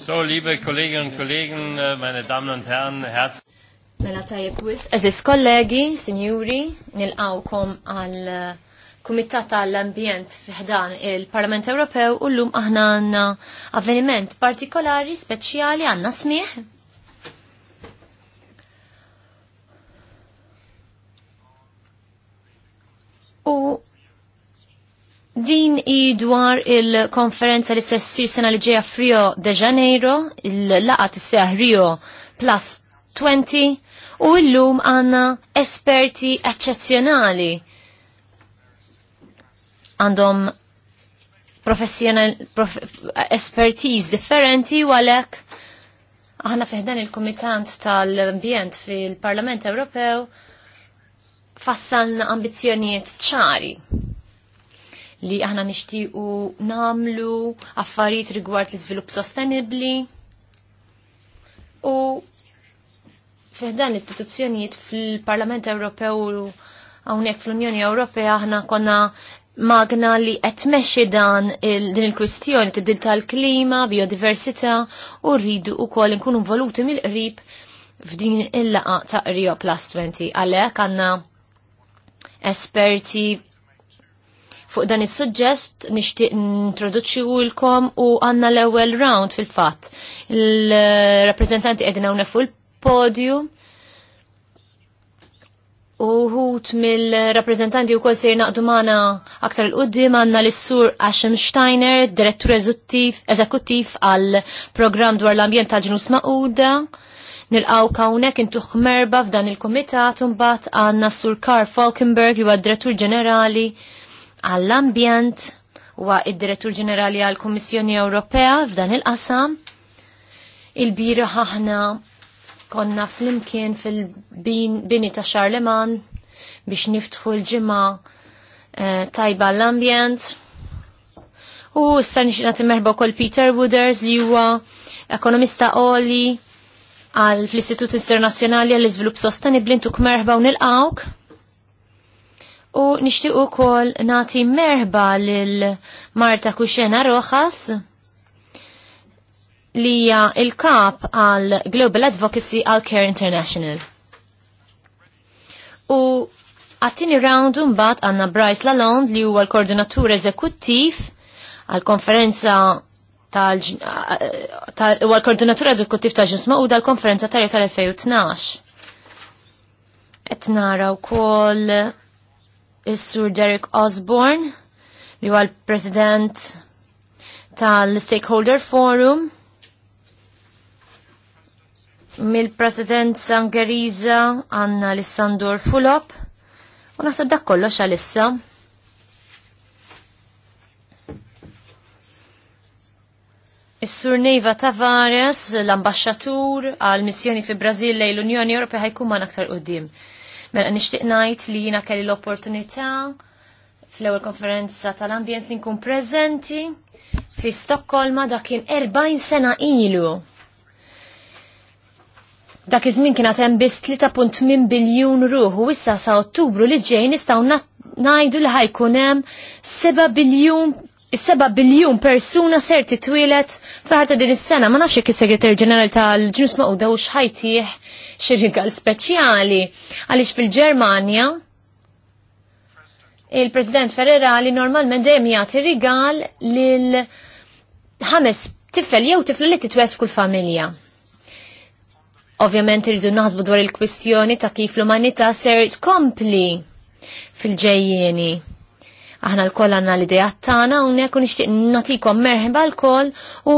So, liebe Kolleginnen und Kollegen, äh, meine Damen und Herren, herzlich. Mela tajib wis, eżis kollegi, sinjuri, nil-għawkom għal äh, Kumitat tal-Ambjent fiħdan il-Parlament Ewropew u l-lum aħna għanna avveniment partikolari, speċjali għanna smieħ. U Din i dwar il-konferenza li s-sessir sena li ġeja frio de Janeiro, il-laqat s Rio plus 20, u illum għanna esperti eccezzjonali. Għandhom prof, expertise differenti u għalek aħna fiħdan il-Komitant tal-Ambjent fil-Parlament Ewropew fassan ambizjonijiet ċari li aħna nixtiequ namlu affarijiet rigward l-iżvilupp sostenibbli. U fiħdan l-istituzzjonijiet fil-Parlament Ewropew hawnhekk fl-Unjoni Ewropea aħna konna magna li qed dan il din il-kwistjoni tibdil tal-klima, biodiversità u rridu wkoll nkunu involuti mill-qrib f'din il-laqa ta' Rio Plus 20 għalhekk għandna esperti Fuq dan is suġġest nixtieq introduċi u għandna l-ewwel round fil-fatt. Il-rappreżentanti qegħdin unna fuq il U hut mill-rappresentanti u kol sejr naqdu maħna aktar l-qoddim għanna l-sur Ashim Steiner, direttur eżekuttiv għal program dwar l-ambjent tal-ġnus maquda. Nil-għaw kawnek intuħ merba f'dan il-komitat un bat għanna s-sur Karl Falkenberg, li għad direttur ġenerali għall-ambjent huwa id-Direttur Ġenerali għall-Kummissjoni Ewropea f'dan il-qasam. Il-bira ħahna konna flimkien fil-bini ta' Charleman biex niftħu l-ġimma eh, tajba l-ambjent. U issa nixina merba kol Peter Wooders li huwa ekonomista oli għal fl-Istitut Internazjonali għall iżvilupp Sostenibli ntuk merba u għawk u nishtiq kol nati merħba lil Marta Kuxena Rojas li hija il-kap għal Global Advocacy għal Care International. U għattini round mbagħad għandna Bryce Lalonde li huwa l-koordinatur eżekuttiv għal konferenza tal huwa l-koordinatur eżekuttiv ta' ġisma u dal-konferenza tal-2012. Qed nara wkoll is-Sur Derek Osborne li huwa l-President tal-Stakeholder Forum mill-President Sangeriza għanna Lissandur Fulop u nasab dak kollox għalissa. Is-Sur Neiva Tavares, l-ambasċatur għal missjoni fi Brażil lejn l-Unjoni Ewropea ħajkun ma' aktar qudiem. Mela nixtieq ngħid li jiena kelli l-opportunità fl-ewwel konferenza tal-ambjent li nkun preżenti fi Stokkolma dak kien 40 sena ilu. Dak iż-żmien kien hemm biss 3.8 biljun ruħ u issa sa Ottubru li ġej nistgħu ngħidu li ħajkun hemm 7 biljun is seba' biljun persuna ser titwilet fl ta' din is-sena. Ma nafx jekk is-Segretarju Ġenerali tal ġinus Maqda u xħajtih xi rigal speċjali għaliex fil-Ġermanja il-President Ferrera li normalment dejjem jagħti rigal lil ħames tifel jew tifel li titwes kull familja. Ovvjament irridu naħsbu dwar il-kwistjoni ta' kif l-umanità ser tkompli fil-ġejjieni Aħna l-koll għanna l-idejat tagħna hawnhekk u nixtieq nagħtikom merħba l-koll u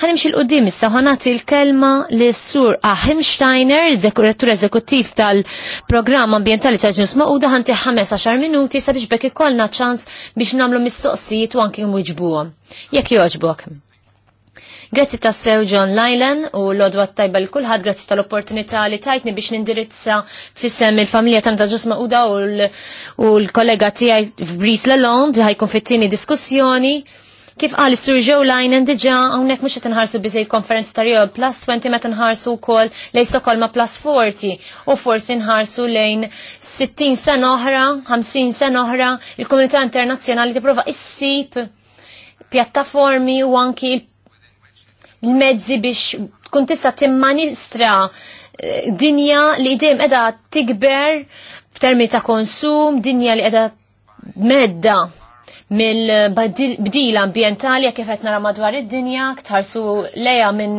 ħanimxil qudiem issa ħanati l-kelma li sur Ahim Steiner, dekurettur eżekuttiv tal-programm ambientali ta' ġus maquda ħanti 15 minuti sabiex bekk ikollna ċans biex nagħmlu mistoqsijiet u anki mwiġbuhom. Jekk jogħġbok. Grazzi ta' sew John Lylan u l-odwa tajba l-kulħad, grazzi tal-opportunità li tajtni biex nindirizza fissem il-familja tanta ġusma Uda u l-kollega tijaj f'Bris Lalond, ħajkun fit-tini diskussjoni. Kif għal Sir Joe Linen diġa għonek mux jtenħarsu bizej konferenzi ta' Rio plus 20 ma u kol lej Stokkolma plus 40 u forsi nħarsu lejn 60 sen oħra, 50 sen oħra, il-komunità internazjonali prova issib pjattaformi u anki il l-mezzi biex tkun tista' timmanistra eh, dinja li dejjem qiegħda tikber f'termi ta' konsum, dinja li qiegħda medda mill-bdila ambientali kif qed nara madwar id-dinja, ktarsu lejha minn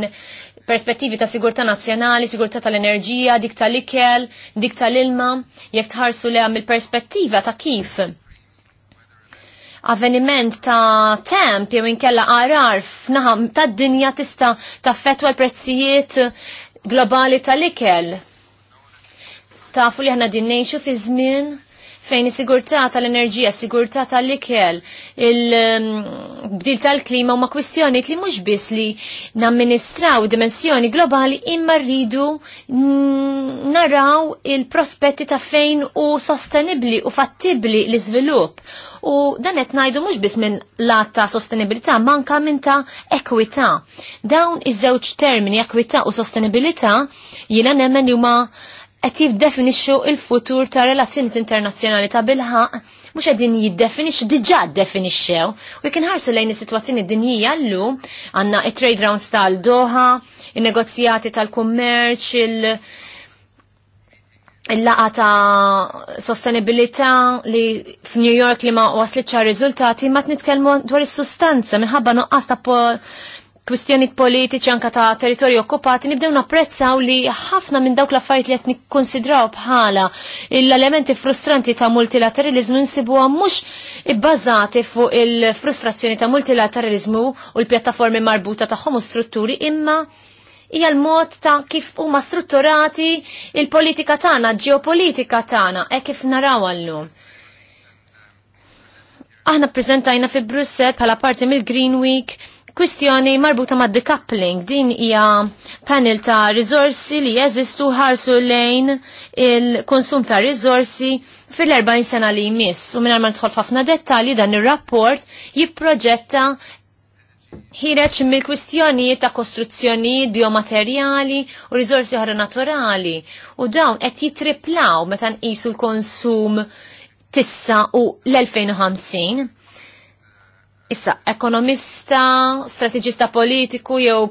perspettivi ta' sigurtà nazzjonali, sigurtà tal-enerġija, dik tal-ikel, dik tal-ilma, jekk tħarsu leha mill-perspettiva ta' kif avveniment ta' temp jew inkella arar f'naħam ta' dinja tista' taffetwa l-prezzijiet globali tal-ikel. Tafu li ħna din nejxu fi żmien fejn is-sigurtà tal-enerġija, sigurtà tal-ikel, il-bdil um, tal-klima huma kwistjonijiet li mhux biss li namministraw dimensjoni globali imma rridu naraw il-prospetti ta' fejn u sostenibbli u fattibbli l-iżvilupp. U dan qed ngħidu mhux biss minn lat ta' sostenibilità, manka minn ta' ekwità. Dawn iż-żewġ termini ekwità u sostenibilità jiena nemmen li huma qed jiddefinixxu il-futur ta' relazzjonijiet internazzjonali ta' bilħaq mhux qegħdin jiddefinixxu diġà ddefinixxew u jekk inħarsu lejn is-sitwazzjoni dinjija llum għandna it-trade rounds tal-Doha, in-negozjati tal-kummerċ, il- il-laqa ta' sostenibilità li f'New York li ma waslitx rizultati ma t-nitkelmu dwar is-sustanza minħabba nuqqas ta' po kwistjoni politiċi anka ta' territorju okkupati nibdew napprezzaw li ħafna minn dawk l-affarijiet li qed nikkonsidraw bħala l-elementi frustranti ta' multilateralizmu nsibuha mhux ibbażati fuq il-frustrazzjoni ta' multilateralizmu u l-pjattaformi marbuta tagħhom u strutturi imma hija l-mod ta' kif huma strutturati il-politika tagħna, ġeopolitika tagħna, e kif naraw għallum. Aħna ppreżentajna fi Brussel bħala parti mill-Green Week kwistjoni marbuta ma' decoupling din hija panel ta' rizorsi li jeżistu ħarsu lejn il-konsum ta' rizorsi fil-40 sena li jmiss u minn ma nidħol ħafna dettalji dan ir-rapport jipproġetta ħireċ mill-kwistjonijiet ta' kostruzzjoni, biomaterjali u rizorsi oħra naturali u dawn qed jitriplaw meta nqisu l-konsum tissa u l-2050 issa ekonomista, strategista politiku jew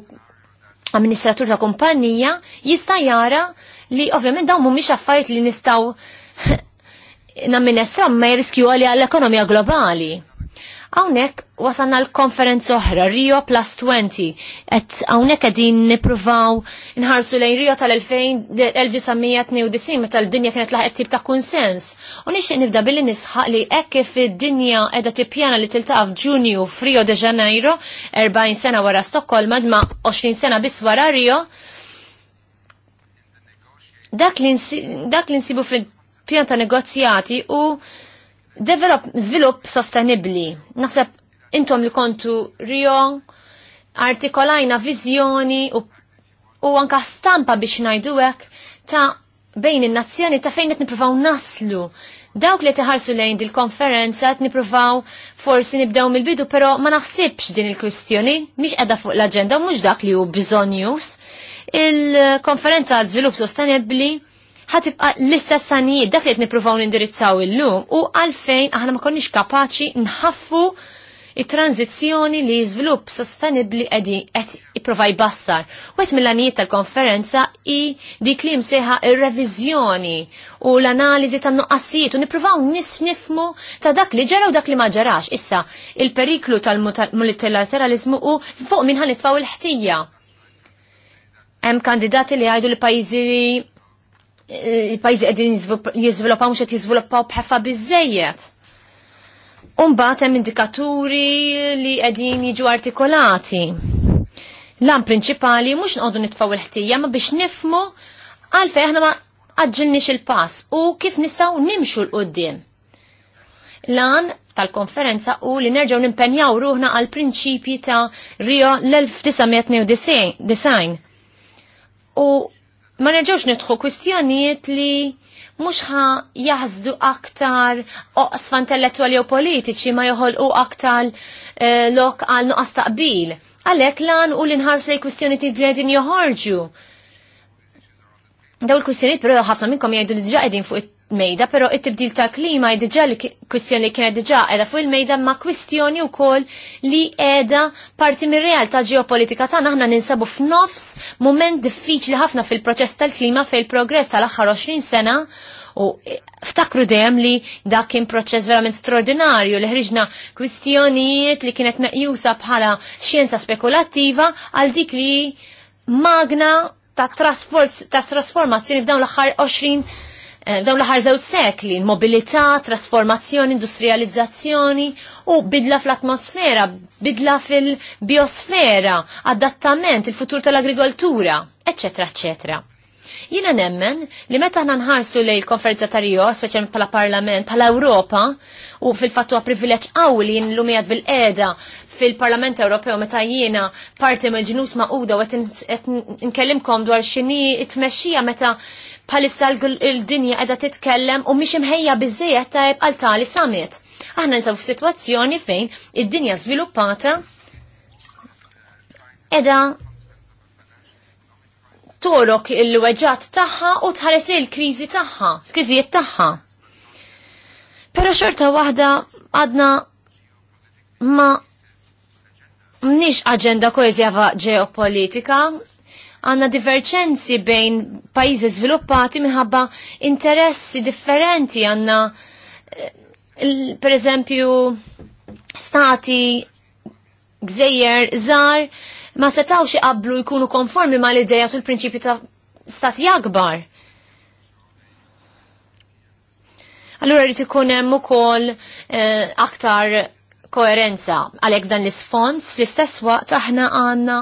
amministratur ta' kumpanija jista' jara li ovvjament dawn mhumiex affarijiet li nistgħu nammin ma jriskju għalli għall-ekonomija globali. Hawnhekk wasanna l-konferenz oħra, Rio Plus 20, et hawnhekk qegħdin nippruvaw nħarsu lejn Rio tal-1992 meta l-dinja kienet laħqet tip ta' kunsens. U nix nibda billi nisħaq li hekk kif id-dinja qiegħda tippjana li tiltaq f'Ġunju f'Rio de Janeiro, 40 sena wara Stockholm, madma 20 sena bis wara Rio. Dak li nsibu fil-pjan ta' negozjati u develop, zvilup sostenibli. Naħseb intom li kontu Rio, artikolajna vizjoni u, u anka stampa biex najduwek ta' bejn in-nazzjoni ta' fejn qed nippruvaw naslu. Dawk li teħarsu lejn dil-konferenza qed nippruvaw forsi nibdew mill-bidu, però ma naħsibx din il-kwistjoni mhix qiegħda fuq l-aġenda u mhux dak li u bizonjus. Il-konferenza għal żvilupp sostenibbli ħatibqa l-istess sanijiet dak li qed nippruvaw nindirizzaw illum u għalfejn aħna ma konniex kapaċi nħaffu it-tranzizzjoni li jiżvilupp sostenibbli qegħdin qed ipprova jbassar. Wet mill-għanijiet tal-konferenza i dik li mseħa ir-reviżjoni u l-analiżi tan-nuqqassijiet u nippruvaw nisnifmu ta' dak li ġara u dak li ma ġarax. Issa, il-periklu tal-multilateralizmu u fuq minn ħanitfaw il-ħtija. Hemm kandidati li għajdu l-pajjiżi Eh, il-pajzi għedin jizviluppaw mux għed jizviluppaw bħeffa bizzejiet. Umbat hemm indikaturi li qegħdin jiġu artikolati. Lan prinċipali mhux nqogħdu nitfgħu il-ħtija ma biex nifmu għalfej aħna ma għadġilniex il-pass u kif nistgħu nimxu l-qoddim. Lan tal-konferenza u li nerġgħu nimpenjaw ruħna għal prinċipji ta' Rio l-1992 design. U ma nerġawx nidħu kwistjonijiet li mhux ħa aktar oqsfa intellettwali u politiċi ma joħolqu aktar eh, lok għal nuqqas taqbil. Għalhekk lan u l-inħarsu li kwistjoni tidredin joħorġu. Daw il-kwistjoniet però ħafna minnkom jgħidu li diġà qegħdin fuq mejda, pero it-tibdil ta' klima diġa li kwistjoni li kienet diġa edha fuq il-mejda ma' kwistjoni u kol li edha parti mir realtà ġeopolitika ta' naħna ninsabu f'nofs moment diffiċli ħafna fil-proċess tal-klima fej il-progress tal-axħar 20 sena u ftakru dejjem li dak kien proċess verament straordinarju li ħriġna kwistjonijiet li kienet meqjusa bħala xjenza spekulattiva għal dik li magna ta' trasformazzjoni f'dawn l-axħar 20 Eh, dawn l-ħar sekli, mobilità, trasformazzjoni, industrializzazzjoni u bidla fl-atmosfera, bidla fil-biosfera, adattament, il-futur tal-agrikoltura, eccetera, eccetera. Jina nemmen li meta ħna nħarsu l konferenza ta' Rio, speċjalment pala parlament, pala Europa, u fil-fattu għa privileġġ jinn l umijad bil eda fil-Parlament Ewropew meta jiena parti mill-ġnus maquda u għet nkellimkom dwar x'inhi t-tmexxija meta bħalissa l-dinja għedha titkellem u mhix imħejja bizzejet ta' jibqal tali summit. Aħna f f'sitwazzjoni fejn id-dinja żviluppata edha torok il-weġat taħħa u tħares il-krizi taħħa, kriżijiet taħħa. Pero xorta wahda għadna ma mnix agenda koezjava ġeopolitika, għanna diverċenzi bejn pajizi sviluppati minħabba interessi differenti għanna eh, per eżempju stati gżejjer zar ma setawx iqablu jkunu konformi ma l-ideja sul prinċipi ta' stati akbar. Allura rrit ikun hemm ukoll eh, aktar koerenza għalhekk dan l sfons fl-istess waqt aħna għandna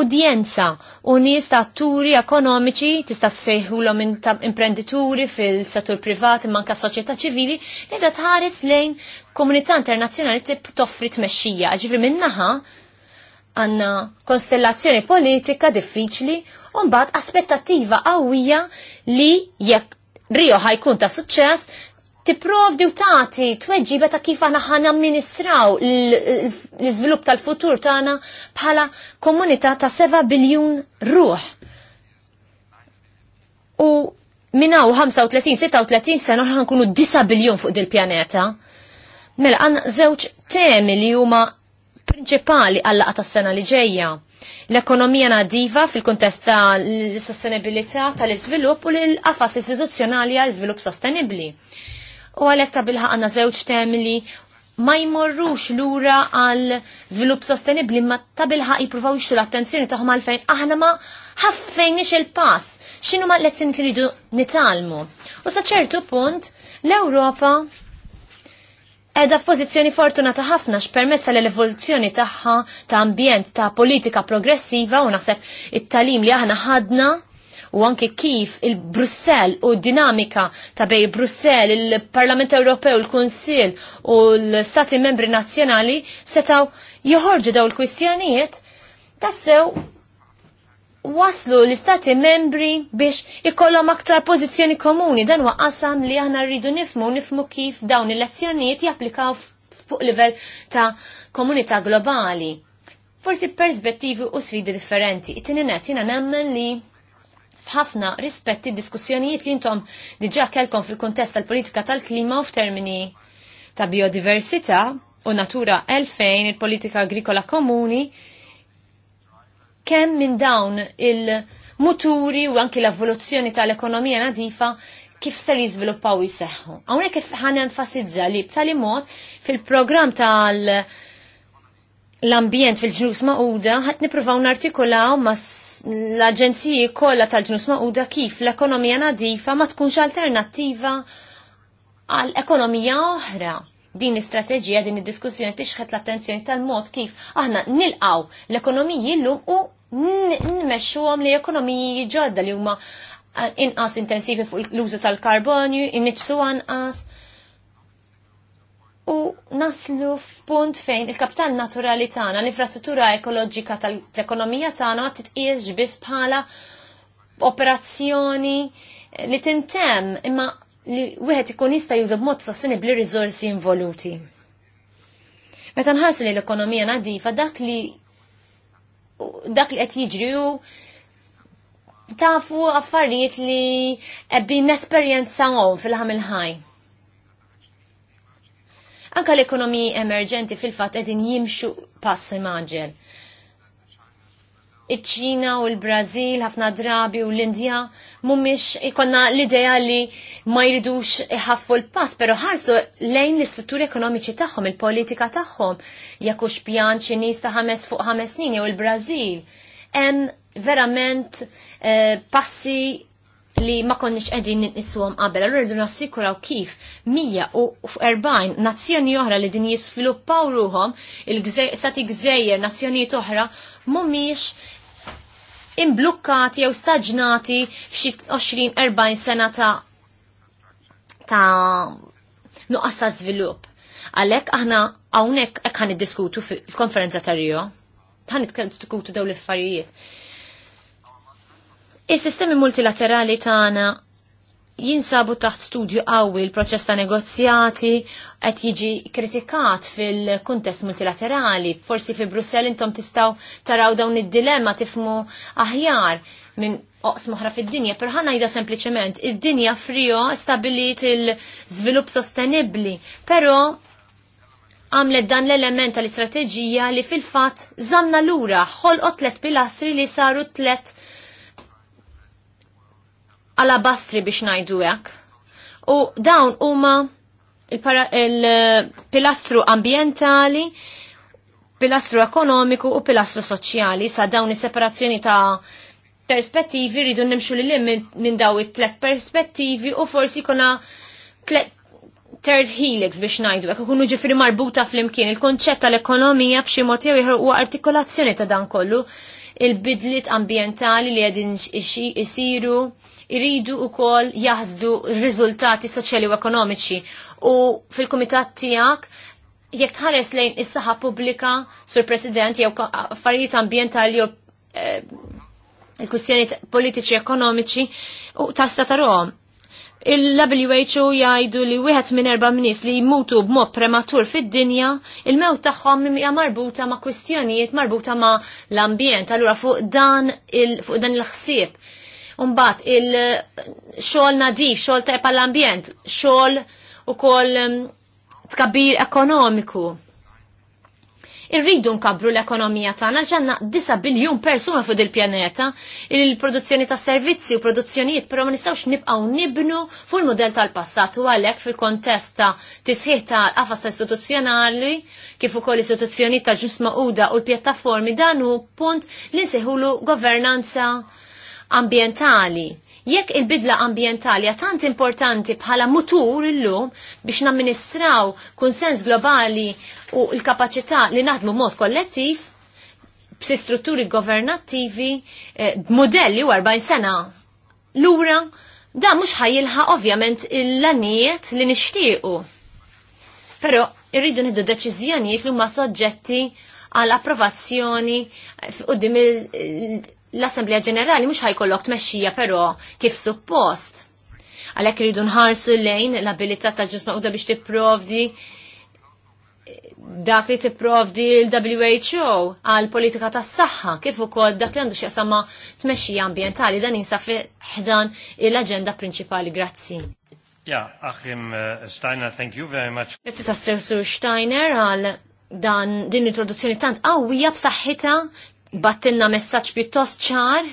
udjenza u nies ta' atturi ekonomiċi tista' ssejħulhom imprendituri fil-settur privat imma anke soċjetà ċivili li da tħares lejn komunità internazzjonali toffri tmexxija. Ġivri minnaħa għanna konstellazzjoni politika diffiċli u mbagħad aspettattiva qawwija li jekk Rio ħajkun ta' suċċess tipprovdi u taħti tweġiba ta' kif aħna ħana amministraw l-iżvilupp tal-futur tagħna bħala komunità ta' 7 biljun ruħ. U u 35-36 sena oħra nkunu 9 biljun fuq dil-pjaneta. Mela għan żewġ temi li huma prinċipali għallaqa tas-sena li ġejja l-ekonomija nadiva fil-kontest l sostenibilità tal-iżvilupp u l-qafas istituzzjonali għal iżvilupp sostenibbli u għalhekk ta' bilħaq għandna żewġ temi ma jmorrux lura għal żvilupp sostenibbli ma ta' bilħaq jippruvaw l-attenzjoni tagħhom għalfejn aħna ma ix il-pass, xinu ma lezzjoni li rridu nitalmu. U sa ċertu punt l-Ewropa Edha f'pożizzjoni fortunata ħafna x-permessa l-evoluzzjoni tagħha ta' ambjent ta' politika progressiva u naħseb it-talim li aħna ħadna u anke kif il-Brussel u dinamika ta' bej Brussel, il-Parlament Ewropew, il konsil u l-Stati membri nazzjonali setaw joħorġu daw il-kwistjonijiet tassew waslu l-istati membri biex ikollhom aktar pożizzjoni komuni dan huwa qasam li aħna rridu nifmu nifmu kif dawn il-lezzjonijiet japplikaw fuq livell ta' komunità globali. Forsi perspettivi u sfidi differenti. It-tieni jiena nemmen li f'ħafna rispetti diskussjonijiet li intom diġa kelkom fil-kontest tal-politika tal-klima u f'termini ta' biodiversità u natura 2000 il-politika agrikola komuni kemm minn dawn il-muturi u anki l-evoluzzjoni tal-ekonomija nadifa kif ser jizviluppaw jisseħħu. Għawnek ħan enfasizza li b'tali mod fil-program tal- l-ambjent fil-ġnus ma'uda, ħat nipruvaw nartikolaw ma l-aġenziji kollha tal-ġnus ma'uda kif l-ekonomija nadifa ma tkunx alternattiva għal ekonomija oħra. Din l-istrateġija, din id-diskussjoni tixħet l-attenzjoni tal-mod kif aħna nilqaw l-ekonomiji llum u nmexxuhom li ekonomiji ġodda li huma eh, inqas intensivi fuq l-użu tal-karbonju, inniċsu anqas. In u naslu f'punt fejn il-kapital naturali tagħna, l-infrastruttura ekoloġika tal-ekonomija tagħna qed titqies biss bħala operazzjoni li tintemm imma li wieħed ikun jista' juża b'mod sostenibbli riżorsi involuti. Meta nħarsu li l-ekonomija nadifa dak li dak li qed jiġri u tafu affarijiet li ebbi nesperjenza għom fil-ħamil ħaj. Anka l-ekonomiji emerġenti fil-fat edin jimxu pass maġel. Iċ-ċina u l-Brazil, ħafna drabi u l-Indja, mumiex ikonna l-ideja li ma jridux iħaffu l-pass, pero ħarsu lejn l-istrutturi ekonomiċi tagħhom, il-politika tagħhom, jakux pjan ċinis ta' ħames fuq ħames snin jew il-Brazil. Hemm verament eh, passi li ma konniex qegħdin nissuhom qabel, allura rridu nassikuraw kif 140 nazzjoni oħra li din jisfiluppaw ruhom il-stati gżejjer nazzjonijiet oħra mhumiex imblukkati jew staġnati f'xi 20-40 sena ta' ta' nuqqas ta' żvilupp. Għalhekk aħna hawnhekk hekk ħan diskutu fil-konferenza ta' Rio. Ħan diskutu dawn l-affarijiet Is-sistemi multilaterali tagħna jinsabu taħt studju qawwi l-proċess ta' negozjati qed jiġi kritikat fil-kuntest multilaterali. Forsi fi Brussell intom tistgħu taraw dawn id-dilemma tifmu aħjar minn oqs moħra fid-dinja, per ħana jida sempliciment, id-dinja frio stabilit il-żvilupp sostenibli, pero għamlet dan l elementa tal-istrateġija li fil-fat zamna lura ħolqot tlet pilastri li saru tlet alabastri biex najdu hekk. U dawn huma il-pilastru il ambientali, pilastru ekonomiku u pilastru soċjali sa dawn is-separazzjoni ta' perspettivi rridu nimxu li minn min daw it-tlet perspettivi u forsi kuna tlet third helix biex najdu, għak kunu ġifri marbuta fl-imkien, il-konċett tal-ekonomija b'xi mod jew u artikolazzjoni ta' dan kollu, il-bidlit ambientali li għedin isiru, iridu wkoll kol r-riżultati soċjali u ekonomiċi. U fil-kumitat tiegħek jekk tħares lejn is-saħħa pubblika, sur President, jew affarijiet ambjentali jew eh, il-kwistjoni politiċi ekonomiċi u tasta tarhom. Il-WHO jgħidu li wieħed minn erba' nies li jmutu b'mod prematur fid-dinja, il-mewt tagħhom hija marbuta ma' kwistjonijiet marbuta ma' l-ambjent. Allura fuq dan il fuq dan il-ħsieb Umbat, il-xol nadif, xol tajpa l-ambjent, xol u kol um, tkabbir ekonomiku. Irridu nkabru l-ekonomija tagħna ġanna 9 biljun persuna fuq il-pjaneta, il-produzzjoni ta' servizzi u produzzjonijiet, però ma nistgħux nibqgħu nibnu fuq il-mudell tal-passat u għalhekk fil-kontest ta' tisħiħ tal-qafas ta' istituzzjonali kif ukoll istituzzjonijiet ta' ġus maquda u l-pjattaformi dan hu punt li nsejħulu governanza ambientali. Jekk il-bidla ambientali tant importanti bħala mutur illum biex namministraw konsens globali u l-kapacità li naħdmu mod kollettiv, b'si strutturi governattivi, eh, modelli u 40 sena lura, da mhux ħajilħa ovvjament il-lanijiet li nixtiequ. Però irridu nħiddu deċiżjonijiet li huma soġġetti għal approvazzjoni u l-Assemblea Ġenerali mhux ħajkollok tmexxija però kif suppost. Għalhekk iridu nħarsu lejn l-abilità ta' ġisma u biex tipprovdi dak li tipprovdi l-WHO għal politika tas saħħa kif ukoll dak li għandu x'jaqsama tmexxija ambjentali dan jinsaf ħdan l-aġenda prinċipali. Grazzi. Ja, Achim uh, Steiner, thank you very much. Grazzi tas Sir Steiner għal dan din l-introduzzjoni tant qawwija b'saħħita battinna messaġġ pjuttost ċar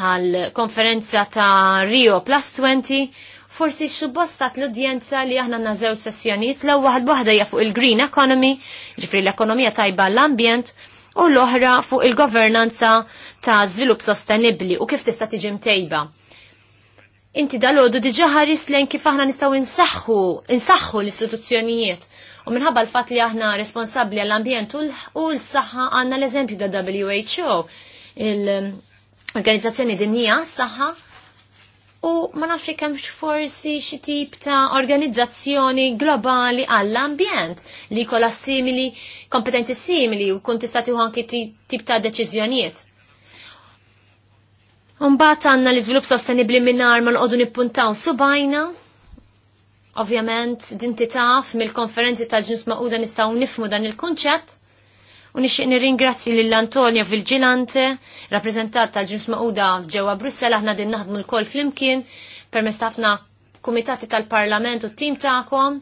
għal konferenza ta' Rio Plus 20 forsi x-subbosta l-udjenza li aħna nażew sessjoniet l waħd waħda hija fuq il-green economy, ġifri l-ekonomija tajba l-ambjent, u l-oħra fuq il-governanza ta' żvilupp sostenibli u kif tista' tiġi mtejba. Inti dal-għodu diġaħaris lejn kif aħna nistgħu insaħħu, insaħħu l-istituzzjonijiet U minħabba l-fat li aħna responsabli għall-ambjent u l-saħħa għanna l-eżempju da WHO, l-Organizzazzjoni Dinja s-Saħħa, u ma nafri kemm forsi xi tip ta' organizzazzjoni globali għall-ambjent li jkollha simili, kompetenzi simili u kun tista' tieħu anke tip ta' deċiżjonijiet. Umbat għanna l iżvilupp sostenibli minnar ma nqodu nippuntaw subajna Ovvjament, dinti taf mill-konferenzi tal ġins maquda nistaw nifmu dan il-kunċett. U nixtieq nirringrazzi lil Antonio Vilgilante, rappreżentat tal ġins maquda ġewwa Brussel, aħna din naħdmu l-kol flimkien permezz ħafna kumitati tal-Parlament u t-tim tagħkom.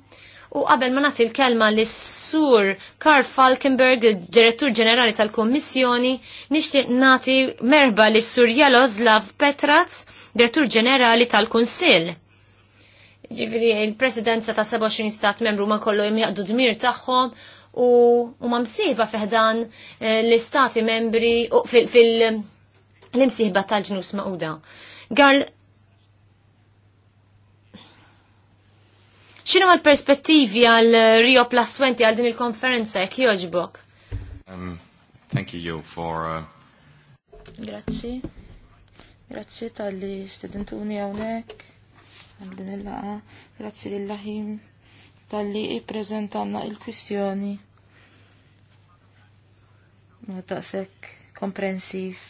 U qabel ma nagħti l-kelma lis sur Karl Falkenberg, direttur ġenerali tal-Kummissjoni, nixtieq nagħti merba lis sur Jaloslav Petraz, direttur ġenerali tal-Kunsill ġifiri il-presidenza ta' 27 stat membru ma kollu jmjaqdu dmir tagħhom u, u ma msiba fiħdan eh, l-istati membri u fil-imsiħba fil, tal-ġnus uda. Garl, xinu l perspettivi għal Rio Plus 20 għal din il-konferenza jek joġbok? Um, thank you for... Uh... Grazzi. Grazzi tal-li studentuni għawnek għal din il-laqa. Grazzi lill-ħim tal-li i-prezentanna il-kwistjoni. Ma taqsek komprensiv.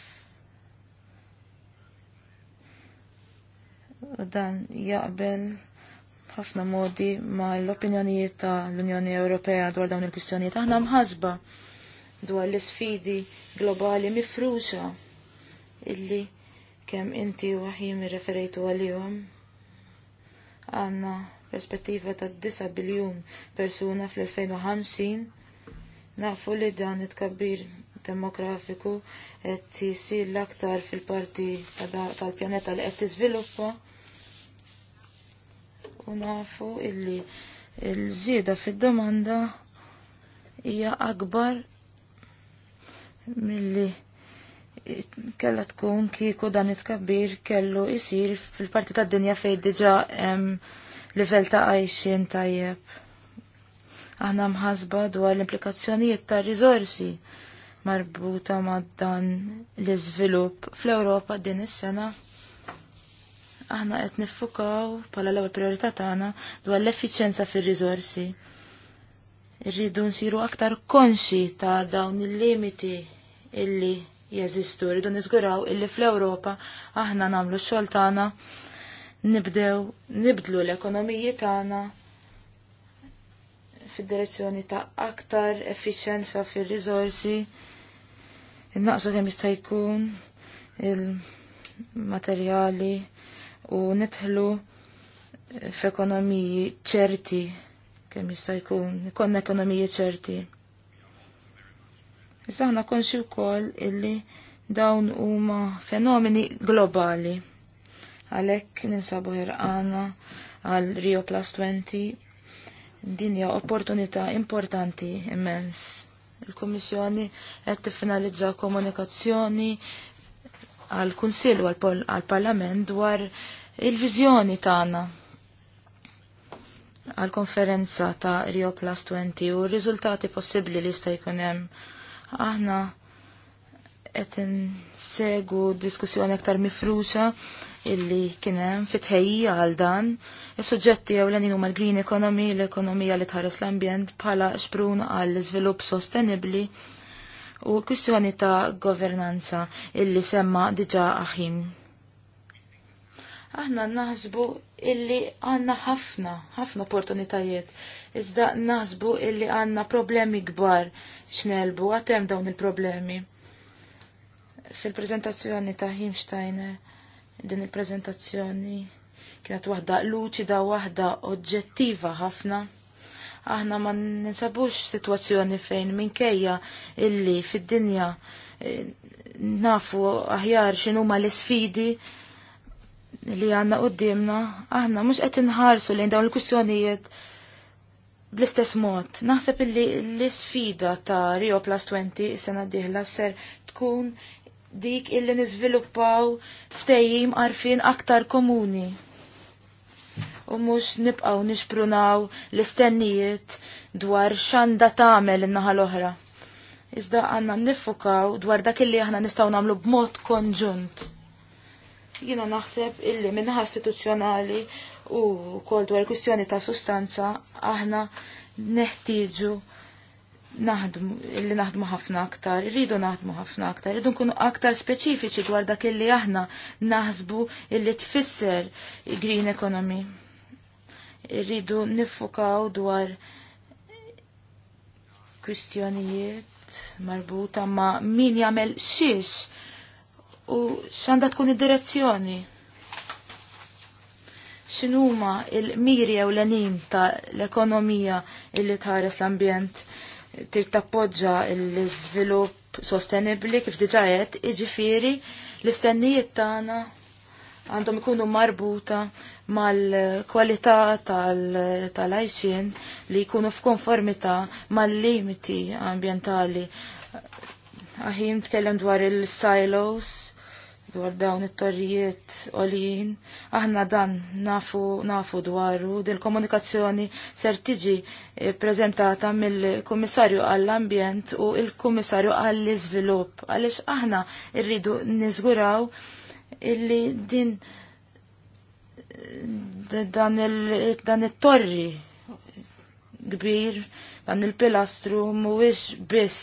U dan jaqbel ħafna modi ma l-opinjonijiet ta' l-Unjoni Ewropea dwar dawn il-kwistjonijiet. Aħna mħasba dwar l-sfidi globali mifruxa illi kemm inti u ħim referejtu għalihom għanna perspettiva ta' 9 biljun persuna fl-2050 nafu li dan it-kabbir demografiku qed jisir l-aktar fil-parti tal-pjaneta li qed tiżviluppa u nafu illi l-żieda fid-domanda hija akbar milli kella tkun kieku dan it-kabbir kellu jisir fil-parti ta' dinja fej diġa livell ta' għajxin tajjeb. Aħna mħasba dwar l-implikazzjonijiet ta' rizorsi marbuta ma' dan l-iżvilupp fl-Ewropa din is-sena. Aħna qed niffukaw bħala l-ewwel priorità tagħna dwar l-effiċjenza fir-riżorsi. Irridu nsiru aktar konxi ta' dawn il-limiti illi jeżistu, rridu niżguraw illi fl-Ewropa aħna nagħmlu x tagħna nibdew nibdlu l-ekonomiji tagħna fid-direzzjoni ta' aktar effiċjenza fir-riżorsi, naqsu kemm jista' jkun il-materjali u nidħlu f'ekonomiji ċerti kemm jista' jkun, ikonna ekonomiji ċerti. Issa aħna konxi wkoll illi dawn huma fenomeni globali. Għalhekk ninsabu ħirqana għal Rio Plus 20 din hija opportunità importanti immens. Il-Kummissjoni qed tiffinalizza komunikazzjoni għal kunsill u għal parlament dwar il-viżjoni tagħna għal konferenza ta' Rio Plus 20 u r-riżultati possibbli li jista' jkun hemm Aħna qed insegu diskussjoni aktar mifruxa illi kienem fitħejja għal dan. Is-suġġetti jew l-għanin huma green economy, l-ekonomija li tħares l-ambjent bħala xprun għall iżvilupp sostenibli u kwistjoni ta' governanza illi semma diġa aħim aħna naħsbu illi għanna ħafna, ħafna opportunitajiet. Iżda naħsbu illi għanna problemi kbar xnelbu, għatem dawn il-problemi. Fil-prezentazzjoni ta' Himsteiner, din il-prezentazzjoni kienet waħda luċida, waħda oġġettiva ħafna aħna ma ninsabux situazzjoni fejn minkejja illi fid-dinja eh, nafu aħjar x'inhuma l isfidi li għanna qoddimna, aħna mux qed inħarsu lejn dawn il-kwistjonijiet bl-istess mod. Naħseb li l-sfida ta' Rio Plus 20 is-sena diħla ser tkun dik illi niżviluppaw ftejjim għarfin aktar komuni. U mux nibqaw nixprunaw l-istennijiet dwar xanda tagħmel in-naħa l-oħra. Iżda għanna nifukaw dwar dak illi aħna nistgħu nagħmlu b'mod konġunt. Jina naħseb illi minnaħa istituzzjonali u kol dwar kwistjoni ta' sustanza aħna neħtieġu naħdmu, illi naħdmu ħafna aktar, rridu naħdmu ħafna aktar, rridu nkunu aktar speċifiċi dwar dak illi aħna naħsbu illi tfisser green economy. Rridu nifukaw dwar kwistjonijiet marbuta ma' min jagħmel xiex u x'għandha tkun id-direzzjoni. X'inhuma il-miri ewlenin ta' l-ekonomija illi tħares l-ambjent trid tappoġġa l-iżvilupp sostenibbli kif diġà qed iġifieri l-istennijiet tagħna għandhom ikunu marbuta mal-kwalità tal-għajxin li jkunu f'konformità mal-limiti ambientali. Aħin tkellem dwar il-silos dwar dawn it-torrijiet olin, aħna dan nafu, nafu dwaru, dil-komunikazzjoni ser tiġi eh, prezentata mill-Kummissarju għall-Ambjent u il-Kummissarju għall-Iżvilupp, għaliex aħna rridu niżguraw illi din eh, dan it-torri kbir, dan il-pilastru mhuwiex biss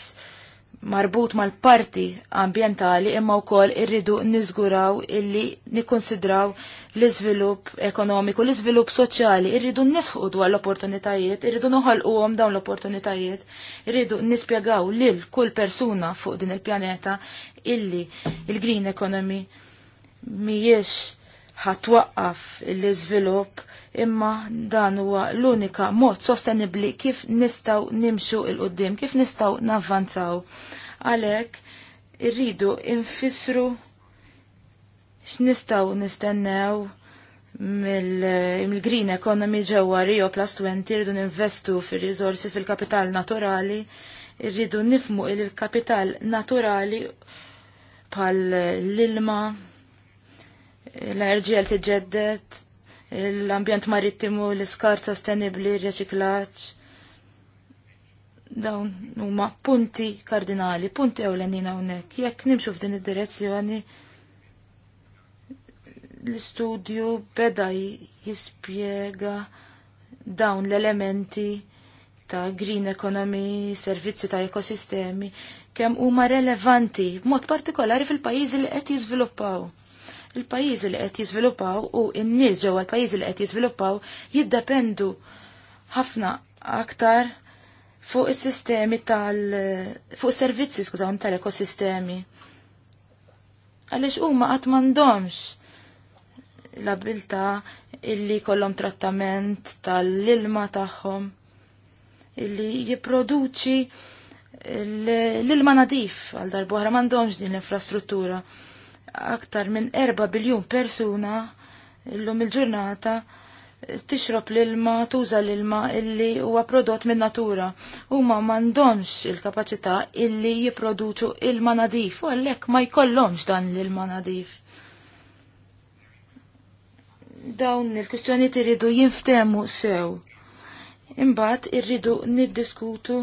marbut mal-parti ambientali imma wkoll irridu nizguraw illi nikkonsidraw l-iżvilupp ekonomiku, l-iżvilupp soċjali, irridu nisħu dwar l-opportunitajiet, irridu noħolquhom dawn l-opportunitajiet, irridu nispjegaw lil kull persuna fuq din il-pjaneta illi il-green economy mhijiex ħatwaqqaf l-iżvilupp imma dan huwa l-unika mod sostenibbli kif nistgħu nimxu il qudiem kif nistgħu navvanzaw. Għalhekk irridu infissru x'nistgħu nistennew mill-green economy ġewwa Rio Plus 20 irridu ninvestu fir-riżorsi fil-kapital naturali, irridu nifmu il-kapital naturali bħal l-ilma, l-RGL tiġġeddet, l-ambjent marittimu, l iskar sostenibli, r-reċiklaġġ. Dawn huma punti kardinali, punti ewlenin hawnhekk. Jekk nimxu f'din id-direzzjoni, l-istudju beda jispjega dawn l-elementi ta' green economy, servizzi ta' ekosistemi, kemm huma relevanti b'mod partikolari fil-pajjiżi li qed jiżviluppaw il-pajjiżi li qed jiżviluppaw u n-nies ġewwa l-pajjiżi li qed jiżviluppaw jiddependu ħafna aktar fuq is-sistemi tal fuq servizzi skużawn tal-ekosistemi. Għaliex huma qatt m'għandhomx l-abilità illi kollhom trattament tal-ilma tagħhom illi jipproduċi l-ilma nadif għal darbohra m'għandhomx din l-infrastruttura aktar minn 4 biljun persuna illum il-ġurnata tixrob l-ilma, tuża l-ilma illi huwa prodott minn natura. Huma m'għandhomx il-kapaċità illi jipproduċu ilma nadif u għalhekk ma jkollhomx dan l-ilma nadif. Dawn il-kwistjonijiet iridu jinftemu sew. Imbagħad irridu niddiskutu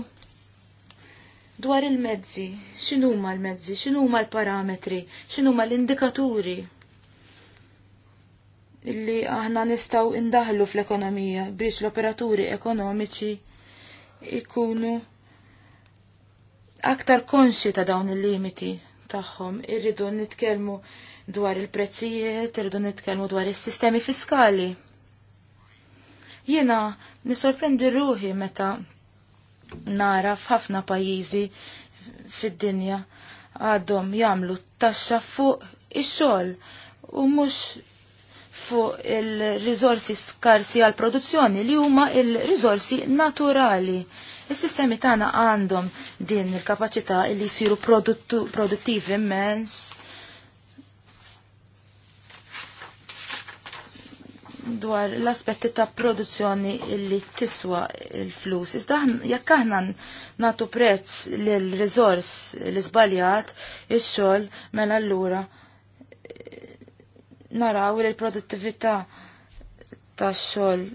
dwar il-mezzi, x'inhuma l-mezzi, x'inhuma l-parametri, x'inhuma l-indikaturi illi aħna nistaw indaħlu fl-ekonomija biex l-operaturi ekonomiċi ikunu aktar konxi ta' dawn il-limiti tagħhom. Irridu nitkellmu dwar il-prezzijiet, irridu nitkellmu dwar is-sistemi fiskali. Jiena nisorprendi ruħi meta nara f'ħafna pajjiżi fid-dinja għadhom jagħmlu taxxa fuq ix-xogħol u mhux fuq il-riżorsi skarsi għal produzzjoni li huma il-riżorsi naturali. Is-sistemi tagħna għandhom din il-kapaċità li jsiru produttivi immens dwar l-aspetti ta' produzzjoni li tiswa il-flus. Iżda jekk aħna natu prezz l-rizors l iżbaljat il-xol, mela allura eh, naraw li l-produttività ta' xol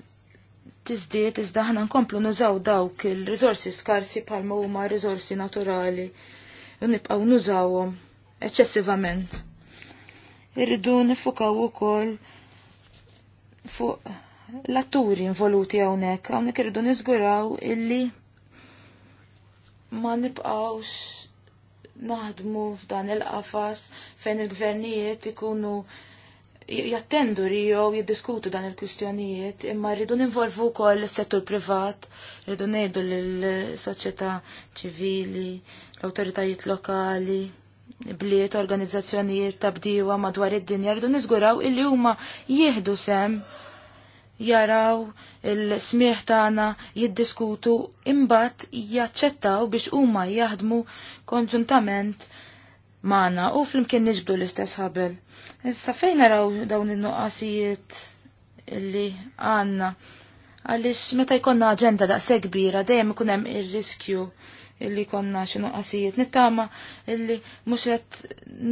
tizdiet iżda aħna nkomplu nużaw dawk il-rizorsi skarsi bħalma huma rizorsi naturali u nibqgħu nużawhom eċċessivament. Irridu nifukaw ukoll fuq l-atturi involuti hawnhekk, hawnhekk irridu niżguraw illi ma nibqawx naħdmu f'dan il-qafas fejn il-gvernijiet ikunu jattendu jew jiddiskutu dan il-kwistjonijiet, imma rridu ninvolvu wkoll is-settur privat, rridu ngħidu lill-soċjetà ċivili, l-awtoritajiet lokali, bliet organizzazzjonijiet ta' madwar id-dinja rridu niżguraw illi huma jieħdu sem jaraw il-smieħ tagħna jiddiskutu imbagħad jaċċettaw biex huma jaħdmu konġuntament magħna u flimkien niġbdu l-istess ħabel. Issa fejn naraw dawn in-nuqqasijiet illi għandna Għalix meta jkonna agenda da' kbira dejjem ikun hemm ir-riskju illi konna xi nuqqasijiet nittama illi mhux qed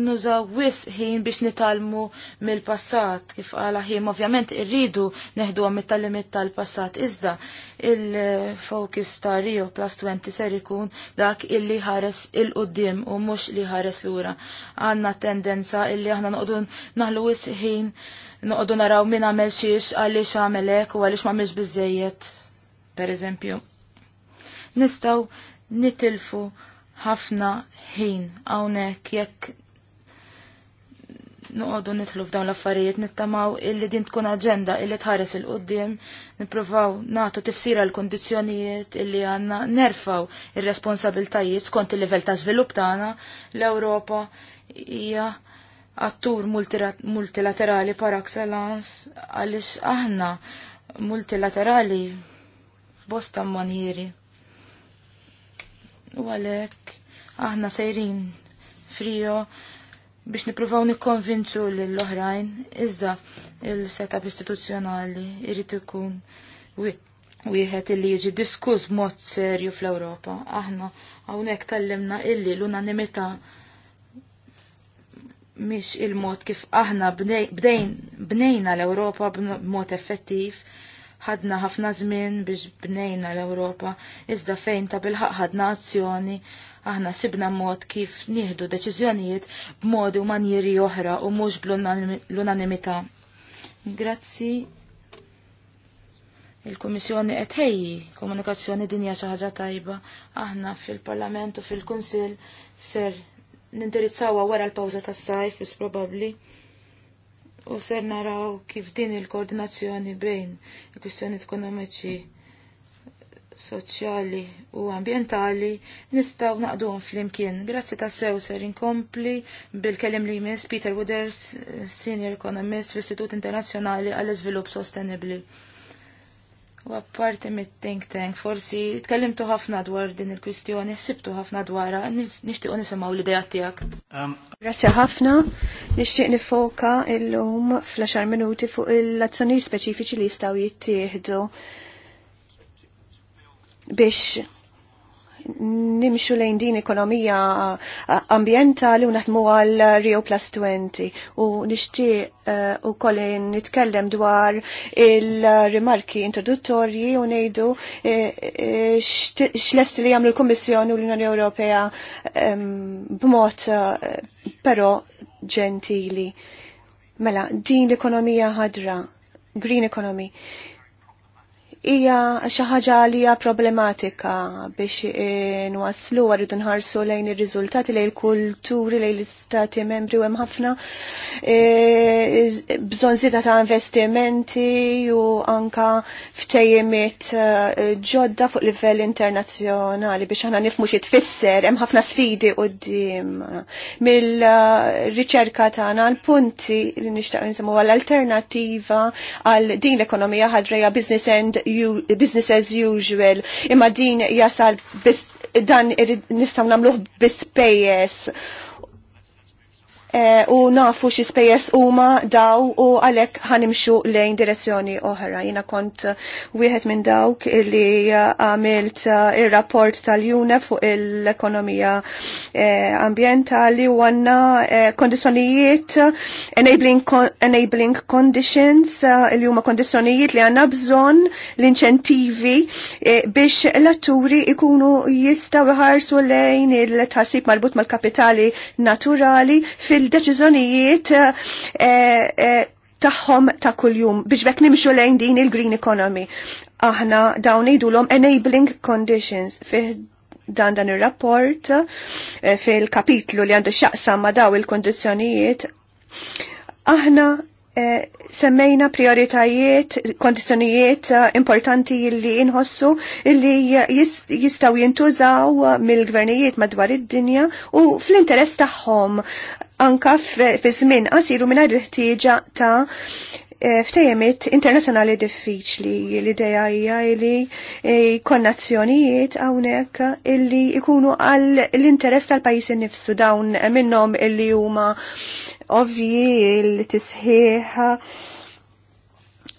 nużaw wis ħin biex nitalmu mill-passat kif għala ħim ovvjament irridu neħdu mit talimit tal-passat iżda il-focus ta' Rio plus 20 ser ikun dak illi ħares il qoddim u mhux li ħares lura. Għandna tendenza illi aħna noqdu naħlu wis ħin noqogħdu naraw min għamel xiex għaliex għamel hekk u għaliex bizzejiet, biżejjed, pereżempju. Nistgħu nitilfu ħafna ħin hawnhekk jekk nuqodu nitlu f'dawn l-affarijiet nittamaw illi din tkun aġenda illi tħares il-qoddim, niprofaw natu tifsira l-kondizjonijiet illi għanna nerfaw il-responsabiltajiet skont il-livell ta' svilup tagħna l-Ewropa hija attur multilaterali par excellence għaliex aħna multilaterali f'bosta manjeri. U għalhekk aħna sejrin frio biex niprufaw nikkonvinċu l-oħrajn, iżda il-setup istituzzjonali irrit ikun wieħed illi jiġi diskuż mod serju fl-Ewropa. Aħna hawnhekk tallimna illi l-unanimità mhix il-mod kif aħna bdejn bnejna l-Ewropa b'mod effettiv, ħadna ħafna żmien biex bnejna l-Ewropa, iżda fejn ta' bilħaq ħadna azzjoni, aħna sibna mod kif nieħdu deċiżjonijiet b'modi u manjeri oħra u mhux bl-unanimità. Grazzi il-Komissjoni qed ħejji komunikazzjoni dinja xi ħaġa tajba aħna fil-Parlament u fil-Kunsill ser nindirizzawa wara l-pawza tas sajf is probabli u ser naraw kif din il-koordinazzjoni bejn il-kwistjoni ekonomiċi soċjali u ambientali nistaw naqduhom fl-imkien. Grazzi ta' sew ser inkompli bil-kelim li jmiss Peter Wooders, Senior Economist fl-Istitut Internazzjonali għall-Iżvilupp Sostenibli. U apparti mit-think tank, forsi tkellimtu ħafna dwar din il-kwistjoni, ħsibtu ħafna dwarha, nixtiequ nisimgħu l-idea tiegħek. Um, Grazzi ħafna, nixtieq nifoka illum fl għaxar minuti fuq il azzjonijiet speċifiċi li jistgħu jittieħdu biex nimxu lejn din ekonomija ambientali u naħdmu għal Rio Plus 20 u nixtieq eh, u kolli nitkellem dwar il-rimarki introduttorji u ngħidu eh, eh, x'lest li jagħmlu l-Kummissjoni u l-Unjoni Ewropea b'mod però ġentili. Mela, din l-ekonomija ħadra, green economy hija xi ħaġa li hija problematika biex e, nwaslu rridu nħarsu lejn ir-riżultati lejn il-kulturi lejn l-istati membri u hemm ħafna e, bżonn zita ta' investimenti u anka ftejjimiet e, ġodda fuq livell internazzjonali biex aħna nifmu xi tfisser hemm ħafna sfidi quddiem mill-riċerka tagħna l-punti li nixtaq insemmu għall-alternattiva għal din l-ekonomija ħadreja business end business as usual, imma din jasal dan nistaw namluħ bispejjes Eh, u nafu xi spejjeż huma daw u għalhekk ħanimxu lejn direzzjoni oħra. Jiena kont wieħed minn dawk li għamilt eh, ir-rapport tal-UNEF fuq l-ekonomija eh, ambjentali u għandna kondizzjonijiet enabling conditions li huma kondizzjonijiet li għandna bżonn l-inċentivi biex l-atturi ikunu jistaw ħarsu lejn il-tħassib marbut mal-kapitali naturali fil il deċiżjonijiet eh, eh, tagħhom ta' kuljum biex bekk nimxu lejn din il-green economy. Aħna dawn ngħidulhom enabling conditions fih dan dan ir-rapport eh, fil-kapitlu li għandu x'aqsam ma' daw il kondizjonijiet Aħna semmejna prioritajiet, kondizjonijiet importanti illi inħossu illi jistaw jintużaw mill-gvernijiet madwar id-dinja u fl-interess tagħhom anka fi żmien għasiru mingħajr il-ħtieġa ta' e, ftejemiet internazzjonali diffiċli l-ideja hija li e, konnazzjonijiet hawnhekk illi jkunu għal l-interess tal-pajjiż innifsu dawn minnhom illi huma ovvi l-tisħiħ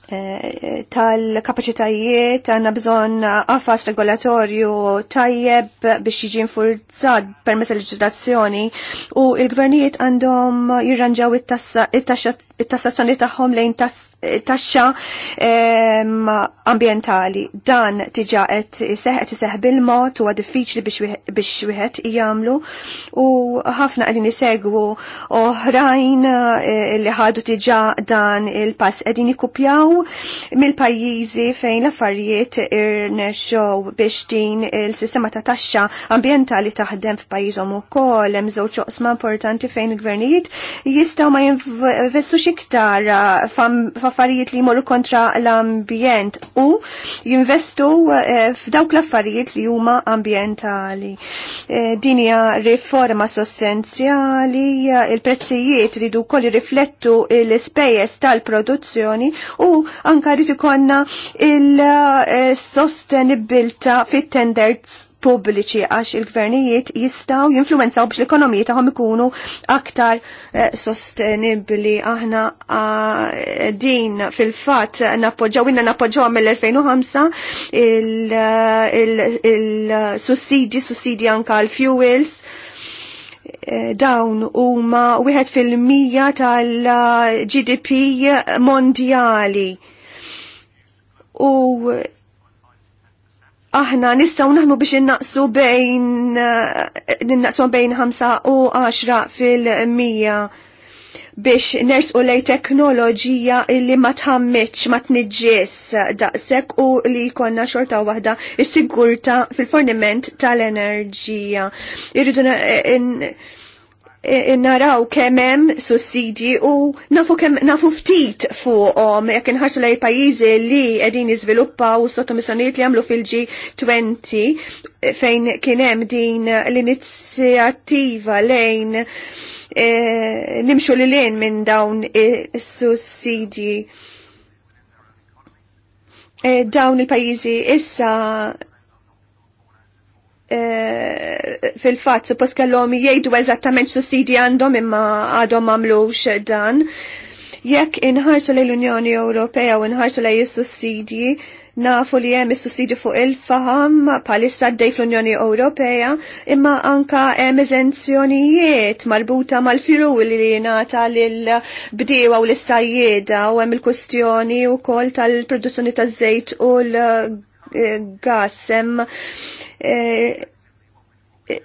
tal-kapacitajiet għanna bżon għafas regolatorju tajjeb biex jiġi nfurzad permess leġislazzjoni u il-gvernijiet għandhom jirranġaw it-tassazzjoni tagħhom lejn tass taxxa ambientali. Dan tiġa qed iseħ qed iseħ bil-mod huwa diffiċli biex wieħed jagħmlu u ħafna qegħdin isegwu oħrajn eh, li ħadu tiġa dan il-pass qegħdin ikkupjaw mill-pajjiżi fejn l-affarijiet irnexxew biex din il-sistema ta' taxxa ambientali taħdem f'pajjiżhom ukoll hemm żewġ oqsma importanti fejn il-gvernijiet jistgħu ma jinvestux iktar eh, fam f'affarijiet li jmorru kontra l-ambjent u jinvestu eh, f'dawk l-affarijiet li huma ambjentali. Eh, din hija riforma sostenzjali, il-prezzijiet ridu koll riflettu l-ispejjeż tal-produzzjoni u anka rid konna il-sostenibilta eh, fit-tenders pubbliċi għax il-gvernijiet jistaw jinfluenzaw biex l-ekonomiji tagħhom ikunu aktar eh, sostenibbli. Aħna din fil-fatt nappoġġaw inna nappoġġaw mill-2005 il-sussidi, eh, sussidi anka l-fuels eh, dawn huma wieħed fil-mija tal-GDP mondjali. U aħna nistgħu naħmu biex innaqsu bejn eh, innaqsu bejn 5 u 10 fil-mija biex nersqu lej teknoloġija li ma tħammitx ma tniġġis daqshekk u li jkollna xorta waħda is-sigurta fil-forniment tal-enerġija. Irridu eh, Eh, naraw kemem sussidji u nafu, kem, nafu ftit fuqom jekk inħarsu lej pajjiżi li qegħdin jiżviluppaw sottomissjonijiet li għamlu fil-G20 eh, fejn kien hemm din l-inizjattiva lejn eh, nimxu li lejn minn dawn sussidji dawn il-pajjiżi issa Eh, fil-fat suppost kellhom jgħidu eżattament sussidi għandhom imma għadhom għamlux dan. Jekk inħarsu lej l-Unjoni Ewropea u inħarsu lejn is-sussidji, nafu li hemm is-sussidju fuq il-faham bħalissa għaddej fl-Unjoni Ewropea, imma anka hemm eżenzjonijiet marbuta mal-firu li nata lil bdiewa u l sajjeda u hemm il-kustjoni wkoll tal-produzzjoni taż-żejt u l għasem hemm e, e,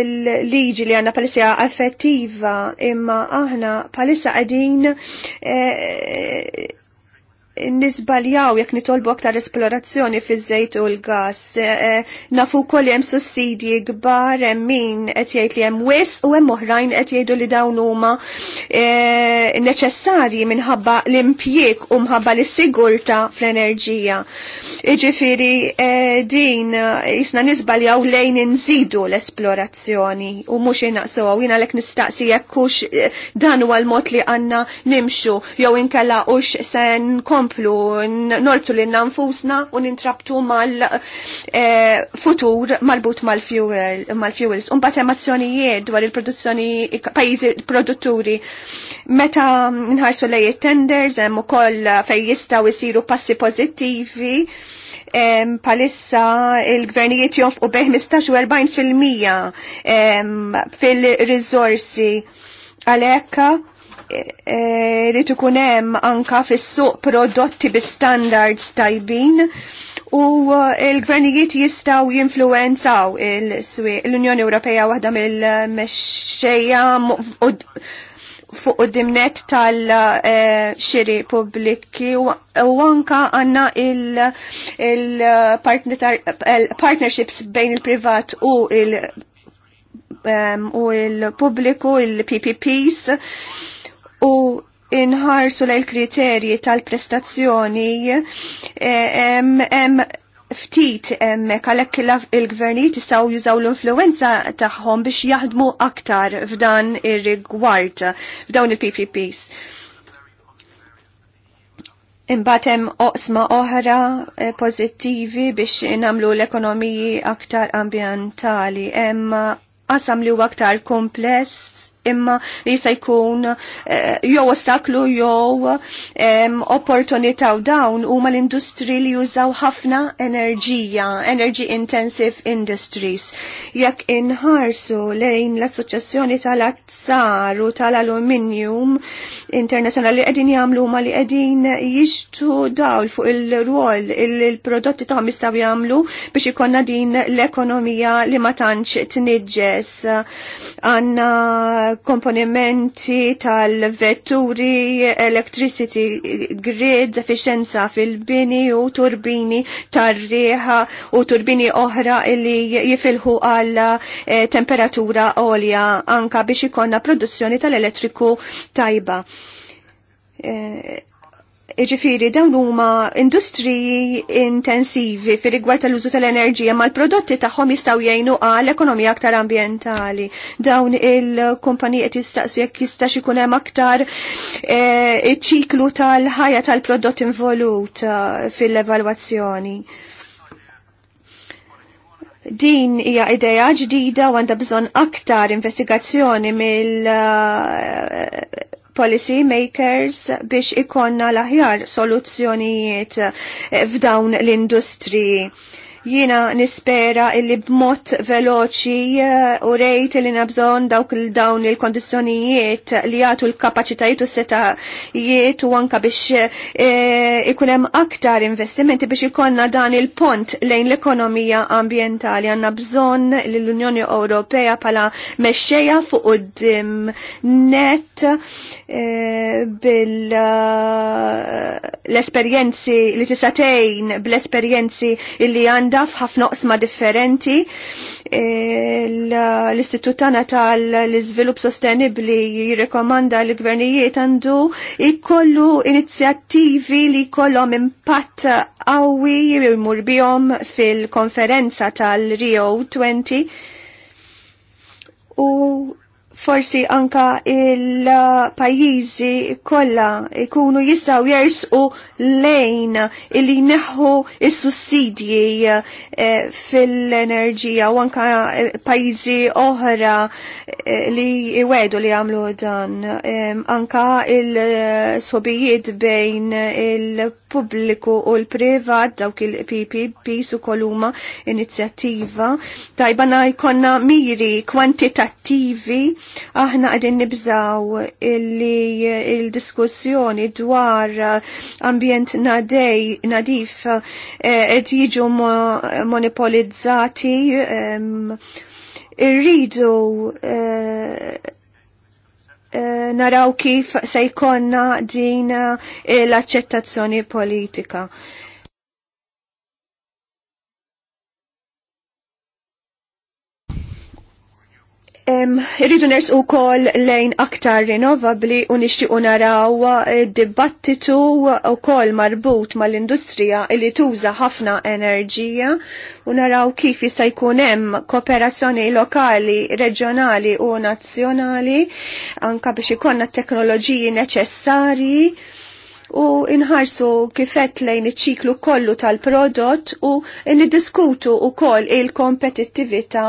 il-liġi li għanna palissa affettiva imma aħna palissa għadin e, nisbaljaw jekk nitolbu aktar esplorazzjoni fi żejt u l-gas. E, e, nafu wkoll hemm sussidji kbar hemm min qed jgħid li hemm wis u jem oħrajn qed jgħidu li dawn huma e, neċessarji minħabba l impjek u mħabba l-sigurta fl-enerġija. Iġifiri din jisna nisbaljaw lejn inżidu l-esplorazzjoni u mhux għaw jiena lek nistaqsi jekkux hux dan huwa l-mod li għandna nimxu jew inkella ux se kom eżempju, nortu li nanfusna u nintrabtu mal-futur eh, marbut mal-fuels. Un bat emazzjonijiet dwar il-produzzjoni pajizi produtturi. Meta nħarsu lej tenders hemm ukoll fejn jistgħu jsiru passi pożittivi palissa il-gvernijiet jonfqu beħ 15-40% fil-rizorsi għalekka li eh, tkun hemm anka fis-suq prodotti bi standards tajbin u eh, l-gvernijiet jistaw jinfluenzaw l-Unjoni Ewropea waħda mill-mexxejja fuq dimnet tal-xiri eh, publiki u anka għanna il-partnerships bejn il-privat u il- u il-publiku, il-PPPs u inħarsu lejn kriterji tal-prestazzjoni hemm e, ftit hemmhekk għalhekk il-gvernijiet jistgħu jużaw l-influenza tagħhom biex jaħdmu aktar f'dan ir-rigward f'dawn il-PPPs. Imbagħad hemm oqsma oħra e, pożittivi biex inamlu l-ekonomiji aktar ambjentali. Hemm qasam li huwa aktar kompless imma jista' jkun eh, jew ostaklu jew opportunità u dawn huma l-industri li jużaw ħafna enerġija, energy intensive industries. Jekk inħarsu lejn l-Assoċjazzjoni tal-Azzar u tal-Aluminium Internazzjonali li qegħdin jagħmlu huma li qegħdin jixtu dawl fuq il-rwol il-prodotti tagħhom jistgħu jagħmlu biex ikonna din l-ekonomija li ma tantx tniġġes għandna komponimenti tal-vetturi, electricity grid, efficienza fil-bini u turbini tar-riħa u turbini oħra li jifilħu għal eh, temperatura olja anka biex ikonna produzzjoni tal-elettriku tajba. Eh, Iġifiri, dawn huma industriji intensivi fi rigward tal-użu tal-enerġija ma l-prodotti tagħhom jistgħu jgħinu għal ekonomija aktar ambjentali. Dawn il-kumpaniji qed jistaqsu jekk jistax ikun hemm aktar eh, iċ ċiklu tal-ħajja tal-prodott involut eh, fil-evalwazzjoni. Din hija idea ġdida u għandha bżonn aktar investigazzjoni mill eh, policy makers biex ikonna l-aħjar soluzzjonijiet f'dawn l industriji Jiena nispera illi b'mod veloċi eh, u rejt illi nabżon dawk il-dawn il-kondizjonijiet li jgħatu l-kapacitajiet u setajiet u anka biex eh, ikunem aktar investimenti biex ikonna dan il-pont lejn l-ekonomija ambientali. Għanna bżon l-Unjoni Ewropea pala meċċeja fuq dim net eh, bil l-esperienzi li tisatejn bl-esperienzi illi għanda waħda f'ħafna oqsma differenti. E, L-Istitut tagħna tal-Iżvilupp Sostenibbli jirrekomanda li gvernijiet għandu jkollu inizjattivi li jkollhom impatt qawwi jmur bihom fil-konferenza tal-Rio 20 u forsi anka il-pajizi kolla ikunu jistaw jersqu lejn illi neħu il-sussidji eh, fil-enerġija u anka eh, pajizi oħra eh, li iwedu li għamlu dan. anka il-sobijiet bejn il-pubbliku u l-privat dawk il-PPP su koluma inizjattiva tajbana jkonna miri kwantitattivi Aħna għadin nibżaw illi il-diskussjoni dwar ambjent nadej, nadif eh, qed jiġu monopolizzati ehm, irridu eh, eh, naraw kif se jkonna din l-accettazzjoni politika. Irridu ners u kol lejn aktar rinnovabli u nixtiqu naraw eh, dibattitu u kol marbut mal-industrija li tuża ħafna enerġija u naraw kif jista' jkun hemm kooperazzjoni lokali, reġjonali u nazzjonali anka biex ikonna t teknoloġiji neċessarji u inħarsu kifet lejn iċ-ċiklu kollu tal-prodott u niddiskutu u koll il-kompetittivita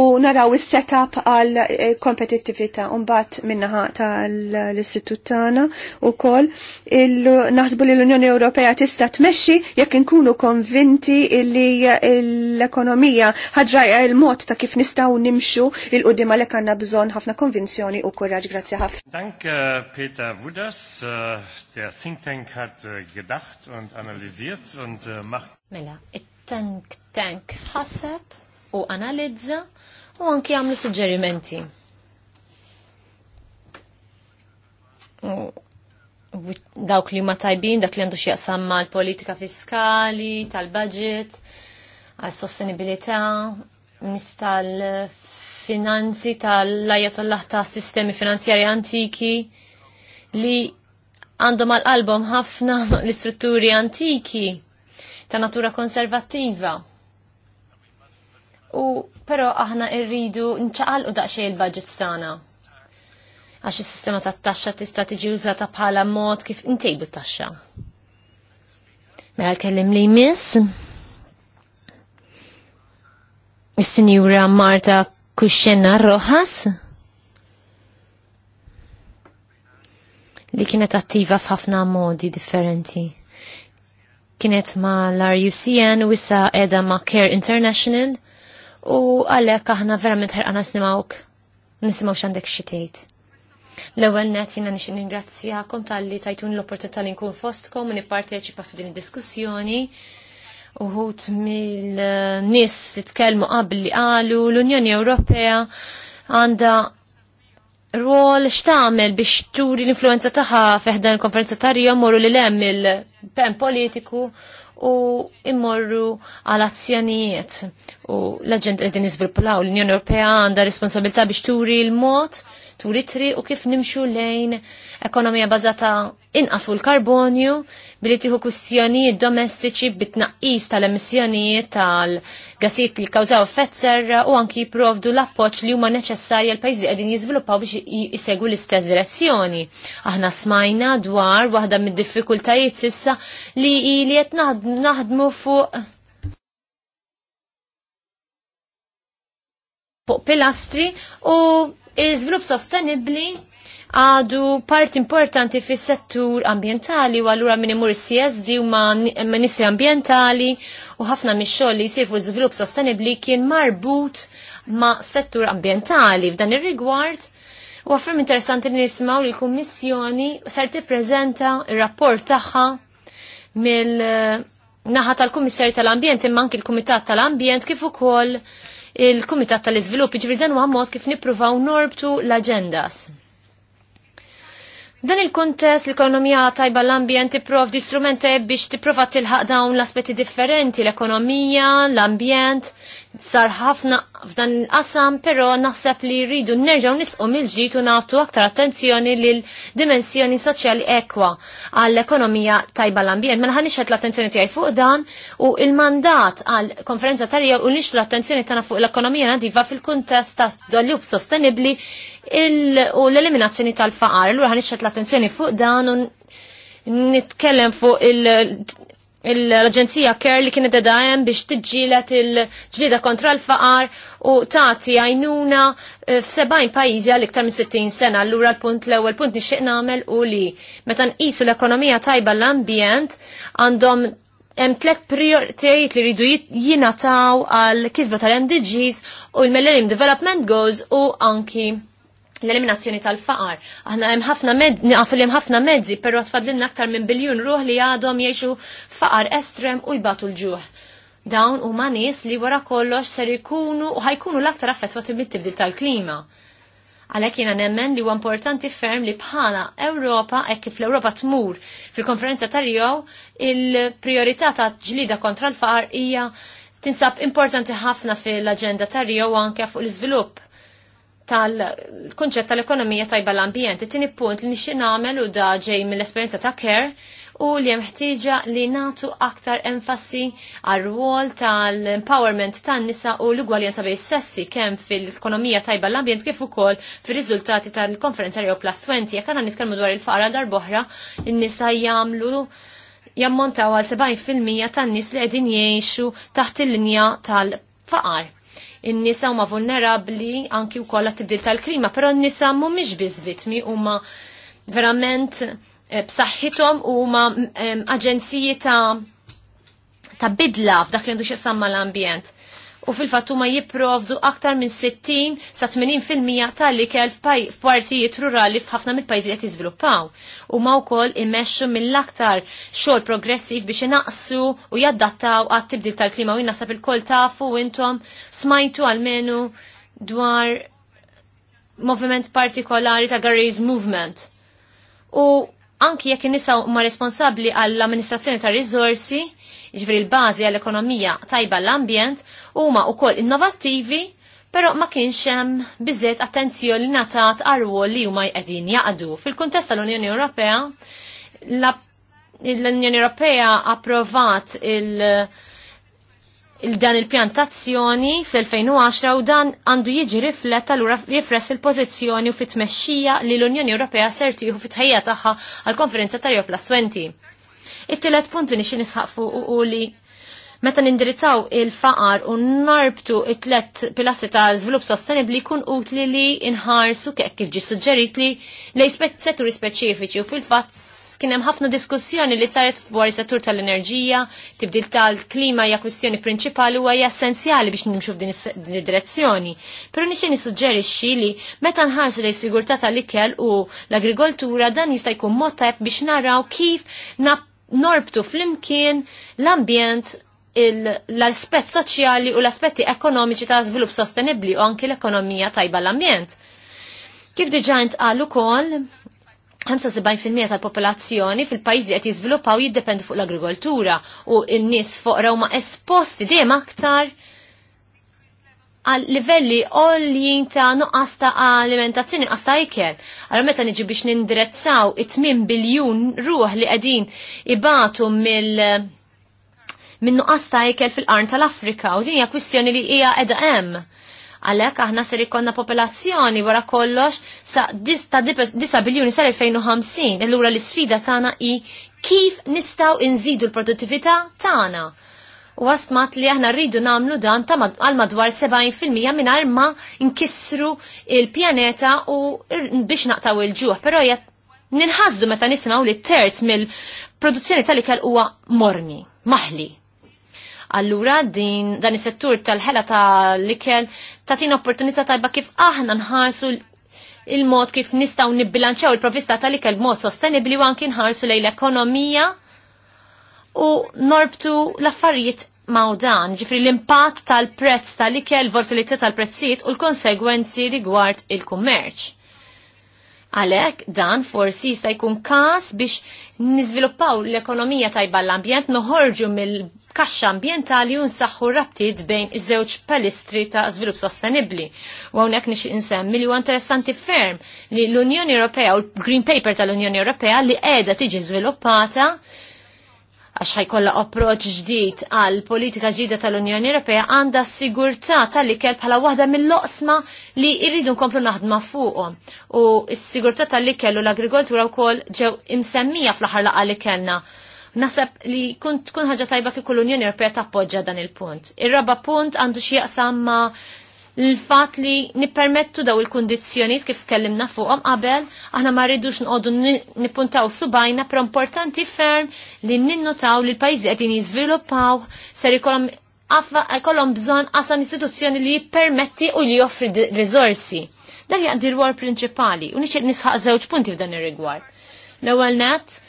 u naraw il-setup għal eh, kompetittivita unbat minnaħa tal-istitut tana u koll naħsbu li l-Unjoni Ewropea tista tmexxi jekk inkunu konvinti li eh, l-ekonomija ħadraja eh, il-mod ta' kif nistaw nimxu il-qudiem li għandna bżonn ħafna konvinzjoni u kuraġġ. Grazzi ħafna. Dank Peter Wudas, der Think Think Tank hat äh, gedacht und analysiert und äh, macht. Mela, il-Tank Tank ħasseb u analizza u anki għamlu suġġerimenti. Dawk li ma tajbin, dak li għandu xieqsam ma l-politika fiskali, tal-budget, għal-sostenibilità, nis tal finanzi tal-lajatollah ta' sistemi finanzjari antiki li għandhom għal album ħafna l-istrutturi antiki ta' natura konservattiva. U però aħna irridu nċaqal u daqxie il-budget stana. Għax is-sistema tat taxxa tista' tiġi użata bħala mod kif intejbu t-taxxa. Mela l-kellim li jmiss. Is-sinjura Marta Kuxxenna Rojas. li kienet attiva f'ħafna modi differenti. Kienet ma l-RUCN u issa edha ma Care International u għalek aħna verament ħerqana nisimawk nisimaw xandek xitejt. L-ewwel net jiena nixin ningrazzjakom tal-li tajtun l-opportunità li nkun fostkom u nipparteċipa f'din id-diskussjoni. Uħut mill-nies li tkellmu qabel li qalu l-Unjoni Ewropea għandha rol xtamel biex turi l-influenza taħħa feħdan il-konferenza tarija morru li lem il-pen politiku u immorru għal azzjonijiet u l-agent edin izvilpulaw l-Unjoni Ewropea għanda responsabilità biex turi l-mod turi tri u kif nimxu lejn ekonomija bazata inqas u l-karbonju billi tieħu kwistjonijiet domestiċi bit-tnaqqis tal-emissjonijiet tal-gassijiet li kkawżaw effett serra u anki jipprovdu l-appoġġ li huma neċessarji għal pajjiżi qegħdin jiżviluppaw biex jisegwu l-istess direzzjoni. Aħna smajna dwar waħda mid-diffikultajiet sissa li ili qed naħdmu fuq fuq pilastri u Iżvilupp sostenibbli għadu part importanti fis settur ambientali u għallura minn imur CSD u ma' ministri ambientali u ħafna mix-xogħol li jsir fuq żvilupp sostenibbli kien marbut ma' settur ambientali f'dan ir-rigward. U għaffem interessanti nismaw li l-Kummissjoni ser tippreżenta r-rapport tagħha mill naħa tal-Kummissarju tal-Ambjent imma anki l-Kumitat tal-Ambjent kif ukoll il-Kumitat tal izvilupp jiġri dan huwa mod kif nippruvaw norbtu l agendas Dan il-kontest l-ekonomija tajba l-ambjent tipprov di strumenti biex tipprova tilħaq dawn l-aspetti differenti, l-ekonomija, l-ambjent, sar ħafna f'dan il-qasam, però naħseb li rridu nerġaw nisqu mill-ġid u nagħtu aktar attenzjoni lil dimensjoni soċjali ekwa għall-ekonomija tajba l-ambjent. Mela naħanix l-attenzjoni tiegħi fuq dan u il-mandat għall konferenza tarja u nix l-attenzjoni tagħna fuq l-ekonomija nadiva fil-kuntest ta' doljub sostenibbli u l-eliminazzjoni tal-faqar. Lura ħanixxet l-attenzjoni fuq dan u nitkellem fuq il- l-Aġenzija Care li kienet dajem biex tiġġielet il-ġlida kontra l-faqar u tagħti għajnuna eh, f'sebgħin pajjiżi għal iktar minn 60 sena. Allura l-punt l-ewwel punt nixtieq nagħmel u li meta nqisu l-ekonomija tajba l-ambjent għandhom hemm tliet prioritajiet li jridu jingħataw għal kisba tal-MDGs u l-Millennium Development Goals u anki l-eliminazzjoni tal-faqar. Aħna hemm ħafna mezzi, naqfu li hemm ħafna mezzi, però tfadlilna aktar minn biljun ruħ li għadhom jgħixu faqar estrem u jbatu l-ġuħ. Dawn huma nies li wara kollox ser ikunu u ħajkunu l-aktar affettwati mit-tibdil tal-klima. Għalhekk jiena nemmen li huwa importanti ferm li bħala Ewropa hekk kif l-Ewropa tmur fil-konferenza ta' Rio il-priorità ta' ġlida kontra l-faqar hija tinsab importanti ħafna fil-aġenda ta' Rio anke fuq l-iżvilupp tal-kunċett tal-ekonomija tajba l-ambjent. It-tieni punt li nixtieq nagħmel u da ġej mill-esperjenza ta' care u li hemm ħtieġa li nagħtu aktar enfasi għal rwol tal-empowerment tan-nisa u l-ugwaljanza bejn sessi kemm fil-ekonomija tajba l-ambjent kif ukoll fir-riżultati tal-konferenza Rio Plus 20. Jekk għandna nitkellmu dwar il-faqra boħra, in-nisa jagħmlu jammontaw għal 70% tan-nies li qegħdin jgħixu taħt il-linja tal-faqar in-nisa huma vulnerabbli anki wkoll għat-tibdil tal-klima, però n-nisa mhumiex biss vitmi huma verament eh, b'saħħithom huma eh, aġenziji ta' ta' bidla f'dak li għandu xi l-ambjent u fil-fattu ma jiprovdu aktar minn 60 sa 80% tal-ikel f'partijiet rurali f'ħafna mill-pajzi qed jiżviluppaw. U ma wkoll immexxu mill-aktar xogħol progressiv biex inaqsu u jaddattaw għat-tibdil tal-klima u jinnasab il-kol tafu intom smajtu għalmenu dwar moviment partikolari ta' Gary's Movement. U anki jekk nisaw ma responsabli għall-amministrazzjoni ta' rizorsi, ġifri l-bazi għall-ekonomija tajba l-ambjent, huma wkoll innovattivi, però ma kienx hemm biżiet attenzjoni natat għarwol li huma qegħdin jaqdu. Fil-kuntest tal-Unjoni Ewropea, l-Unjoni Ewropea approvat il- dan il-pjantazzjoni fl-2010 u dan għandu jiġi rifletta l rifress il-pozizjoni u fit-tmexxija li l-Unjoni Ewropea sertiħu fit ħajja tagħha għall-konferenza tal-Jopla 20. It-tielet punt li nixi nisħaq fuq u li Meta nindirizzaw il-faqar u narbtu it-tlet pilassi ta' żvilupp sostenibli jkun utli li inħarsu kif ġi suġġerit li lejn setturi speċifiċi u fil-fatt kien hemm ħafna diskussjoni li saret dwar is-settur tal-enerġija, tibdil tal-klima hija kwistjoni prinċipali u hija essenzjali biex nimxu f'din id-direzzjoni. Però nixtieq nissuġġerixxi li meta nħarsu lejn sigurtà tal-ikel u l-agrikoltura dan jista' jkun mod biex naraw kif nab norbtu fl-imkien l-ambjent l-aspett soċjali u l-aspetti ekonomiċi ta' żvilupp sostenibbli u anki l-ekonomija tajba l-ambjent. Kif diġà intqal ukoll 75% tal-popolazzjoni fil-pajjiżi qed jiżviluppaw jiddependu fuq l-agrikoltura u n-nies foqra huma esposti dejjem aktar għal livelli għoljin ta' nuqqas ta' alimentazzjoni, nuqqas ta' ikel. Għal meta niġi biex nindirezzaw it-8 biljun ruħ li għedin ibatu mill- minnu qasta ikel fil-qarn tal-Afrika u din hija kwistjoni li hija edha hemm. Għalhekk aħna ser ikonna popolazzjoni wara kollox sa dis ta' 9 biljuni sar 2050. Allura l-isfida tagħna hi kif nistgħu inżidu l-produttività tagħna. U għastmat li aħna rridu namlu dan ta' għal madwar 70% minn arma nkissru il-pjaneta u biex naqtaw il-ġuħ. Pero jgħat ninħazdu meta nismaw li terz mill-produzzjoni tal-ikel huwa mormi, maħli. Allura din dan is-settur tal-ħela tal-ikel tatina opportunità tajba kif aħna nħarsu il-mod kif nistaw nibbilanċaw il-provista tal-ikel b'mod sostenibli u anki nħarsu lejn l-ekonomija u norbtu l-affarijiet ma' dan, ġifri l-impatt tal-prezz tal-ikel, volatilità tal-prezzijiet u l-konsegwenzi rigward il-kummerċ. Għalek dan forsi jista' jkun kas biex niżviluppaw l-ekonomija tajba l-ambjent noħorġu mill-kaxxa ambjentali u nsaħħu rabtiet bejn iż-żewġ palistri ta' żvilupp sostenibbli. U hawnhekk nix insemmi li huwa interessanti ferm li l-Unjoni Ewropea u l-Green Paper tal-Unjoni Ewropea li qiegħda tiġi żviluppata għax ħajkolla approċ ġdid għal politika ġdida tal-Unjoni Ewropea għandha s-sigurtà tal-ikel bħala waħda mill-loqsma li irridu nkomplu naħdma fuqhom. U s-sigurtà tal-ikel u l-agrikoltura wkoll ġew imsemmija fl-aħħar laqgħa li kellna. Nasab li kunt tkun ħaġa tajba kif l-Unjoni Ewropea tappoġġa dan il-punt. Ir-raba punt għandu xi jaqsam ma' l-fat li nippermettu daw il-kondizjoniet kif kellimna fuqhom qabel, aħna ma rridux nqodu nippuntaw subajna pero importanti ferm li ninnotaw li l-pajjiżi għedin jizviluppaw, ser ikolhom kollhom bżonn qasam istituzzjoni li jippermetti u li joffri rizorsi. Dan jgħaddi l-war prinċipali u nixtieq nisħaq żewġ punti f'dan ir-rigward. L-ewwel nett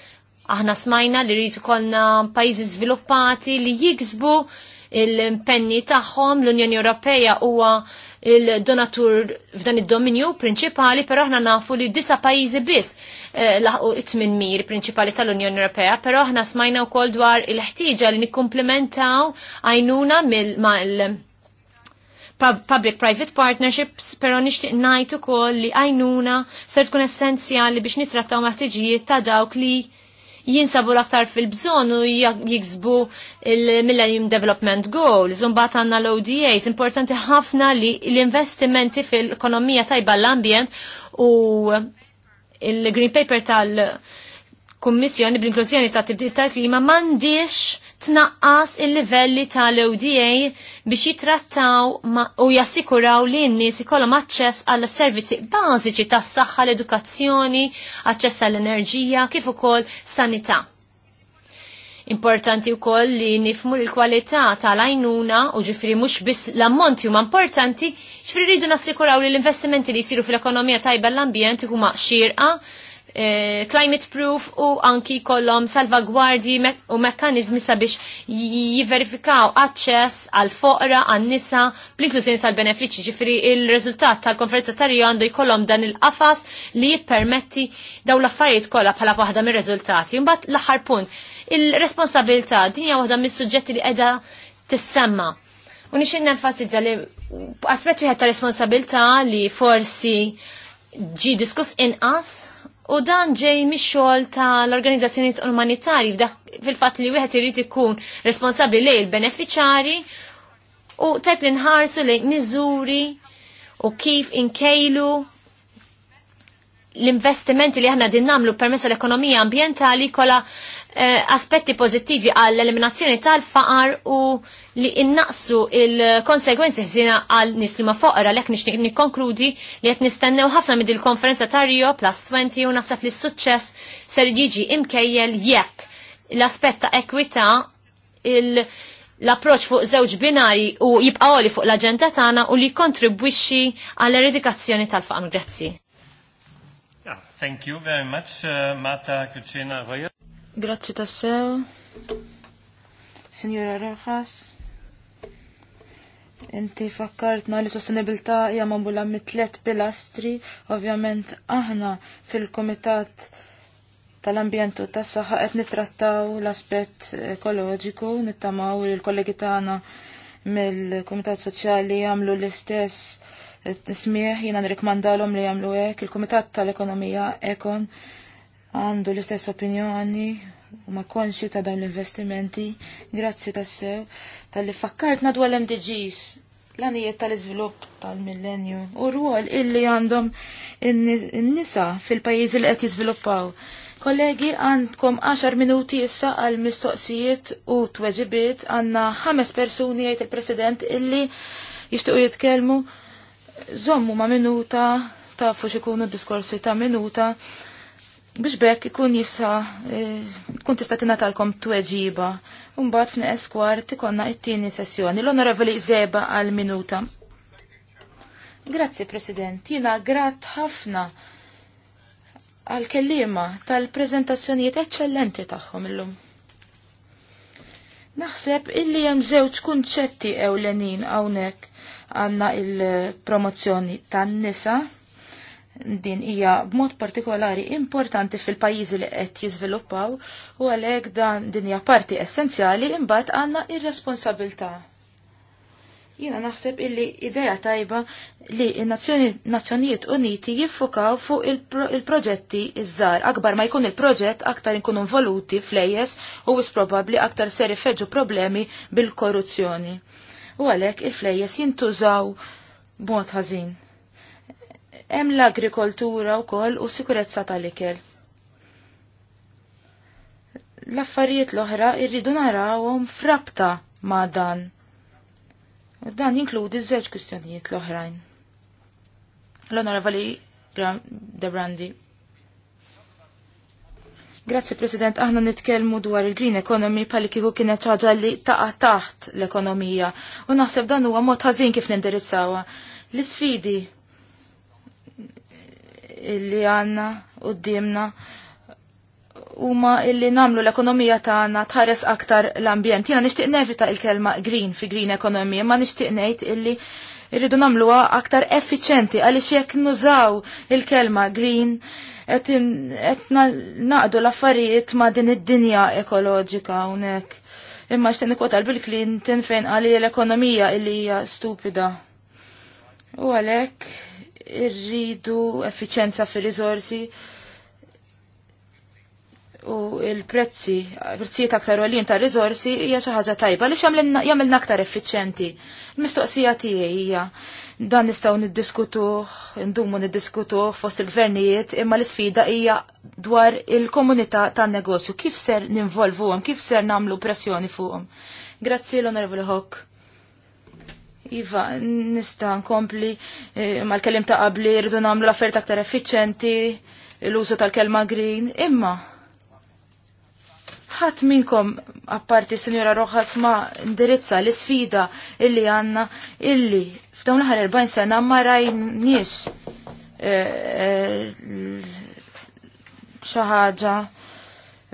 aħna smajna li rrid kollna pajjiżi żviluppati li jiksbu il impenni tagħhom l-Unjoni Ewropea huwa il-donatur f'dan id-dominju prinċipali, però aħna nafu li disa pajjiżi biss eh, laħqu it-tmin mir prinċipali tal-Unjoni Ewropea, però aħna smajna wkoll dwar il-ħtieġa li nikkumplementaw għajnuna mill public-private partnerships, pero nixtieq ngħid ukoll li għajnuna ser tkun essenzjali biex nitrattaw maħtiġijiet ta' dawk li jinsabu l-aktar fil-bżon u jiksbu il-Millennium Development Goals. Zumbat għanna l-ODAs, importanti ħafna li l-investimenti fil-ekonomija tajba l-ambjent u il-Green Paper tal- Kummissjoni bl-inklużjoni ta' tibdil tal-klima mandiex tnaqqas il-livelli tal-ODA biex jitrattaw u jassikuraw li n-nies ikollhom aċċess għall servizzi bażiċi tas-saħħa, l-edukazzjoni, aċċess għall-enerġija, kif ukoll sanità. Importanti wkoll li nifmu l-kwalità tal-għajnuna u ġifri mhux biss l-ammonti huma importanti, ġifri rridu nassikuraw li l-investimenti li jsiru fil-ekonomija tajba l-ambjent huma xirqa Eh, climate proof u anki kollom salvagwardji me u mekkanizmi sabiex jiverifikaw aċċess għal foqra għan nisa bl-inklużjoni tal-benefiċi ġifiri il-rezultat tal-konferenza ta' Rio għandu jkollhom dan il-qafas li jippermetti daw l-affarijiet kollha bħala waħda mir-riżultati. Imbagħad l-aħħar punt, il-responsabilità din hija waħda mis-suġġetti li qiegħda tissemma. U nixin nenfasizza li aspett wieħed ta' responsabilità li forsi ġi diskuss inqas u dan ġej mix-xogħol tal-organizzazzjoni umanitarji fil-fatt li wieħed irid ikun responsabbli lejn il-beneficjari u tajb li nħarsu lejn miżuri u kif inkejlu l-investimenti li aħna din namlu permessa l-ekonomija ambientali kola eh, aspetti pozittivi għall-eliminazzjoni tal-faqar u li innaqsu il-konsegwenzi ħzina għal nis li ma foqra l-ek nix nikonkludi li għet nistennew ħafna mid il-konferenza ta' Rio plus 20 u nasab li s-suċċess ser jiġi imkejjel jekk l-aspett ta' ekwita il- l-approċ fuq żewġ binari u jibqawli fuq l-agenda tagħna u li kontribwixxi għall-eredikazzjoni tal faqar Grazzi. Thank you very much, uh, Marta Cucina Arroyo. Grazie tassew, Signora Rojas. Inti fakkartna li sostenibilità hija mambula mit tliet pilastri, ovvjament aħna fil-Komitat tal-ambjent u tas-saħħa qed nittrattaw l-aspett ekoloġiku, nittamaw li l-kollegi tagħna mill-Kumitat Soċjali jagħmlu l-istess smieħ jiena nirrikmandalhom li jagħmlu hekk. Il-Kumitat tal-Ekonomija Ekon għandu l-istess opinjoni u ma konxi ta' dawn l-investimenti. Grazzi tassew tal-li fakkart dwar l-MDGs l-għanijiet tal izvilup tal-millenju u rwol illi għandhom n-nisa fil-pajizi li qed jiżviluppaw. Kollegi, għandkom 10 minuti issa għal mistoqsijiet u tweġibiet għanna ħames persuni għajt il-President illi jishtuq jitkelmu Zommu ma minuta, tafu xikunu diskorsi ta' minuta, biex bekk ikun jissa, eh, kun tista talkom tweġiba. Umbat f'ne eskwar tikonna it-tini sessjoni. L-onorevoli Zeba għal minuta. Grazzi, President. Jina grat ħafna għal kellima tal-prezentazzjonijiet eccellenti tagħhom illum. Naħseb illi hemm żewġ kunċetti ewlenin hawnhekk għanna il-promozzjoni tan-nisa din hija b'mod partikolari importanti fil-pajjiżi li qed jiżviluppaw u għalhekk dan din hija parti essenzjali imbagħad għandna ir-responsabilità jina naħseb illi ideja tajba li Nazzjonijiet Uniti jiffukaw fuq il-proġetti il proġetti il iż Akbar ma jkun il-proġett, aktar nkunu involuti flejes u wis probabbli aktar ser ifeġġu problemi bil-korruzzjoni u għalhekk il-flejjes jintużaw b'mod ħażin. Hemm l-agrikoltura wkoll u sikurezza tal-ikel. L-affarijiet l-oħra irridu narawhom frabta ma' dan. dan jinkludi ż-żewġ kwistjonijiet l-oħrajn. L-Onorevoli Debrandi. Grazzi President, aħna nitkellmu dwar il-green economy pali kieku kienet ħaġa li taqa' taħt l-ekonomija. U naħseb dan huwa mod ħażin kif nindirizzawha. L-isfidi li għandna qudiemna huma illi namlu l-ekonomija tagħna tħares aktar l-ambjent. Jiena nixtieq nevita il-kelma green fi green economy, ma nixtieq ngħid illi irridu namluwa aktar effiċenti għaliex jekk nużaw il-kelma green qed naqdu l-affarijiet ma' din id-dinja ekoloġika hawnhekk. Imma x'ten ikwotal bil klin tinfejn għalli l-ekonomija illi hija stupida. U għalhekk irridu effiċenza fir rizorsi u il-prezzi, prezzijiet aktar għolin ta' rizorsi hija xi ħaġa tajba li jagħmel aktar effiċenti. mistoqsija tiegħi hija dan nistgħu niddiskutuh, ndumu niddiskutuh fost il-gvernijiet, imma l-isfida hija dwar il-komunità tan-negozju, kif ser ninvolvuhom, kif ser nagħmlu pressjoni fuqhom. Grazzi l-Onorevoli Hock. Iva, nista' nkompli eh, mal-kelim ta' qabli rridu nagħmlu l-affarijiet aktar effiċenti l-użu tal-kelma green, imma ħadd minkom apparti Sinjora Roħas, ma indirizza l-isfida illi għandna illi f'dawn l-aħħar 40 sena ma rajniex eh, eh, xi ħaġa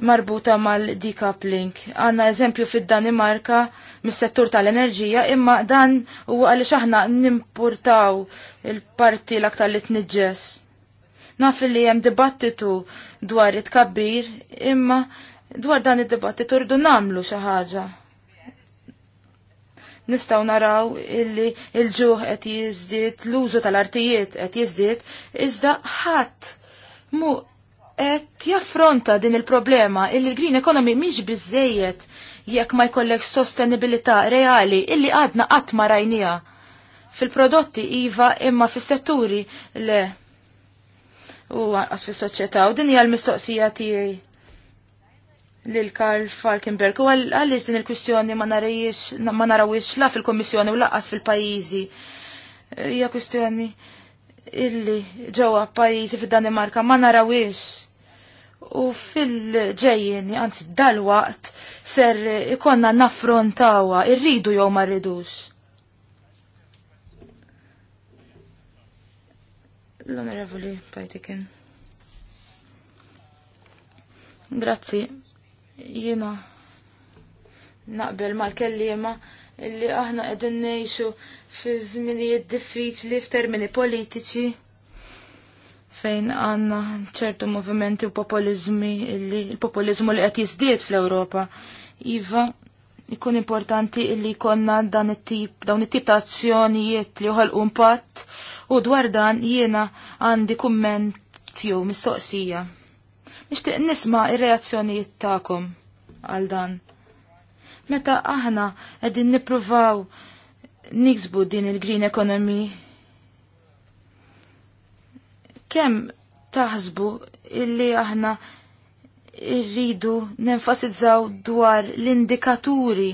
marbuta mal-decoupling. Għanna eżempju fid-Danimarka mis-settur tal-enerġija, imma dan u għalli xaħna nimpurtaw il-parti l-aktar li t-nġess. Naf li jem dibattitu dwar it-kabbir, imma dwar dan id-dibattitu turdu namlu xi ħaġa. Nistgħu naraw illi l-ġuħ qed jiżdied, l-użu tal-artijiet qed jiżdied, iżda ħadd mu qed jaffronta din il-problema illi l-green economy mhix biżejjed jekk ma jkollek sostenibilità reali illi għadna qatt ma rajnija fil-prodotti iva imma fis-setturi le u għas fis-soċjetà u din hija l-mistoqsija tiegħi lil Karl Falkenberg u għaliex din il-kwistjoni ma narawix narawiex la fil-Kommissjoni u laqas fil-pajjiżi. Hija kwistjoni illi ġewwa pajjiżi fid-Danimarka ma narawix U fil ġejjeni anzi dal-waqt, ser ikonna naffrontawa, irridu jew ma rridux. L-Onorevoli Pajtikin. Grazzi, Jiena naqbel mal-kellima illi aħna qegħdin ngħixu fi zminijiet diffiċli f'termini politiċi fejn għanna ċertu movimenti u populizmi illi il-populizmu li qed jiżdied fl-Ewropa. Iva, ikun importanti illi konna dan it-tip, dawn it-tip ta' azzjonijiet li uħal impatt u dwar dan jiena għandi kumment jew mistoqsija. Nixtieq nisma' il reazzjonijiet tagħkom għal dan. Meta aħna qegħdin nippruvaw niksbu din il-green economy kemm taħsbu illi aħna irridu nenfasizzaw dwar l-indikaturi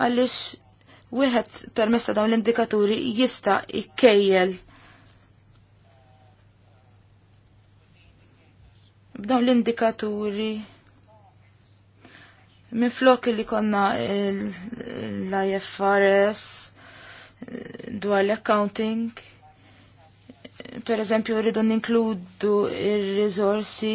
għalix wieħed permessa dawn l-indikaturi jista' ikkejjel b'dawn l-indikaturi minn flok li konna l-IFRS dwar l-accounting per eżempju rridu ninkludu il-rizorsi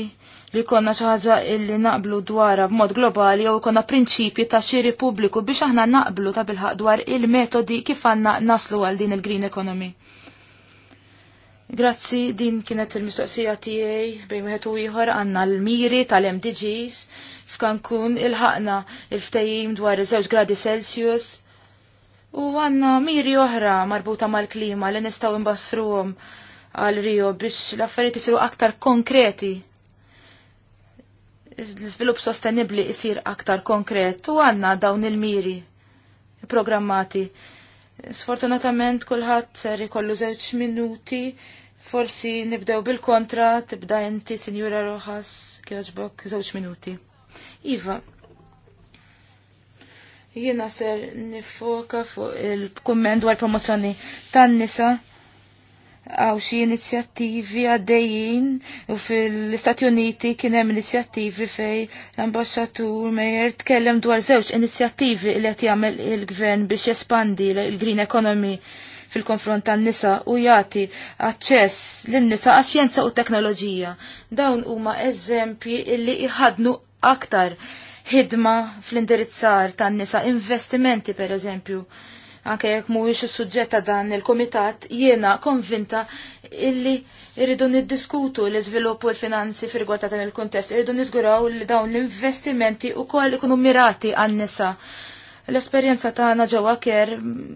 li konna ħaġa illi naqblu dwar b'mod globali jew konna prinċipji ta' xiri pubbliku biex aħna naqblu ta' bilħaq dwar il-metodi kif għanna naslu għal din il-green economy. Grazzi, din kienet il-mistoqsija tiegħi bejn wieħed u ieħor għandna l-miri tal-MDGs f'Kankun il-ħaqna il-ftehim dwar iż-żewġ gradi Celsius u għandna miri oħra marbuta mal-klima li nistgħu imbassruhom għal Rio biex l-affarijiet isiru aktar konkreti. L-iżvilupp sostenibbli isir aktar konkret u għandna dawn il-miri programmati Sfortunatament kulħadd ser ikollu żewġ minuti, forsi nibdew bil-kontra, tibda inti Sinjura Rojas kjoġbok żewġ minuti. Iva, jiena ser nifoka fuq il-kumment dwar promozzjoni tan-nisa għaw xie inizjattivi għaddejjin u fil-Istati Uniti kienem inizjattivi fej l-ambasċatur Mejer tkellem dwar żewġ inizjattivi li qed jagħmel il-gvern biex jespandi l-green economy fil-konfront tan-nisa u jagħti aċċess lin-nisa għax-xjenza u teknoloġija. Dawn huma eżempji li iħadnu aktar ħidma fl-indirizzar tan-nisa, investimenti per eżempju anke jekk mhuwiex is-suġġett ta' dan il-kumitat, jiena konvinta illi irridu niddiskutu l-iżvilupp u l-finanzi firgwa ta' dan il-kuntest, irridu niżguraw li dawn l-investimenti wkoll ikunu mirati għan-nisa. L-esperjenza tagħna ġewwa ker mm,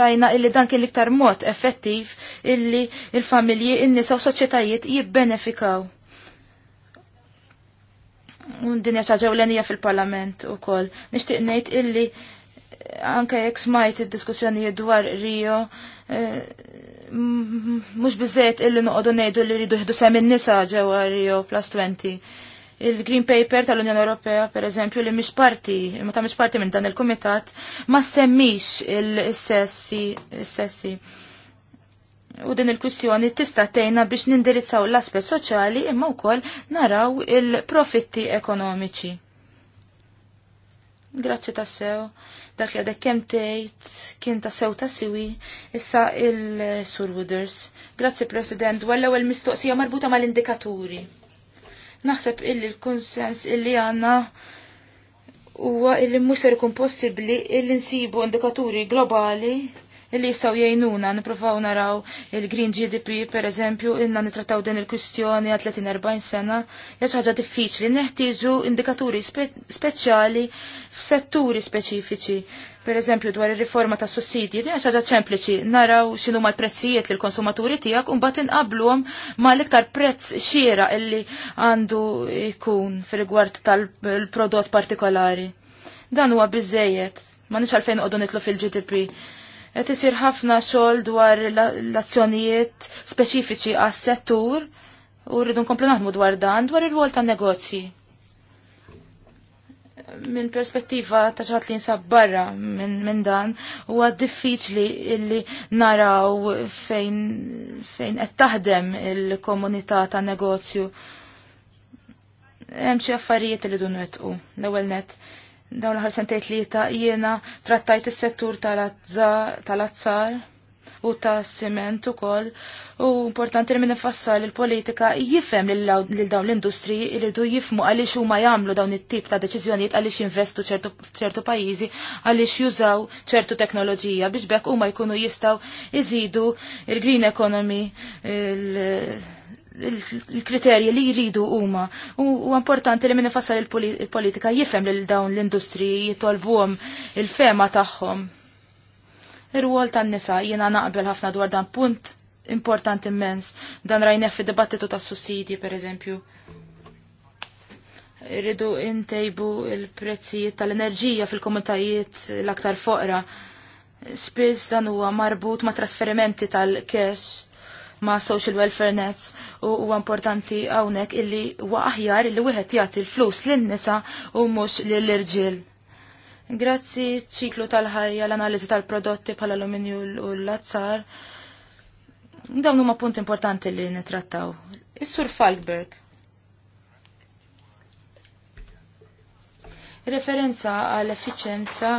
rajna illi dan kien l-iktar mod effettiv illi il-familji, il nisa u soċjetajiet jibbenefikaw un dinja ċaġaw l-enija fil-parlament u kol. Nishtiq nejt illi anke jekk smajt id-diskussjonijiet dwar Rio, eh, mhux biżejt illi noqogħdu ngħidu li rridu jieħdu semin nisa ġewwa Rio plus 20. Il-Green Paper tal-Unjoni Ewropea, per eżempju, li mhix parti, ma ta' mhix parti minn dan il-kumitat, ma semmix il-sessi, il-sessi. U din il-kwistjoni tista' tejna biex nindirizzaw l-aspett soċjali imma wkoll naraw il-profitti ekonomiċi. Grazzi tassew dak li għadek kem tgħid kien ta' sew ta' siwi issa il-Sur Wooders. Grazzi President, Għalla ewwel mistoqsija marbuta mal-indikaturi. Naħseb illi l-konsens illi għandna huwa illi mhux kun possibli possibbli illi nsibu indikaturi globali illi jistgħu jgħinuna nippruvaw naraw il-Green GDP pereżempju inna nitrataw din il-kwistjoni għal 30-40 sena hija ħaġa diffiċli neħtieġu indikaturi speċjali f'setturi speċifiċi per eżempju dwar ir-riforma ta' sussidji, din ħaġa ċempliċi, naraw x'inhu l-prezzijiet lill konsumaturi tiegħek un batin inqablhom ma' l-iktar prezz xiera illi għandu jkun fil gwart tal-prodott partikolari. Dan huwa biżejjed, ma nix għalfejn qogħdu nitlu fil-GDP. Qed isir ħafna xogħol dwar l-azzjonijiet speċifiċi għas-settur u rridu nkomplu naħdmu dwar dan dwar ir-rwol tan-negozji. Minn perspettiva ta' xaħat li nsab barra minn min dan, huwa diffiċli illi naraw fejn fejn qed taħdem il-komunità ta' negozju. Hemm xi affarijiet li dun wetqu l-ewwel net dawn l-ħar sentejt li ta' jiena trattajt is-settur tal-azzar u ta' siment u koll u importanti li minn ifassal il-politika jifem lil dawn l-industri irridu jifmu għaliex huma jagħmlu dawn it-tip ta' deċiżjonijiet għaliex jinvestu ċertu pajjiżi għaliex jużaw ċertu teknoloġija biex bekk huma jkunu jistgħu iżidu il-green economy il il-kriterji li jridu huma. U importanti li minn ifassal il-politika jifhem lil dawn l-industriji jitolbuhom il-fema tagħhom. Ir-rwol tan-nisa jiena naqbel ħafna dwar dan punt importanti immens. Dan rajnef fid-dibattitu tas-sussidji pereżempju irridu intejbu il-prezzijiet tal-enerġija fil-komunitajiet l-aktar foqra. Spiss dan huwa marbut ma' trasferimenti tal kest ma' social welfare nets u huwa importanti hawnhekk illi huwa aħjar illi wieħed jagħti l-flus lin-nisa u mhux lill-irġiel. Grazzi ċiklu tal-ħajja l-analiżi tal-prodotti bħala l-alluminju u l-azzar. Dawn huma punt importanti li nitrattaw. Is-Sur Falkberg. Referenza għall-effiċenza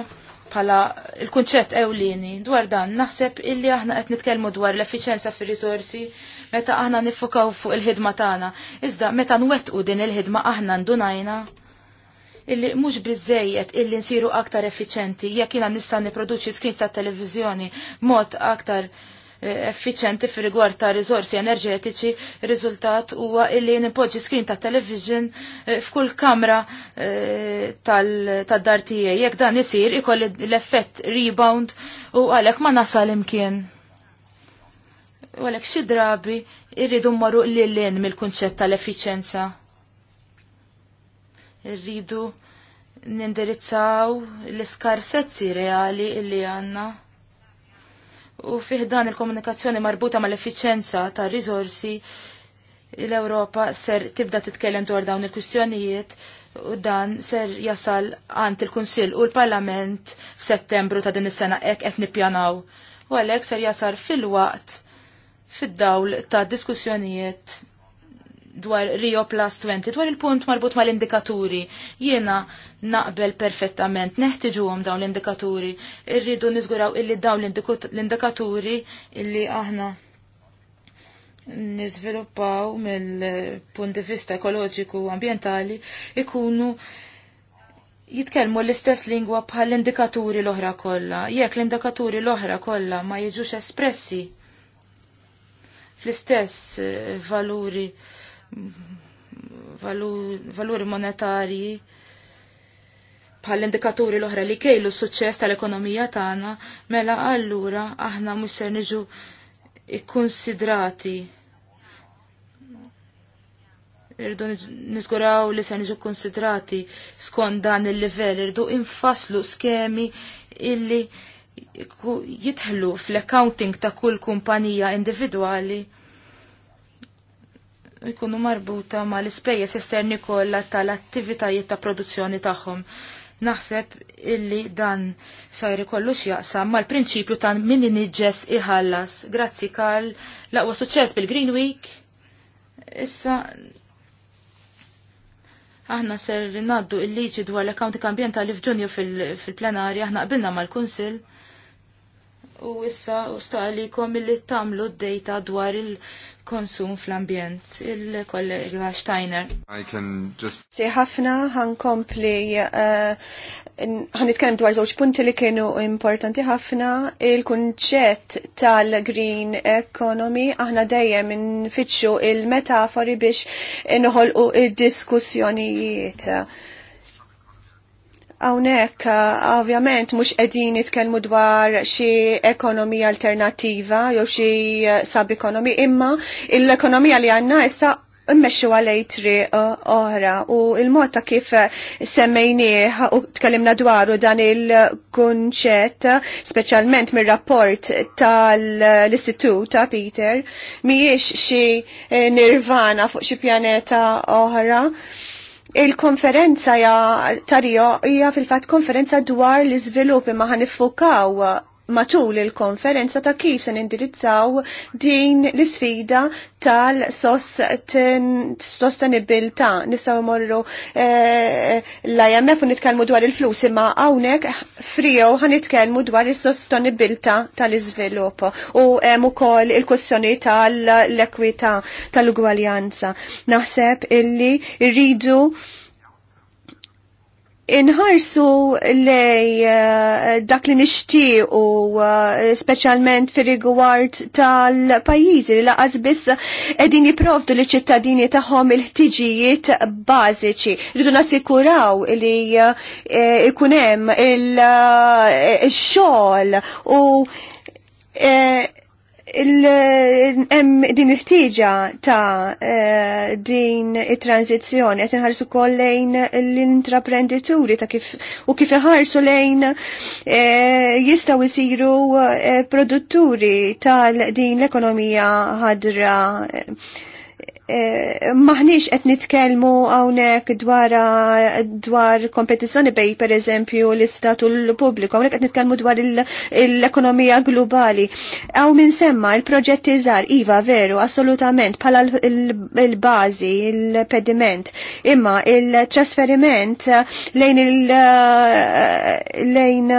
pala il-kunċett ewlieni dwar dan naħseb illi aħna qed nitkellmu dwar l-effiċenza fir-risorsi meta aħna nifukaw fuq il-ħidma tagħna. Iżda meta nwettqu din il-ħidma aħna ndunajna illi mhux biżejjed illi nsiru aktar effiċenti jekk jiena nista' nipproduċi screens tat-televiżjoni b'mod aktar effiċenti fi rigward ta' rizorsi enerġetiċi, riżultat huwa illi nipoġġi screen ta' television eh, f'kull kamra eh, tad-dar tiegħi. Jekk dan isir ikolli l-effett rebound u għalhekk ma nasal imkien. U għalhekk xi drabi irridu mmorru lil mill-kunċett tal-effiċenza. Irridu nindirizzaw l-iskarsezzi reali illi għanna u fih dan il-komunikazzjoni marbuta mal efficienza ta' risorsi l-Europa ser tibda titkellem dwar dawn il-kwistjonijiet u dan ser jasal għant il-Kunsill u l-Parlament f'Settembru ta' din is-sena hekk qed nippjanaw. U għalhekk ser jasal fil-waqt fid-dawl ta' diskussjonijiet dwar Rio Plus 20, dwar il-punt marbut mal-indikaturi. Jiena naqbel perfettament, għom dawn l-indikaturi. Irridu niżguraw illi dawn l-indikaturi illi aħna niżviluppaw mill-punt di vista ekoloġiku u ambientali ikunu jitkellmu l-istess lingwa bħal l-indikaturi l-oħra kollha. Jekk l-indikaturi l-oħra kollha ma jiġux espressi fl-istess eh, valuri valuri monetarji bħal indikaturi l-oħra li kejlu s-suċċess tal-ekonomija tagħna, mela allura aħna mhux se niġu ikkunsidrati. Irdu niżguraw li se niġu konsidrati skont dan il-livell, irdu infaslu skemi illi jitħlu fl-accounting ta' kull kumpanija individwali Ikunu marbuta ma l-ispejjeż esterni kollha tal-attivitajiet ta' produzzjoni tagħhom. Naħseb illi dan sajr kollu x'jaqsam mal-prinċipju ta' minni iniġġes iħallas. Grazzi Karl, laqwa suċċess bil-Green Week. Issa aħna ser naddu il-liġi dwar l-accounting ambientali f'Ġunju fil-plenarja, aħna qbilna mal-Kunsil u issa u il-li tamlu d-dejta dwar il- konsum fl-ambjent, il-kollega Steiner. I can just... Si ħafna ħankompli eh, ħanitkellem dwar żewġ punti li kienu importanti ħafna il-kunċett tal-green economy aħna dejjem nfittxu il-metafori biex inħolqu id-diskussjonijiet. Hawnhekk eh, ovvjament mhux qegħdin nitkellmu dwar xi ekonomija alternattiva jew xi eh, sab-ekonomi, imma l-ekonomija li għandna issa immexxu għalej tri eh, oħra u il-mod ta' kif semmejnieh u tkellimna dwaru dan il-kunċett, speċjalment mir-rapport tal-Istitut ta' Peter, mhijiex xi nirvana fuq xi pjaneta oħra. Il-konferenza ja tarjo hija fil-fatt konferenza dwar l-iżvilupp imma ħanifukaw matul il-konferenza ta' kif se nindirizzaw din l-sfida tal-sostenibilità. Nistgħu morru eh, l-IMF u nitkellmu dwar il-flus imma hawnhekk frijew ħan dwar is-sostenibilità tal izvilup u hemm ukoll il kussjoni tal-ekwità tal-ugwaljanza. Naħseb illi rridu inħarsu lej eh, dak li nixtiequ u eh, speċjalment fir rigward tal-pajjiżi li laqas biss qegħdin jipprovdu li ċittadini tagħhom il-ħtiġijiet bażiċi. Rridu nasikuraw li eh, ikun hemm il-xogħol u hemm din il-ħtieġa ta' eh, din it-tranzizzjoni qed inħarsu wkoll lejn l-intraprendituri ta' kif u kif iħarsu lejn eh, jistgħu jsiru eh, produtturi tal din l-ekonomija ħadra Eh, maħniex qed nitkellmu hawnhekk dwar dwar kompetizzjoni bej pereżempju l istatu l-pubbliku, hawnhekk qed nitkellmu dwar l-ekonomija globali. Hawn minn semma il-proġetti żgħar iva veru assolutament bħala l-bażi, il-pediment, imma il-trasferiment lejn il- eh, lejn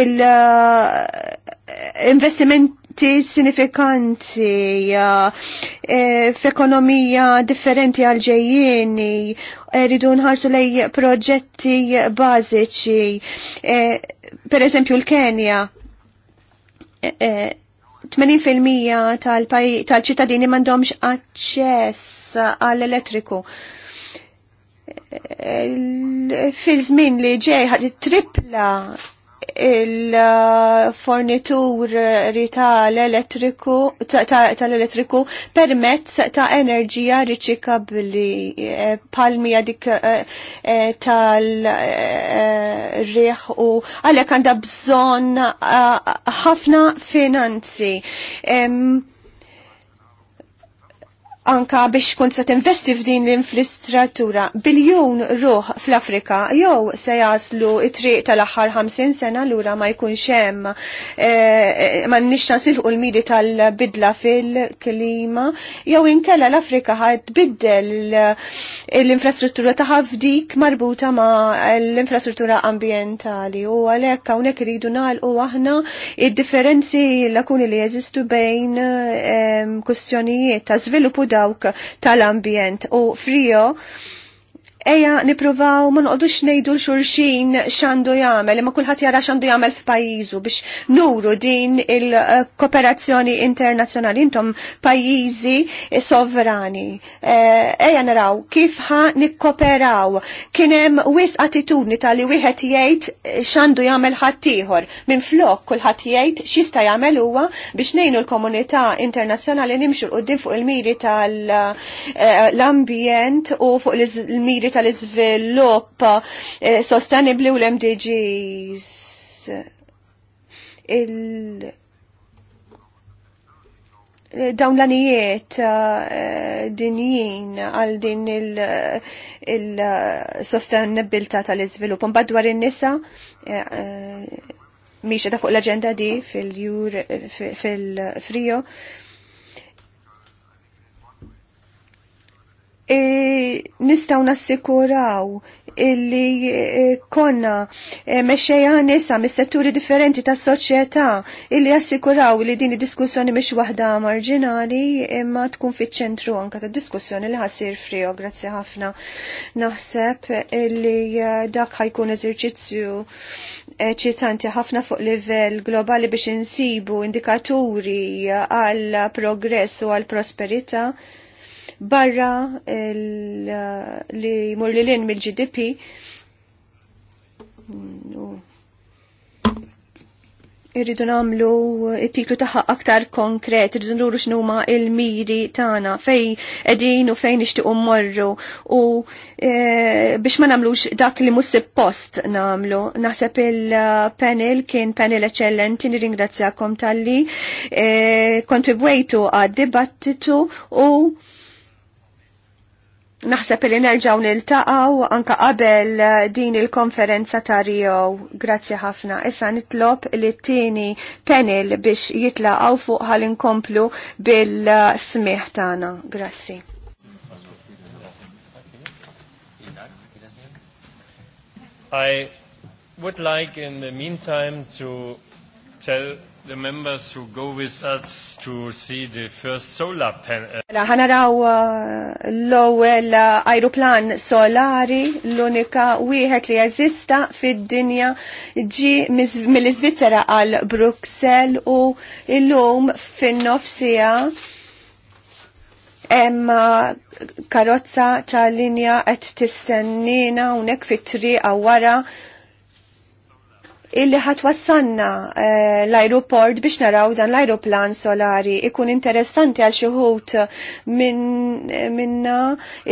il- eh, investiment ti sinifikanti e, f'ekonomija differenti għal-ġejjieni, rridu nħarsu lej proġetti bażiċi, e, per eżempju l-Kenja. 80% e, tal-ċittadini mandomx aċċess għall-elettriku. Fil-żmien li ġej ħad tripla il-fornitur tal-elettriku tal-elettriku permezz ta' enerġija riċikabli e, palmija dik e, e, tal-riħ u għalek għanda bżon ħafna finanzi anka biex kont se tinvesti f'din l-infrastruttura biljun ruħ fl-Afrika jew se jaslu it-triq tal-aħħar 50 sena lura ma jkunx hemm e, ma nixta silħu l midi tal-bidla fil-klima jew inkella l-Afrika ħad biddel eh, l-infrastruttura ta' f'dik marbuta ma' l-infrastruttura ambjentali u għalhekk hawnhekk iridu nagħlqu aħna id-differenzi l akuni li jeżistu bejn kustjonijiet ta' żviluppu dawk tal-ambjent u frio Eja, nipruvaw ma noqdux nejdu xurxin xandu jagħmel, imma kulħadd jara xandu jagħmel f'pajjiżu biex nuru din il-kooperazzjoni internazzjonali intom pajjiżi sovrani. Eh, eja naraw kif ħa nikkoperaw. Kien hemm wis attitudni tal-li wieħed jgħid xandu jagħmel ħaddieħor. Minn flok kulħadd jgħid xista' jagħmel huwa biex ngħinu l-komunità internazzjonali nimxu l-qudiem fuq il-miri tal-ambjent eh, u fuq il-miri tal-izvilupp eh, sostenibli u l-MDGs. Il dawn l-anijiet dinjien eh, dinjin għal din il-sostenibilta il sostenibilta tal izvilupp Mbadwar il in-nisa miexa miex da fuq l-aġenda di fil-Frio. Fil E, nistaw nassikuraw illi e, konna e, meċċeja nisa mis-setturi differenti ta' soċjetà illi jassikuraw li din id-diskussjoni mhix waħda marġinali imma tkun fiċ-ċentru anka ta' diskussjoni li ħassir frio grazzi ħafna naħseb illi dak ħajkun eżerċizzju ċitanti ħafna fuq livell globali biex insibu indikaturi għal progress u għal prosperita' barra li jmur li l-in mill-GDP. Mm, irridu namlu it-titlu taħħa aktar konkret, irridu nuru x'numa il-miri tagħna fejn qegħdin u fejn nixtiequ mmorru u e, biex ma nagħmlux dak li mhux post nagħmlu. Naħseb il-panel kien panel eċċellenti nirringrazzjakom tal-li e, kontribwejtu għad-dibattitu u Naħseb li nerġaw niltaqaw anka qabel eh, din il-konferenza ta' Rio. Grazzi ħafna. Issa nitlob li t-tieni panel biex jitlaqaw fuq ħal inkomplu bil-smiħ tagħna. Grazzi. I would like in the meantime to tell the members who go with us to see the first solar panel. Uh, mela, ħanaraw uh, l-ewwel uh, ajruplan solari l-unika wieħed li jeżista fid-dinja ġi mill-Iżvizzera għal Bruxelles u llum fin-nofsija hemm karozza tal-linja qed tistennina hawnhekk fit-triqa wara illi ħatwassanna eh, l-aeroport biex naraw dan l-aeroplan solari ikun interessanti għal xuħut minna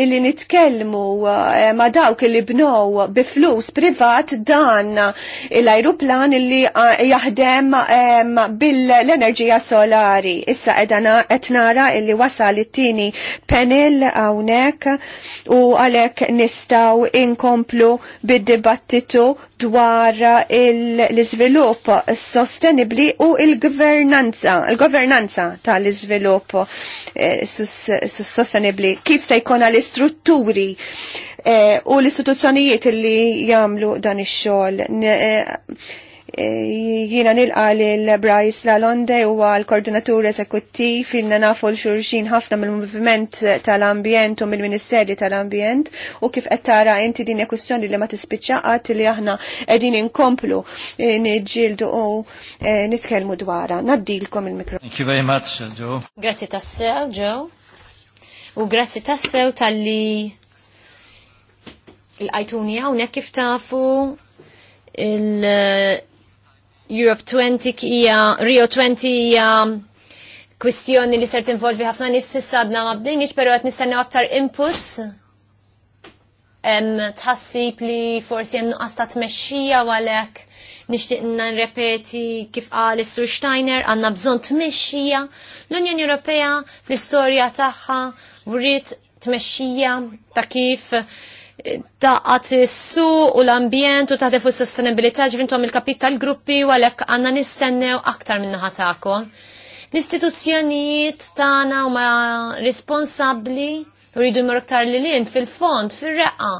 illi nitkellmu eh, ma dawk illi bnow biflus privat dan l-aeroplan illi eh, jaħdem eh, bil-enerġija solari. Issa edana etnara illi wasal it-tini panel għawnek u għalek nistaw inkomplu bid-dibattitu dwar il- l-izvilup sostenibli u il-governanza, il-governanza tal-izvilup eh, sostenibli, kif se jkun l-istrutturi eh, u l-istituzzjonijiet li jamlu dan ix-xogħol eh, E, jiena nilqa l-Brajs Bryce Lalonde huwa l-koordinatur esekutti ilna nafu l-xurxin ħafna mill-moviment tal-ambjent u mill-Ministerju tal-Ambjent u kif qed tara inti din e-kustjoni li ma tispiċċaqat li aħna qegħdin inkomplu e, niġġieldu u e, nitkellmu dwara. Naddilkom il-mikro. Thank you very much, Joe. Grazzi tassew, Joe. U grazzi tassew tal-li l-qajtuni hawnhekk kif tafu il- Europe 20 kija, Rio 20 hija kwistjoni li ser tinvolvi ħafna nis sissadna ma bdejniex pero qed nistennew aktar inputs tħassib li forsi hemm nuqqas ta' tmexxija u għalhekk nixtieq nirrepeti kif qal is-Sur Steiner għandna bżonn tmexxija. L-Unjoni Ewropea fl-istorja tagħha t tmexxija ta' kif daqat su u l-ambjent u taħdem fuq sostenibilità ġivintom il-kapital gruppi u għalhekk għandna nistennew aktar minna ħatakom. L-istituzzjonijiet tagħna huma responsabbli rridu jmur aktar li in fil-fond, fil-reqqa.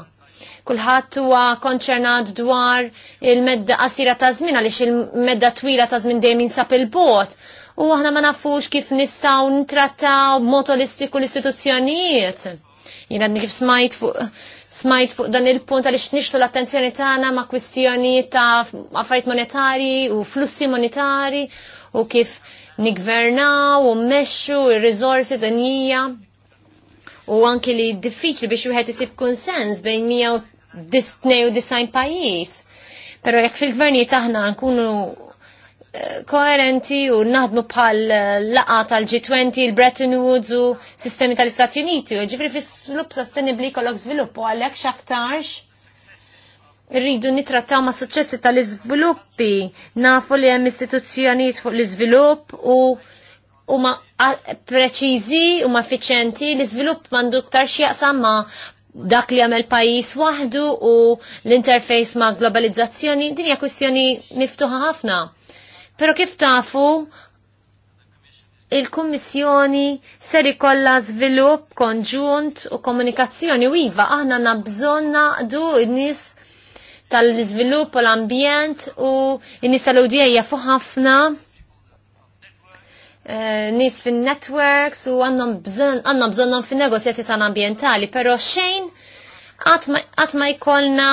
Kulħadd huwa konċernat dwar il-medda qasira ta' żmien għaliex il-medda twila ta' żmien dejjem jinsab il-bot. U aħna ma nafux kif nistgħu ntrattaw b'mod holistiku l-istituzzjonijiet Jina għadni kif smajt fuq smajt fuq dan il-punt għaliex nixtu l-attenzjoni tagħna ma' kwistjoni ta' affarijiet monetari u flussi monetari u kif nigvernaw u mmexxu ir-riżorsi dinjija u anki li diffiċli biex wieħed isib konsens bejn 192 pajjiż. Pero jekk fil-gvernijiet aħna nkunu koerenti u naħdmu bħal eh, laqa tal-G20, il-Bretton Woods u sistemi tal-Istati Uniti. U ġifri fis svilup sostenibli kollok svilup u għalek xaktarx rridu nitrattaw ma' suċċessi tal-izviluppi, nafu li hemm istituzzjonijiet fuq l-iżvilupp u huma preċiżi u ma' effiċenti, l-iżvilupp m'għandu ktar x'jaqsam ma' dak li għamel pajis waħdu u l-interface ma' globalizzazzjoni, din hija kwistjoni miftuħa ħafna. Pero kif tafu, il-Kummissjoni ser ikollha żvilupp konġunt u komunikazzjoni u iva aħna nabżonna du n-nies tal-iżvilupp u l-ambjent u n-nies tal-udija fuq ħafna eh, nis fin-networks u għandhom bżonna bżonnhom fin-negozjati tal-ambjentali, però xejn qatt ma jkollna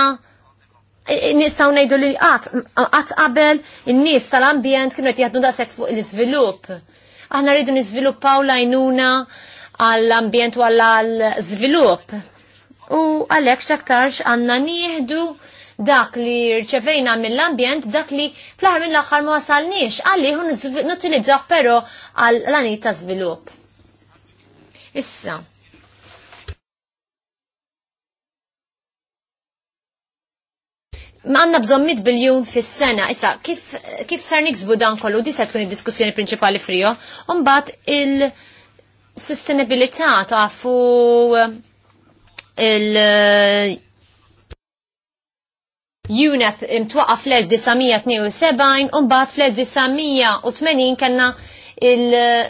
nistaw najdu li għat qabel in-nies tal-ambjent kienu qed jaħdu daqshekk fuq l-iżvilupp. Aħna rridu niżviluppaw lajnuna għall-ambjent u għall-żvilupp. U għalhekk x'aktarx għandna nieħdu dak li rċevejna mill-ambjent, dak li fl-ħar mill-axar ma wasalniex, għalli hun nutilizzaw pero għall-għanita ta' zvilup. Issa, għanna bżon 100 biljun fis-sena. Issa, kif, kif sar niksbu dan kollu, di tkun id-diskussjoni prinċipali frijo, mbagħad il-sustenabilità tafu il- UNEP imtwaqa fl-1972 un bat fl-1980 kena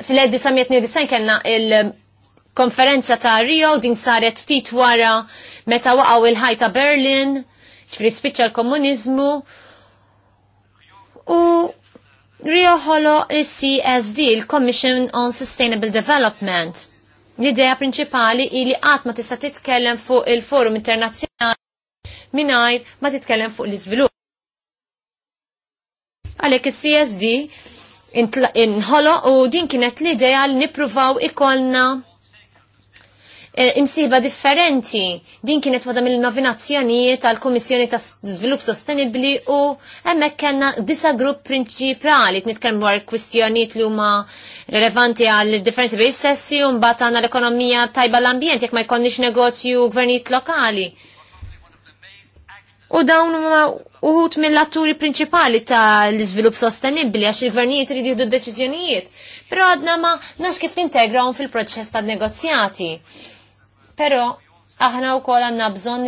fl-1992 kellna il-konferenza ta' Rio din saret ftit wara meta waqgħu il-ħajta Berlin rispiċa l-komunizmu u rioħolo l csd il-Commission on Sustainable Development. L-idea prinċipali ili qatt ma tista' titkellem fuq il-Forum Internazzjonali mingħajr ma titkellem fuq l-iżvilupp. Għalhekk il csd inħolo u din kienet l-idea li nippruvaw ikollna Eh, imsiba differenti. Din kienet wada mill-novinazzjonijiet tal-Kummissjoni ta' Zvilup Sostenibli u hemmhekk kena disa grupp t nitkellmu dwar kwistjonijiet li huma relevanti għal differenti bej sessi u mbagħad għandna l-ekonomija tajba l-ambjent jekk ma jkonniex negozju gvernijiet lokali. U dawn huma uħut mill-atturi prinċipali tal-iżvilupp sostenibli għax il-gvernijiet iridu jieħdu deċiżjonijiet. Pero għadna ma nax kif nintegrawhom fil-proċess tan-negozjati. Pero aħna u kol għanna bżon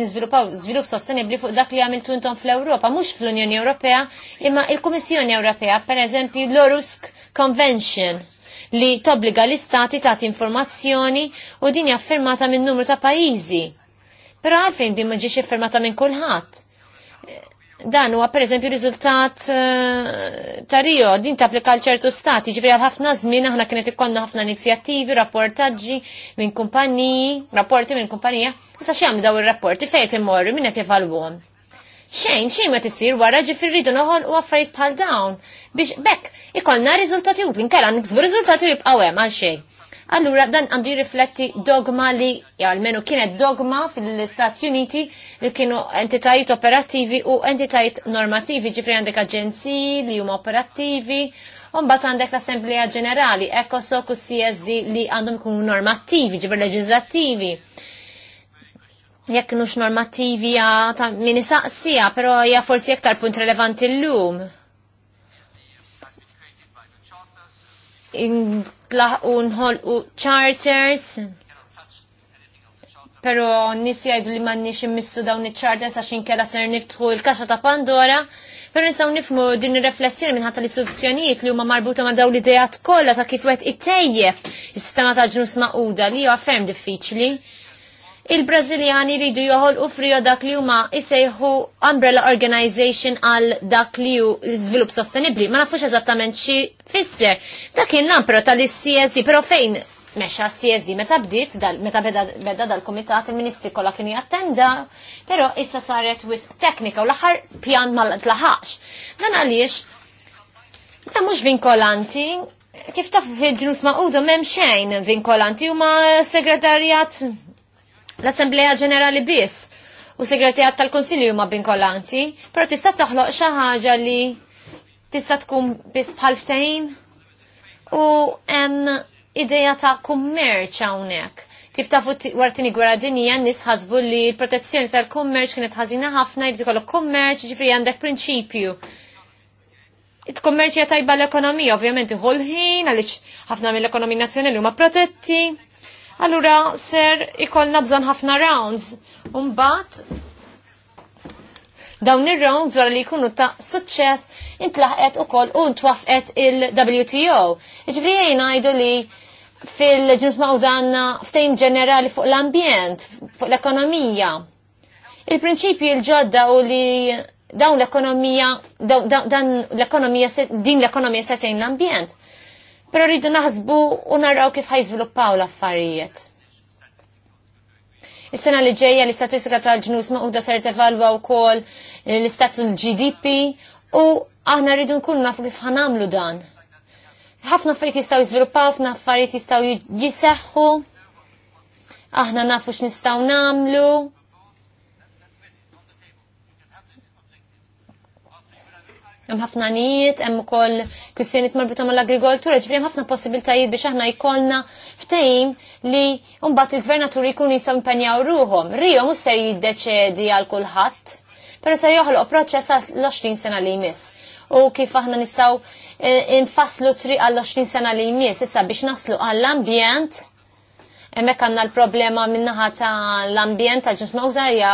nizvilupaw zvilup sostenibli fuq dak li għamiltu intom fl-Europa, mux fl-Unjoni Ewropea, imma il-Komissjoni Ewropea, per eżempju l-Orusk Convention li tobbliga l-istati ta' informazzjoni u din jaffirmata minn numru ta' pajizi. Pero għalfejn din maġiġ iffirmata minn kulħadd Dan huwa pereżempju riżultat eh, ta' Rio, din tapplika għal ċertu stati, ġifri għal ħafna żmien aħna kienet ikollna ħafna inizjattivi, rapportaġġi minn kumpaniji, rapporti minn kumpanija, issa x'jagħmlu daw ir-rapporti fejn qed imorru min qed jevalwhom. Xejn, xejn ma tisir wara ġifri rridu noħol u affarijiet bħal dawn biex bekk ikollna riżultati utli, nkella niksbu riżultati u jibqgħu hemm għal xejn. Allura dan għandu jirrifletti dogma li, ja almenu kienet dogma fil-Stati Uniti li kienu entitajiet operattivi u entitajiet normativi, ġifri għandek aġenziji li huma operattivi, bat għandek l-Assembleja Ġenerali, ECOSOC u CSD li għandhom ikunu normattivi, ġifri leġislattivi jekk nux normativi ja ta' mini saqsija, pero ja forsi iktar punt relevanti l-lum tlaħqu nħolqu charters, pero nisi għajdu li manni missu dawn iċ-charters għax kera ser niftħu il-kaxa ta' Pandora, pero nisaw nifmu din ir-reflessjoni minnħatta l-istituzzjonijiet li huma marbuta ma' daw l-idejat kollha ta' kif wet it tejje is-sistema ta' ġnus uda li huwa ferm diffiċli il-Brażiljani ridu joħolqu frijo dak li huma isejħu Umbrella Organization għal dak li hu izvilup sostenibbli. Ma nafux eżattament xi fisser. Dak kien l-ampro tal-CSD, però fejn meċa CSD meta bdiet, meta beda dal-komitat il-ministri kolla kien jattenda, pero issa saret wis teknika u l-aħħar pjan ma tlaħax. Dan għaliex da mhux vinkolanti, kif taf fil-ġnus ma' udo memxajn vinkolanti u ma' segretarjat l-Assembleja Ġenerali biss u segretijat tal-Konsilju ma binkollanti, pero tista' taħloq xi ħaġa li tista' tkun biss bħal ftehim u hemm ideja ta' kummerċ hawnhekk. Kif tafu wartini gwera dinija nis ħasbu li l-protezzjoni tal-kummerċ kienet ħażina ħafna jrid ikollok kummerċ, ġifri għandek prinċipju. Il-kummerċ jgħatajba tajba l-ekonomija, ovvjament uħolħin, għaliex ħafna mill-ekonomija nazzjonali huma protetti allura ser ikollna bżon ħafna rounds. Umbat, dawn ir-rounds wara li jkunu ta' suċċess intlaħqet ukoll u ntwafqet il-WTO. Iġvri għajna ngħidu li fil-ġnus mawdanna ftejn ġenerali fuq l-ambjent, fuq l-ekonomija. il prinċipju l-ġodda u li dawn l-ekonomija, dan l-ekonomija, din l-ekonomija setejn l-ambjent pero rridu naħsbu u naraw kif ħajżviluppaw l-affarijiet. Is-sena li ġejja l-istatistika tal-ġnus maquda ser tevalwa wkoll l-istatzu l-GDP u aħna rridu nkunu nafu kif ħanamlu dan. Ħafna affarijiet jistgħu jiżviluppaw, ħafna affarijiet jistgħu jiseħħu, aħna nafu x'nistgħu nagħmlu, Hemm ħafna nijiet, hemm ukoll kwistjonijiet marbuta mal-agrikoltura, ġifri hemm ħafna possibiltajiet biex aħna jkollna ftehim li mbagħad il-gvernaturi jkun jistgħu impenjaw ruhom. Rio mhux ser jiddeċedi għal kulħadd, però ser joħloq proċess l-20 sena li jmiss. U kif aħna nistgħu e, nfasslu triq għall-20 sena li jmiss issa biex naslu għall-ambjent Emmek għanna l-problema minnaħa ta' l-ambjent ta' ġismawta hija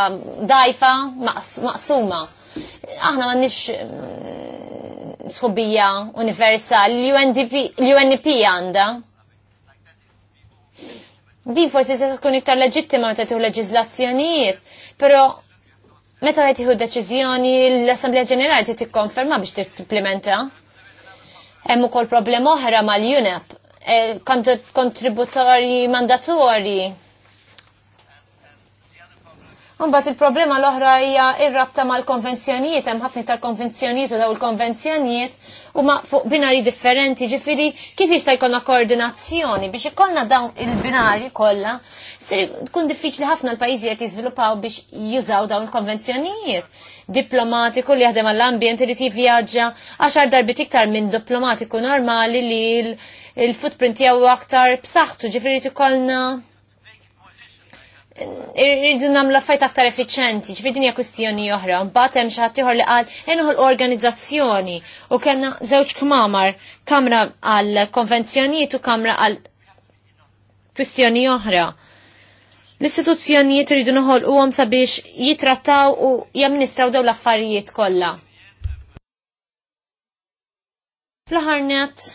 dajfa maqsuma. Ma aħna m'għandniex mm, sħubija universali, l-UNDP għandha. Din forsi tista' tkun iktar leġittima meta tieħu leġiżlazzjonijiet, però meta qed tieħu deċiżjoni l assemblea Ġenerali ti tikkonferma biex tipplimenta. Hemm ukoll problema oħra mal-UNEP, eh, kontributori mandatorji Unbat il-problema l-oħra hija ir-rabta mal-konvenzjonijiet, hemm ħafna tal-konvenzjonijiet u daw il-konvenzjonijiet huma fuq binari differenti, ġifieri kif jista' jkollna koordinazzjoni biex ikollna dawn il-binari kollha, tkun diffiċli ħafna l-pajjiżi qed jiżviluppaw biex jużaw dawn il-konvenzjonijiet. Diplomatiku li jaħdem għall-ambjent irid jivvjaġġa għaxar darbit iktar minn diplomatiku normali li l-footprint jew aktar b'saħħtu, ġifieri tkollna irridu namlu affajt aktar effiċenti, ġifiri dinja kustjoni oħra, mbagħad hemm xi ħadd ieħor li qal organizzazzjoni u kellna żewġ kmamar, kamra għal konvenzjonijiet u kamra għal kwistjoni oħra. L-istituzzjonijiet irridu noħol u sabiex jitrattaw u jamministraw daw l-affarijiet kollha. Fl-ħarnet,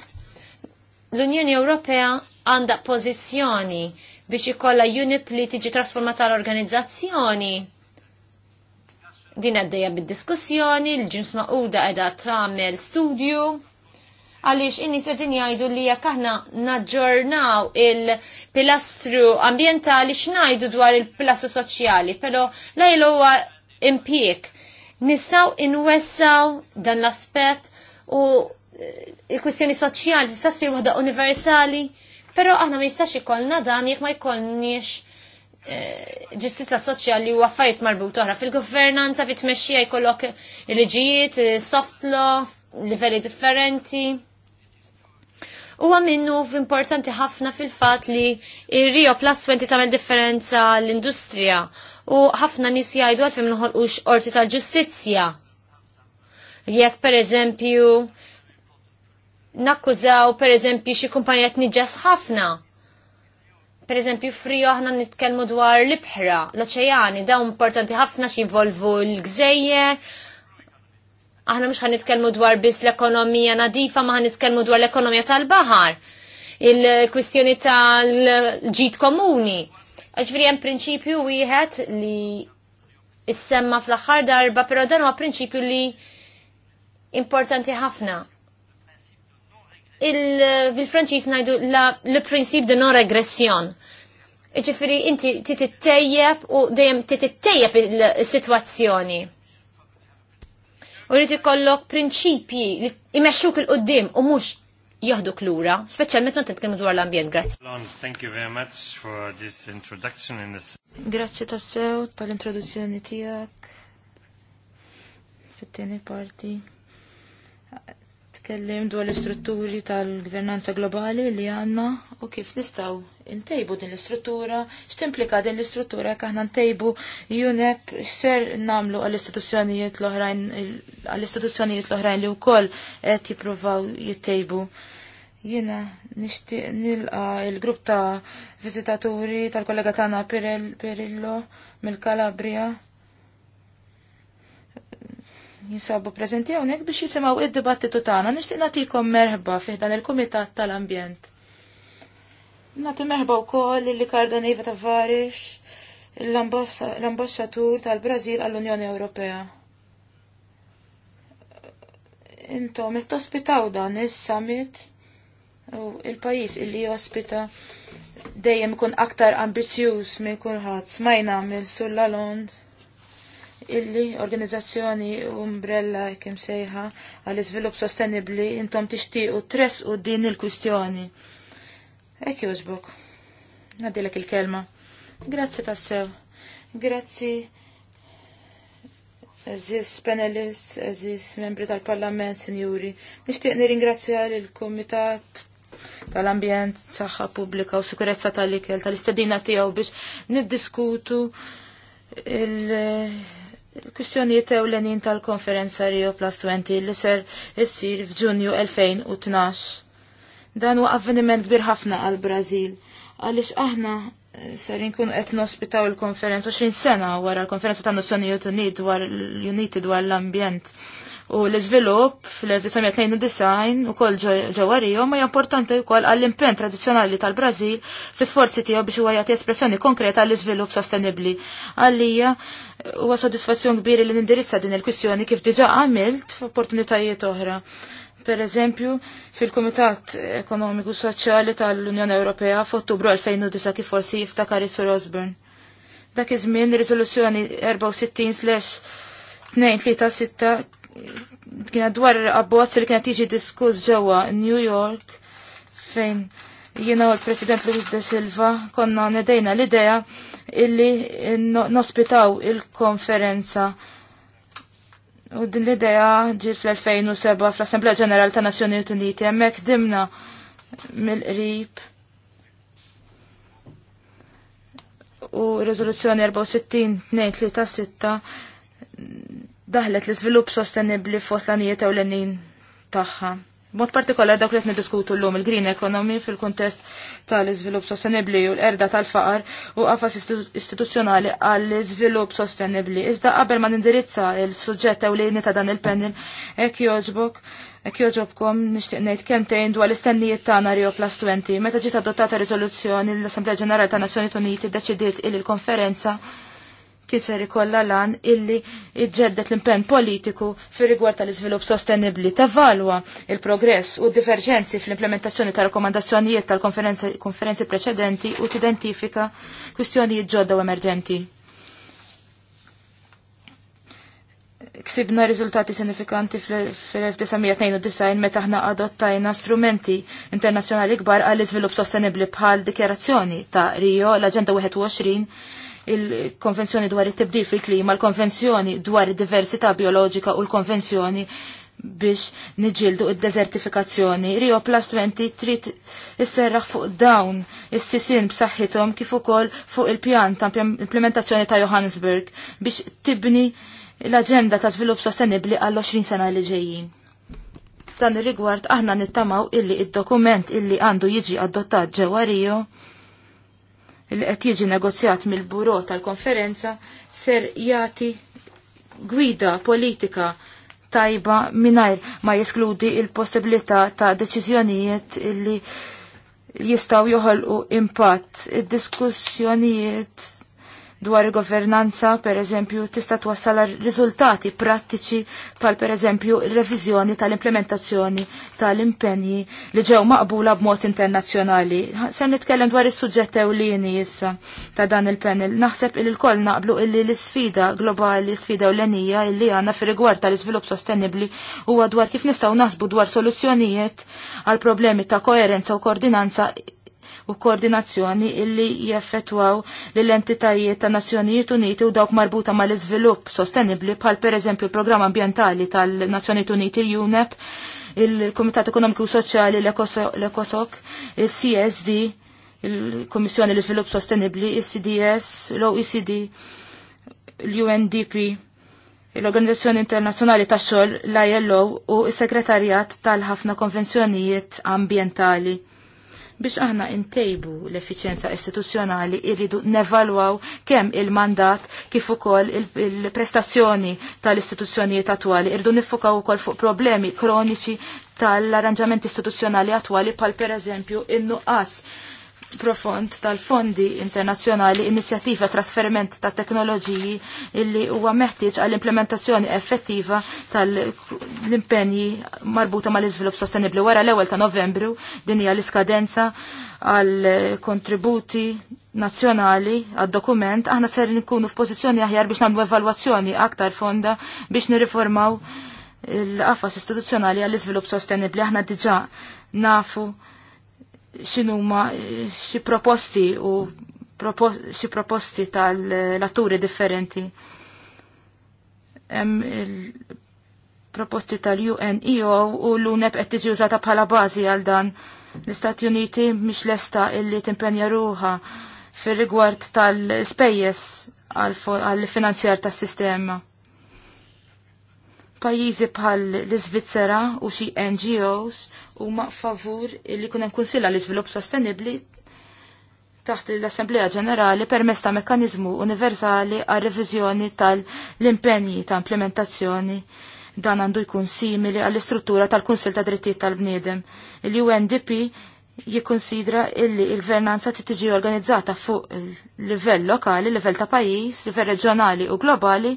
l-Unjoni Ewropea għandha pożizzjoni biex ikolla UNIP li tiġi trasformata l-organizzazzjoni. Din għaddeja bid-diskussjoni, l-ġins maquda għedha tramel studju, għaliex inni sedin jgħidu li jekk aħna naġġornaw il-pilastru ambientali x'ngħidu dwar il-pilastru soċjali, però lejl huwa impjek. Nistaw inwessaw dan l-aspett u eh, il kwistjoni soċjali tista' ssir waħda universali Pero aħna ma jistax ikollna dan jekk ma jkollniex eh, ġustizza soċjali u affarijiet marbut oħra fil-governanza, fit tmexxija jkollok il-liġijiet, eh, soft law, livelli differenti. U minnu importanti ħafna fil-fat li il-Rio Plus 20 tamel differenza l-industrija u ħafna nis jgħidu għalfem nħolqux orti tal-ġustizja. Jekk per eżempju nakkużaw per eżempju xi kumpanijat niġġas ħafna. Per eżempju frijo aħna nitkellmu dwar l-ibħra, l-oċejani, dawn importanti ħafna x'involvu l-gżejjer. Aħna mhux ħanitkellmu dwar biss l-ekonomija nadifa, ma ħanitkellmu dwar l-ekonomija tal-baħar, il-kwistjoni tal-ġid komuni. Ġifieri hemm prinċipju wieħed li issemma fl-aħħar darba, però dan huwa prinċipju li importanti ħafna il franċis najdu l-prinsip de non regressjon. Iġifiri, inti titejjeb u dejjem titejjeb il-situazzjoni. U rriti ikollok prinċipji li imexxuk il-qoddim u mhux klura, specialment speċjalment meta tkemmu dwar l-ambjent. Grazzi. Thank you very much for this introduction in this. tassew tal-introduzzjoni tiegħek fit-tieni parti. Kellim dwar l-istrutturi tal-gvernanza globali li għanna u kif nistaw intejbu din l-istruttura, x'timplika din l-istruttura jekk aħna ntejbu UNEP x'ser namlu għall-istituzzjonijiet l-oħrajn għall-istituzzjonijiet l-oħrajn li wkoll qed jippruvaw jittejbu. Jiena nixtieq nilqa il-grupp ta' viżitaturi tal-kollega tagħna Pirillo mill-Kalabria jinsabu prezenti hawnhekk biex jisimaw id-dibattitu tagħna. Nixtieq nagħtikom merħba fih dan il-Kumitat tal-Ambjent. Nagħti merħba wkoll li Ricardo Neiva Tavares, l-ambasċatur tal-Brażil għall-Unjoni Ewropea. Intom qed tospitaw dan is-summit u il-pajjiż illi jospita dejjem ikun aktar ambizzjuż minn kulħadd. Smajna minn Sulla Lond illi organizzazzjoni umbrella kem sejħa għal iżvilupp sostenibli intom tixtiequ tres u din il-kwistjoni. Ekki użbuk. Nadilek il-kelma. Grazzi tassew. Grazzi. Eżis panelist, eżis membri tal-parlament, sinjuri. Nishtiq nir-ingrazzja l-komitat tal-ambjent, saħħa pubblika u sikurezza tal-ikel, tal-istadina tijaw biex niddiskutu il- kwistjonijiet ewlenin tal-konferenza Rio Plus 20 li ser issir f'Ġunju 2012. Dan huwa avveniment kbir ħafna għal brażil għaliex aħna eh, ser inkun qed nospitaw il-konferenza 20 sena wara l-konferenza ta' Nazzjonijiet Uniti dwar l-ambjent u l-izvilup fl-1992 u kol ġewarijom ma importanti u kol għall-impen tradizjonali tal-Brazil fl-sforzi tiegħu biex huwa jagħti espressjoni konkreta għall-izvilup sostenibli. Għalija huwa għasodisfazzjon kbiri li nindirizza din il-kwistjoni kif diġà għamilt f'opportunitajiet oħra. Per eżempju, fil-Kumitat Ekonomiku Soċjali tal-Unjoni Ewropea f'Ottubru 2009 kif forsi jiftakar Sir Osborne. Dak iż-żmien riżoluzzjoni 64/236 kienet dwar abbozz li kienet tiġi diskuss ġewwa New York fejn jiena u l-President Luis de Silva konna nedejna l-idea illi nospitaw il-konferenza u din l-idea ġi fl-2007 fl-Assemblea Ġenerali ta' Nazzjonijiet Uniti hemmhekk dimna mill-qrib u rezoluzzjoni 64 tas-sitta daħlet l-iżvilupp sostenibbli fost l-anijiet ewlenin tagħha. Mod partikolar dawk li qed niddiskutu llum il-green economy fil-kuntest tal-iżvilupp sostenibbli u l-erda tal-faqar u qafas istituzzjonali għall-iżvilupp sostenibbli. Iżda qabel ma nindirizza il-suġġett ewlieni ta' dan il-panel hekk jogħġbok hekk jogħġobkom nixtieq ngħid kemmtejn dwar l-istennijiet ta' Rio Plus 20. Meta ġiet adottata riżoluzzjoni l-Assemblea Ġenerali ta' Nazzjonijiet Uniti ddeċidiet il-konferenza il konferenza Kiser ikolla lan illi iġġeddet l-impenn politiku fir rigward tal-iżvilupp sostenibbli valwa il-progress u d-diverġenzi fl-implementazzjoni ta' rakkomandazzjonijiet tal-konferenzi preċedenti u tidentifika kwistjonijiet ġodda u emerġenti. ksibna riżultati sinifikanti fl-1992 meta aħna adottajna strumenti internazzjonali kbar għall iżvilupp sostenibbli bħal dikjerazzjoni ta' Rio l-Aġenda 21 il-konvenzjoni dwar it-tibdil fil-klima, l-konvenzjoni dwar id-diversità bioloġika u l-konvenzjoni biex niġildu id-desertifikazzjoni. Rio Plus 20 trid isserraħ fuq dawn is-sisin b'saħħithom kif ukoll fuq il-pjan ta' implementazzjoni ta' Johannesburg biex tibni l-aġenda ta' żvilupp sostenibbli għall-20 sena li ġejjin. F'dan ir-rigward aħna nittamaw illi id-dokument illi għandu jiġi adottat ġewwa Rio li qed jiġi negozjat mill-buro tal-konferenza ser jagħti gwida politika tajba mingħajr ma jeskludi il-possibilità ta' deċiżjonijiet li jistaw joħolqu impatt. Id-diskussjonijiet dwar il-governanza, per eżempju, tista' twassal riżultati prattiċi pal per eżempju revizjoni tal-implementazzjoni tal-impenji li ġew maqbula b'mod internazzjonali. Se nitkellem dwar is-suġġett ewlieni issa ta' dan il-panel. Naħseb il il-kol naqblu illi l-isfida globali, l-isfida ewlenija illi għandna fi rigward tal-iżvilupp sostenibbli huwa dwar kif nistgħu naħsbu dwar soluzzjonijiet għal problemi ta' koerenza u koordinanza u koordinazzjoni illi jaffetwaw l-entitajiet ta' Nazzjonijiet Uniti u dawk marbuta mal iżvilupp sostenibli bħal eżempju il programm ambjentali tal-Nazzjonijiet Uniti l-UNEP, il-Komitat Ekonomiku Soċjali l ekosok il-CSD, il-Komissjoni l-Iżvilupp Sostenibli, il-CDS, l-OECD, l-UNDP, l-Organizzazzjoni Internazzjonali tax-Xogħol, l-ILO u s-Segretarjat tal-ħafna konvenzjonijiet ambientali. Biex aħna intejbu l efficienza istituzzjonali irridu nevalwaw kemm il-mandat kif ukoll il-prestazzjoni tal-istituzzjonijiet attwali irridu nifokaw ukoll fuq problemi kroniċi tal-arranġament istituzzjonali attwali pal per eżempju in-nuqqas profond tal-fondi internazzjonali inizjattiva trasferiment ta' teknoloġiji illi huwa meħtieġ għall-implementazzjoni effettiva tal-impenji marbuta mal-iżvilupp sostenibbli wara l-ewwel ta' Novembru din hija l-iskadenza għal kontributi nazzjonali għad dokument aħna ser nkunu f'pożizzjoni aħjar biex nagħmlu evalwazzjoni aktar fonda biex nirriformaw l-qafas istituzzjonali għall-iżvilupp sostenibbli aħna diġà nafu x'inhuma xi proposti u xi proposti tal laturi differenti. Hemm il-proposti tal-UNEO u l-UNEP qed tiġi użata bħala bażi għal dan. L-Istati Uniti mhix lesta illi timpenja ruha fir-rigward tal spejjes għall-finanzjar tas-sistema. Pajjiżi bħal l-Iżvizzera u xi NGOs huma favur li kunem hemm kunsilla l-iżvilupp sostenibbli taħt l-Assemblea Ġenerali permess ta' mekkaniżmu universali għal reviżjoni tal-impenji ta' implementazzjoni dan għandu jkun simili għall-istruttura tal-Kunsil ta' Drittijiet tal-Bniedem. Il-UNDP jikkonsidra illi il-vernanza tiġi organizzata fuq il livell lokali, livell ta' pajis, livell reġjonali u globali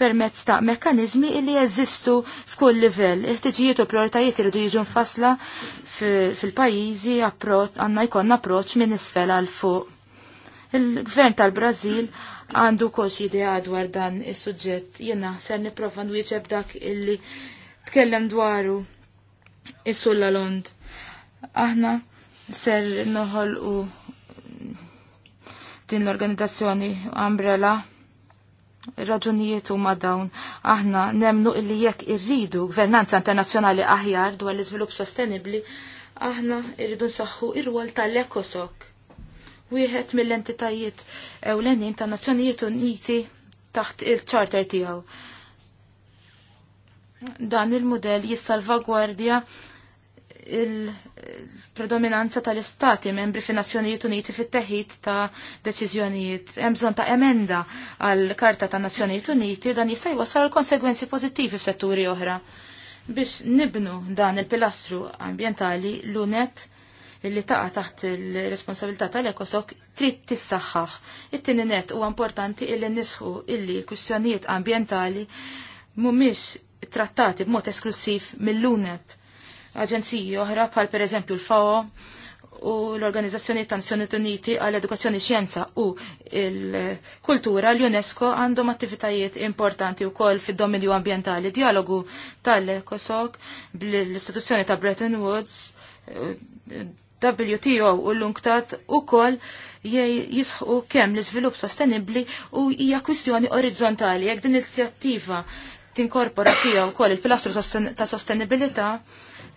permezz ta' mekkanizmi li jeżistu f'kull livell. Iħtiġijiet u prioritajiet irridu jiġu nfasla fil-pajjiżi għandna jkollna approċċ minn isfel għal fuq. Il-gvern tal-Brażil għandu kos idea dwar dan is-suġġett. Jiena ser nipprova nwieġeb dak illi tkellem dwaru is-sulla Lond. Aħna ser u din l-organizzazzjoni Umbrella raġunijiet huma dawn aħna nemnu illi jekk irridu gvernanza internazzjonali aħjar dwar l-iżvilupp sostenibbli, aħna irridu nsaħħu ir-rwol tal-ekosok. Wieħed mill-entitajiet ewlenin ta' Nazzjonijiet Uniti taħt il-charter tiegħu. Dan il-mudell jissalvagwardja il-predominanza tal-istati membri fin Nazzjonijiet Uniti fit-teħid ta' deċiżjonijiet. Hemm bżonn ta' emenda għal Karta ta' Nazzjonijiet Uniti dan jista' jwassal għal konsegwenzi pożittivi f'setturi oħra. Biex nibnu dan il-pilastru ambjentali l-UNEP li taqa taħt il-responsabilità tal-ekosok trid tissaħħaħ. It-tieni net huwa importanti illi nisħu illi kwistjonijiet ambjentali mhumiex trattati b'mod esklusiv mill-UNEP aġenziji oħra bħal pereżempju l-FAO u l-Organizzazzjoni ta' Nazzjoni Uniti għall edukazzjoni xjenza u l-kultura l-UNESCO għandhom attivitajiet importanti wkoll fid-dominju ambjentali, dialogu tal-ECOSOC bl-istituzzjoni ta' Bretton Woods, WTO u l-UNCTAD ukoll jisħu kemm l-iżvilupp sostenibbli u hija kwistjoni orizzontali jekk din l-inizjattiva tinkorpora fija wkoll il-pilastru ta' sostenibilità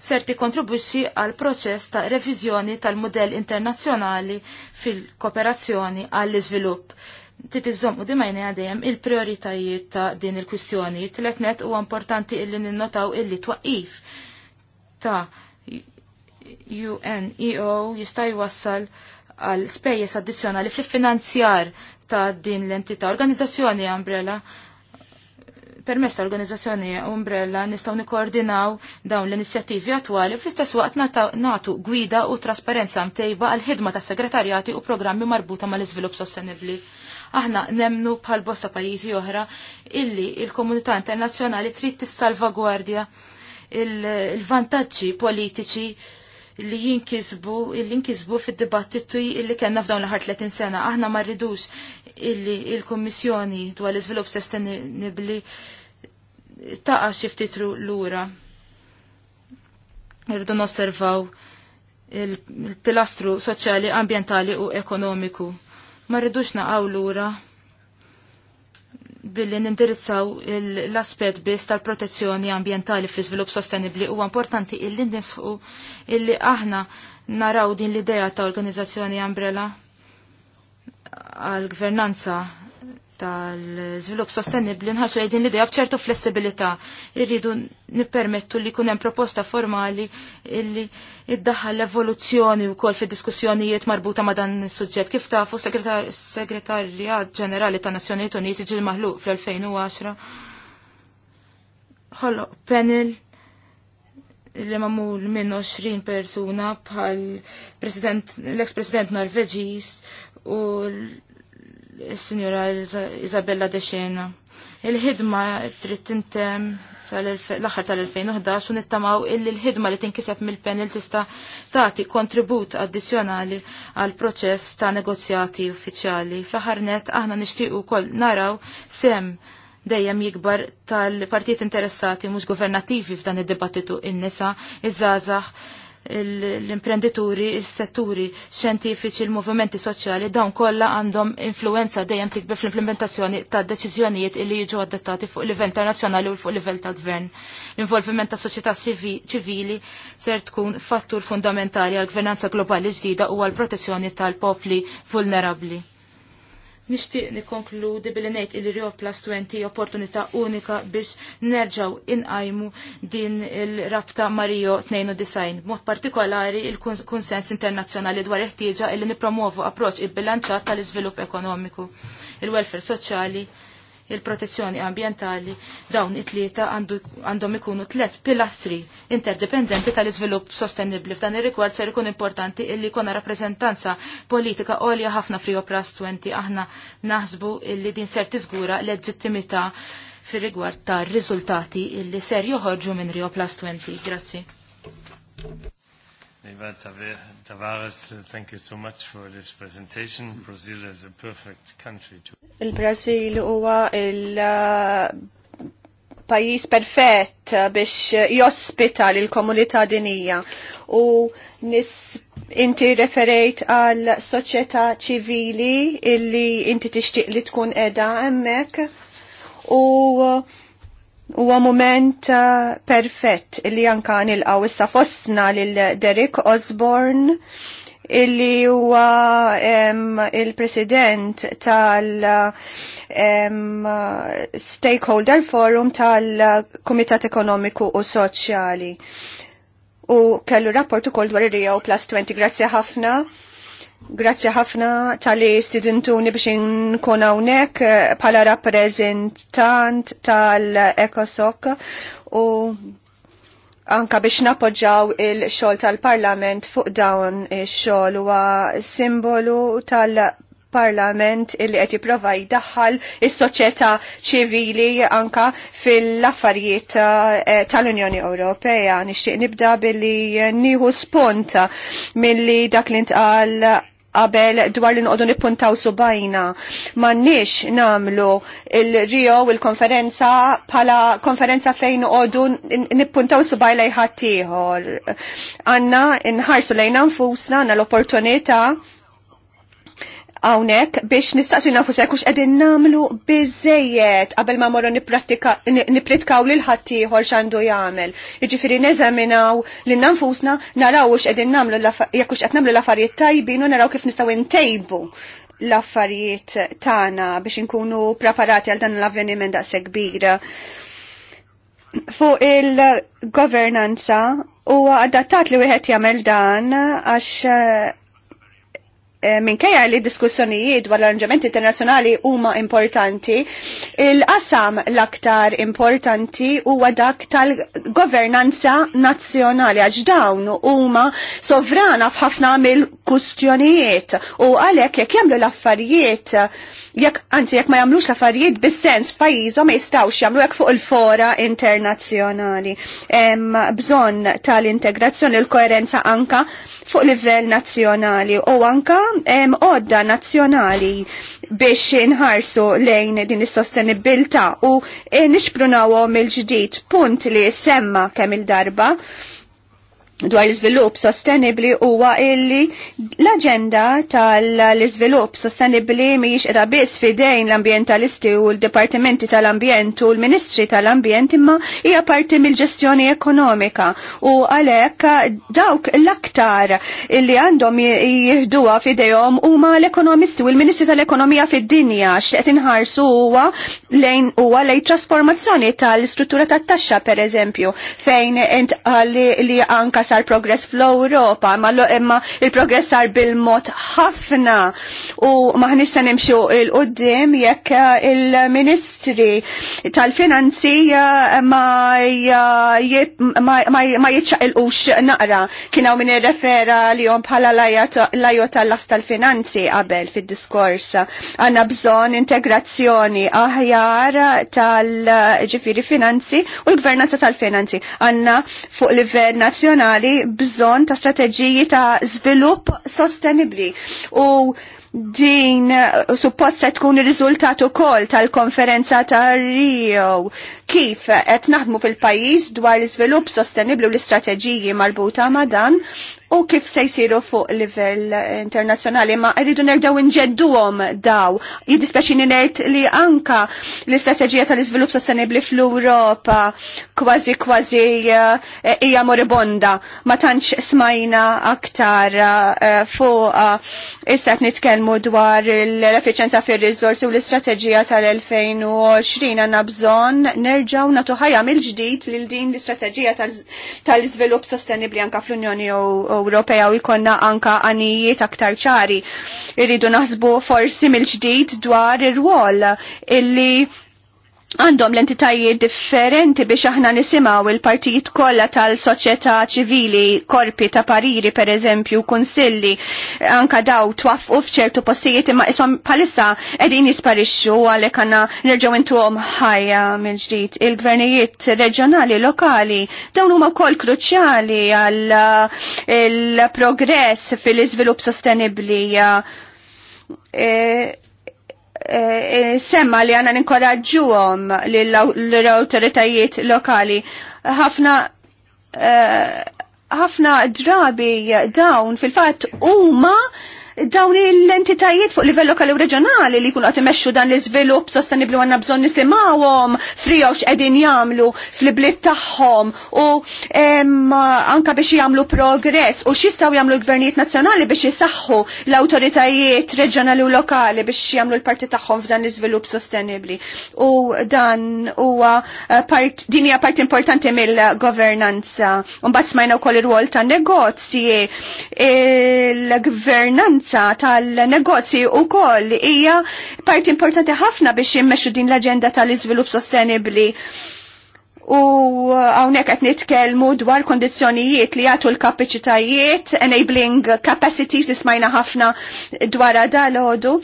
serti tikkontribwixxi għal proċess ta' reviżjoni tal-mudell internazzjonali fil-kooperazzjoni għall-iżvilupp titizzom u dimajni għadajem il-prioritajiet ta' din il-kwistjoni. t-letnet u importanti illi ninnotaw illi twaqif ta' UNEO jista' jwassal għal spejjes addizjonali fil-finanzjar ta' din l-entità. Organizzazzjoni Umbrella permess tal-organizzazzjoni Umbrella nistgħu nikkoordinaw dawn l-inizjattivi attwali fl-istess waqt nagħtu gwida u trasparenza mtejba għal ħidma tas segretarjati u programmi marbuta mal-iżvilupp sostenibbli. Aħna nemnu bħal bosta pajjiżi oħra illi il-komunità internazzjonali trid tissalvagwardja il-vantaġġi politiċi li jinkisbu, li jinkisbu fid dibattitu li kena f'dawn l-ħar 30 sena. Aħna ma rridux illi il-Kommissjoni dwar l-iżvilupp sostenibbli taqa xi ftit lura. Irridu nosservaw il-pilastru soċjali, ambientali u ekonomiku. Ma rridux naqgħu lura billi nindirizzaw l-aspet biss tal-protezzjoni ambientali fl-iżvilupp sostenibli huwa importanti illi nisħu illi aħna naraw din l-idea ta' organizzazzjoni umbrella għal gvernanza tal-żvilupp sostenibli nħarsu għedin l-idea bċertu flessibilità. Irridu nippermettu li kunem proposta formali illi iddaħħal l-evoluzzjoni u kol fi diskussjonijiet marbuta ma dan il Kif tafu segretarjat ġenerali ta' Nazzjonijiet Uniti ġil maħluq fl-2010 ħollo panel li mamul minn 20 persuna bħal l-ex-president Norveġis u s sinjora Isabella De Xena. Il-ħidma trid intem l-aħħar tal-2011 u nittamaw illi l-ħidma li tinkiseb mill-panel tista' tagħti kontribut addizzjonali għal proċess ta' negozjati uffiċjali. Fl-aħħar net aħna nixtiequ wkoll naraw sem dejjem jikbar tal-partijiet interessati mhux governattivi f'dan id-dibattitu in-nisa, iż-żgħażagħ, l-imprenditori, il-setturi xjentifiċi, il-movimenti soċjali, dawn kollha għandhom influenza dejjem tikbe fl-implementazzjoni ta' deċiżjonijiet li jiġu għaddettati fuq livell internazzjonali u fuq livell ta' gvern. L-involviment ta' soċjetà ċivili ser tkun fattur fundamentali għal gvernanza globali ġdida u għal protezzjoni tal-popli vulnerabbli. Nixtieq nikkonkludi billi ngħid il Rio Plus 20 opportunità unika biex nerġgħu inqajmu din il-rabta Mario 92 b'mod partikolari il-kunsens internazzjonali dwar il ħtieġa illi approċ approċċ bilanċat tal-iżvilupp ekonomiku, il-welfare soċjali, il-protezzjoni ambientali dawn it-tlieta għandhom ikunu tlet pilastri interdependenti tal-iżvilupp sostenibbli f'dan ir-rigward ser ikun importanti illi jkun rappreżentanza politika għolja ħafna fri Opras 20 aħna naħsbu illi din ser tiżgura leġittimità fir-rigward tar-riżultati illi ser joħorġu minn Rio Plus 20. Grazzi. Tavares, uh, thank you so much for this presentation. Brazil is a perfect country to... Il-Brazil huwa il-pajis uh, perfett uh, biex jospita l-komunità dinija u nis inti referejt għal soċjetà ċivili illi inti tixtieq li tkun qiegħda hemmhekk u uh, Huwa moment eh, perfett li anka nilqaw issa fossna lil Derek Osborne illi huwa il-president tal-Stakeholder Forum tal-Kumitat Ekonomiku u Soċjali. U kellu rapport ukoll dwar ir u Plus 20. Grazzi ħafna. Grazzi ħafna tal-li studentuni biex nkun hawnhekk eh, bħala rappreżentant tal-ECOSOC u anka biex napoġġaw il-xogħol tal-Parlament fuq dawn ix-xogħol huwa simbolu tal-Parlament illi qed jipprova jdaħħal is-soċjetà ċivili anka fil-affarijiet eh, tal-Unjoni Ewropea. Nixtieq nibda billi nieħu spunta milli dak li ntqal qabel dwar li nqogħdu nippuntaw subajna. M'għandniex nagħmlu il-Rio il-konferenza bħala konferenza fejn noqogħdu nippuntaw subaj lejn ħadd ieħor. Għandna nħarsu lejn anfusna għandna l-opportunità hawnhekk biex nistaqsu nafusek ux qegħdin nagħmlu biżejjed qabel ma morru nipritkaw lil ħadd ieħor x'għandu jagħmel. Jiġifieri neżaminaw lil nanfusna naraw x'qegħdin qegħdin nagħmlu jek ux qed nagħmlu l-affarijiet tajbin u naraw kif nistgħu ntejbu l-affarijiet tagħna biex inkunu preparati għal dan l-avveniment daqshekk kbira fuq il-governanza u adattat li wieħed jagħmel dan għax Eh, minkejja li diskussjonijiet dwar l-arranġamenti internazzjonali huma importanti, il-qasam l-aktar importanti huwa dak tal-governanza nazzjonali għax dawn huma sovrana f'ħafna mill-kustjonijiet u għalhekk jekk jagħmlu l-affarijiet jekk anzi jekk ma jagħmlux affarijiet bis-sens pajjiżhom ma jistgħux jagħmlu hekk fuq il-fora internazzjonali. Hemm bżonn tal-integrazzjoni l-koerenza anka fuq livell nazzjonali u anka hemm għodda nazzjonali biex inħarsu lejn din is-sostenibilità u eh, nixprunawhom il-ġdid punt li semma kemm il-darba dwar l-izvilup sostenibli huwa illi l-agenda tal-izvilup sostenibli miex edha biss fidejn l-ambientalisti u l-departimenti tal-ambjent u l-ministri tal-ambjent imma hija parti mill-ġestjoni ekonomika u għalhekk dawk l-aktar illi għandhom jihduha fidejhom huma l-ekonomisti u l-ministri tal-ekonomija fid-dinja x'qed inħarsu huwa lejn huwa lejn trasformazzjoni tal-istruttura tat-taxxa pereżempju fejn int li anka sar progress fl-Europa, imma il-progress sar bil-mod ħafna u maħnissa nimxu il-qoddim jekk il-Ministri tal-Finanzi eh, ma jitxaqilqux naqra. Kienaw min refera li jom bħala lajota l-as tal-finanzi qabel fil-diskors. Għanna bżon integrazzjoni aħjar tal-ġifiri finanzi u l-gvernanza tal-finanzi. Għanna fuq livell nazjonali internazzjonali bżonn ta' strateġiji ta' żvilupp sostenibbli u din eh, suppost se tkun ir-riżultat ukoll tal-konferenza ta' Rio kif qed naħdmu fil-pajjiż dwar l-iżvilupp sostenibbli u l-istrateġiji marbuta ma' dan u kif se jsiru fuq livell internazzjonali ma rridu nerdaw inġedduhom daw. Jiddispeċini ngħid li anka l istrategija tal-iżvilupp sostenibbli fl-Ewropa kważi kważi eh, hija moribonda. Ma tantx smajna aktar eh, fuq eh, issa qed nitkellmu dwar l-effiċenza fir rizorsi u l-istrateġija tal-2020 għandna bżonn nerġgħu nagħtu ħajja mill-ġdid lil din l-istrateġija tal-iżvilupp sostenibbli anka fl-Unjoni Ewropea u jkollna anka għanijiet aktar ċari. Irridu naħsbu forsi mill-ġdid dwar ir-rwol illi għandhom l-entitajiet differenti biex aħna nisimaw il-partijiet kollha tal-soċjetà ċivili, korpi ta' pariri per eżempju, kunsilli, anka daw twafqu f'ċertu postijiet imma isom palissa qegħdin jisparixxu għalhekk għandna nerġgħu intuhom ħajja minn ġdid. Il-gvernijiet reġjonali, lokali, dawn huma wkoll kruċjali għal eh, il-progress fil-iżvilupp sostenibbli. Eh, Eh, eh, semma li għanna ninkoraġġuhom l-autoritajiet lokali. Ħafna eh, ħafna drabi dawn fil-fatt huma dawn l-entitajiet fuq livell lokali u reġjonali li jkunu qed imexxu dan l-iżvilupp sostenibbli għandna bżonn nisimgħuhom frijaw qegħdin jagħmlu fl-bliet tagħhom u anke biex jagħmlu progress u x'jistgħu jagħmlu l-gvernijiet nazzjonali biex jisaħħu l-awtoritajiet reġjonali u lokali biex jagħmlu l-parti tagħhom f'dan l-iżvilupp sostenibbli. U dan huwa eh, part din hija part importanti mill-governanza. Mbagħad smajna wkoll ir-rwol tan-negozji il-gvernanza l-importanza tal-negozji u koll hija parti importanti ħafna biex jimmexu din l-agenda tal-izvilup sostenibli. U għawnek għet nitkelmu dwar kondizjonijiet li għatu l-kapacitajiet, enabling capacities li smajna ħafna dwar dal-ħodu.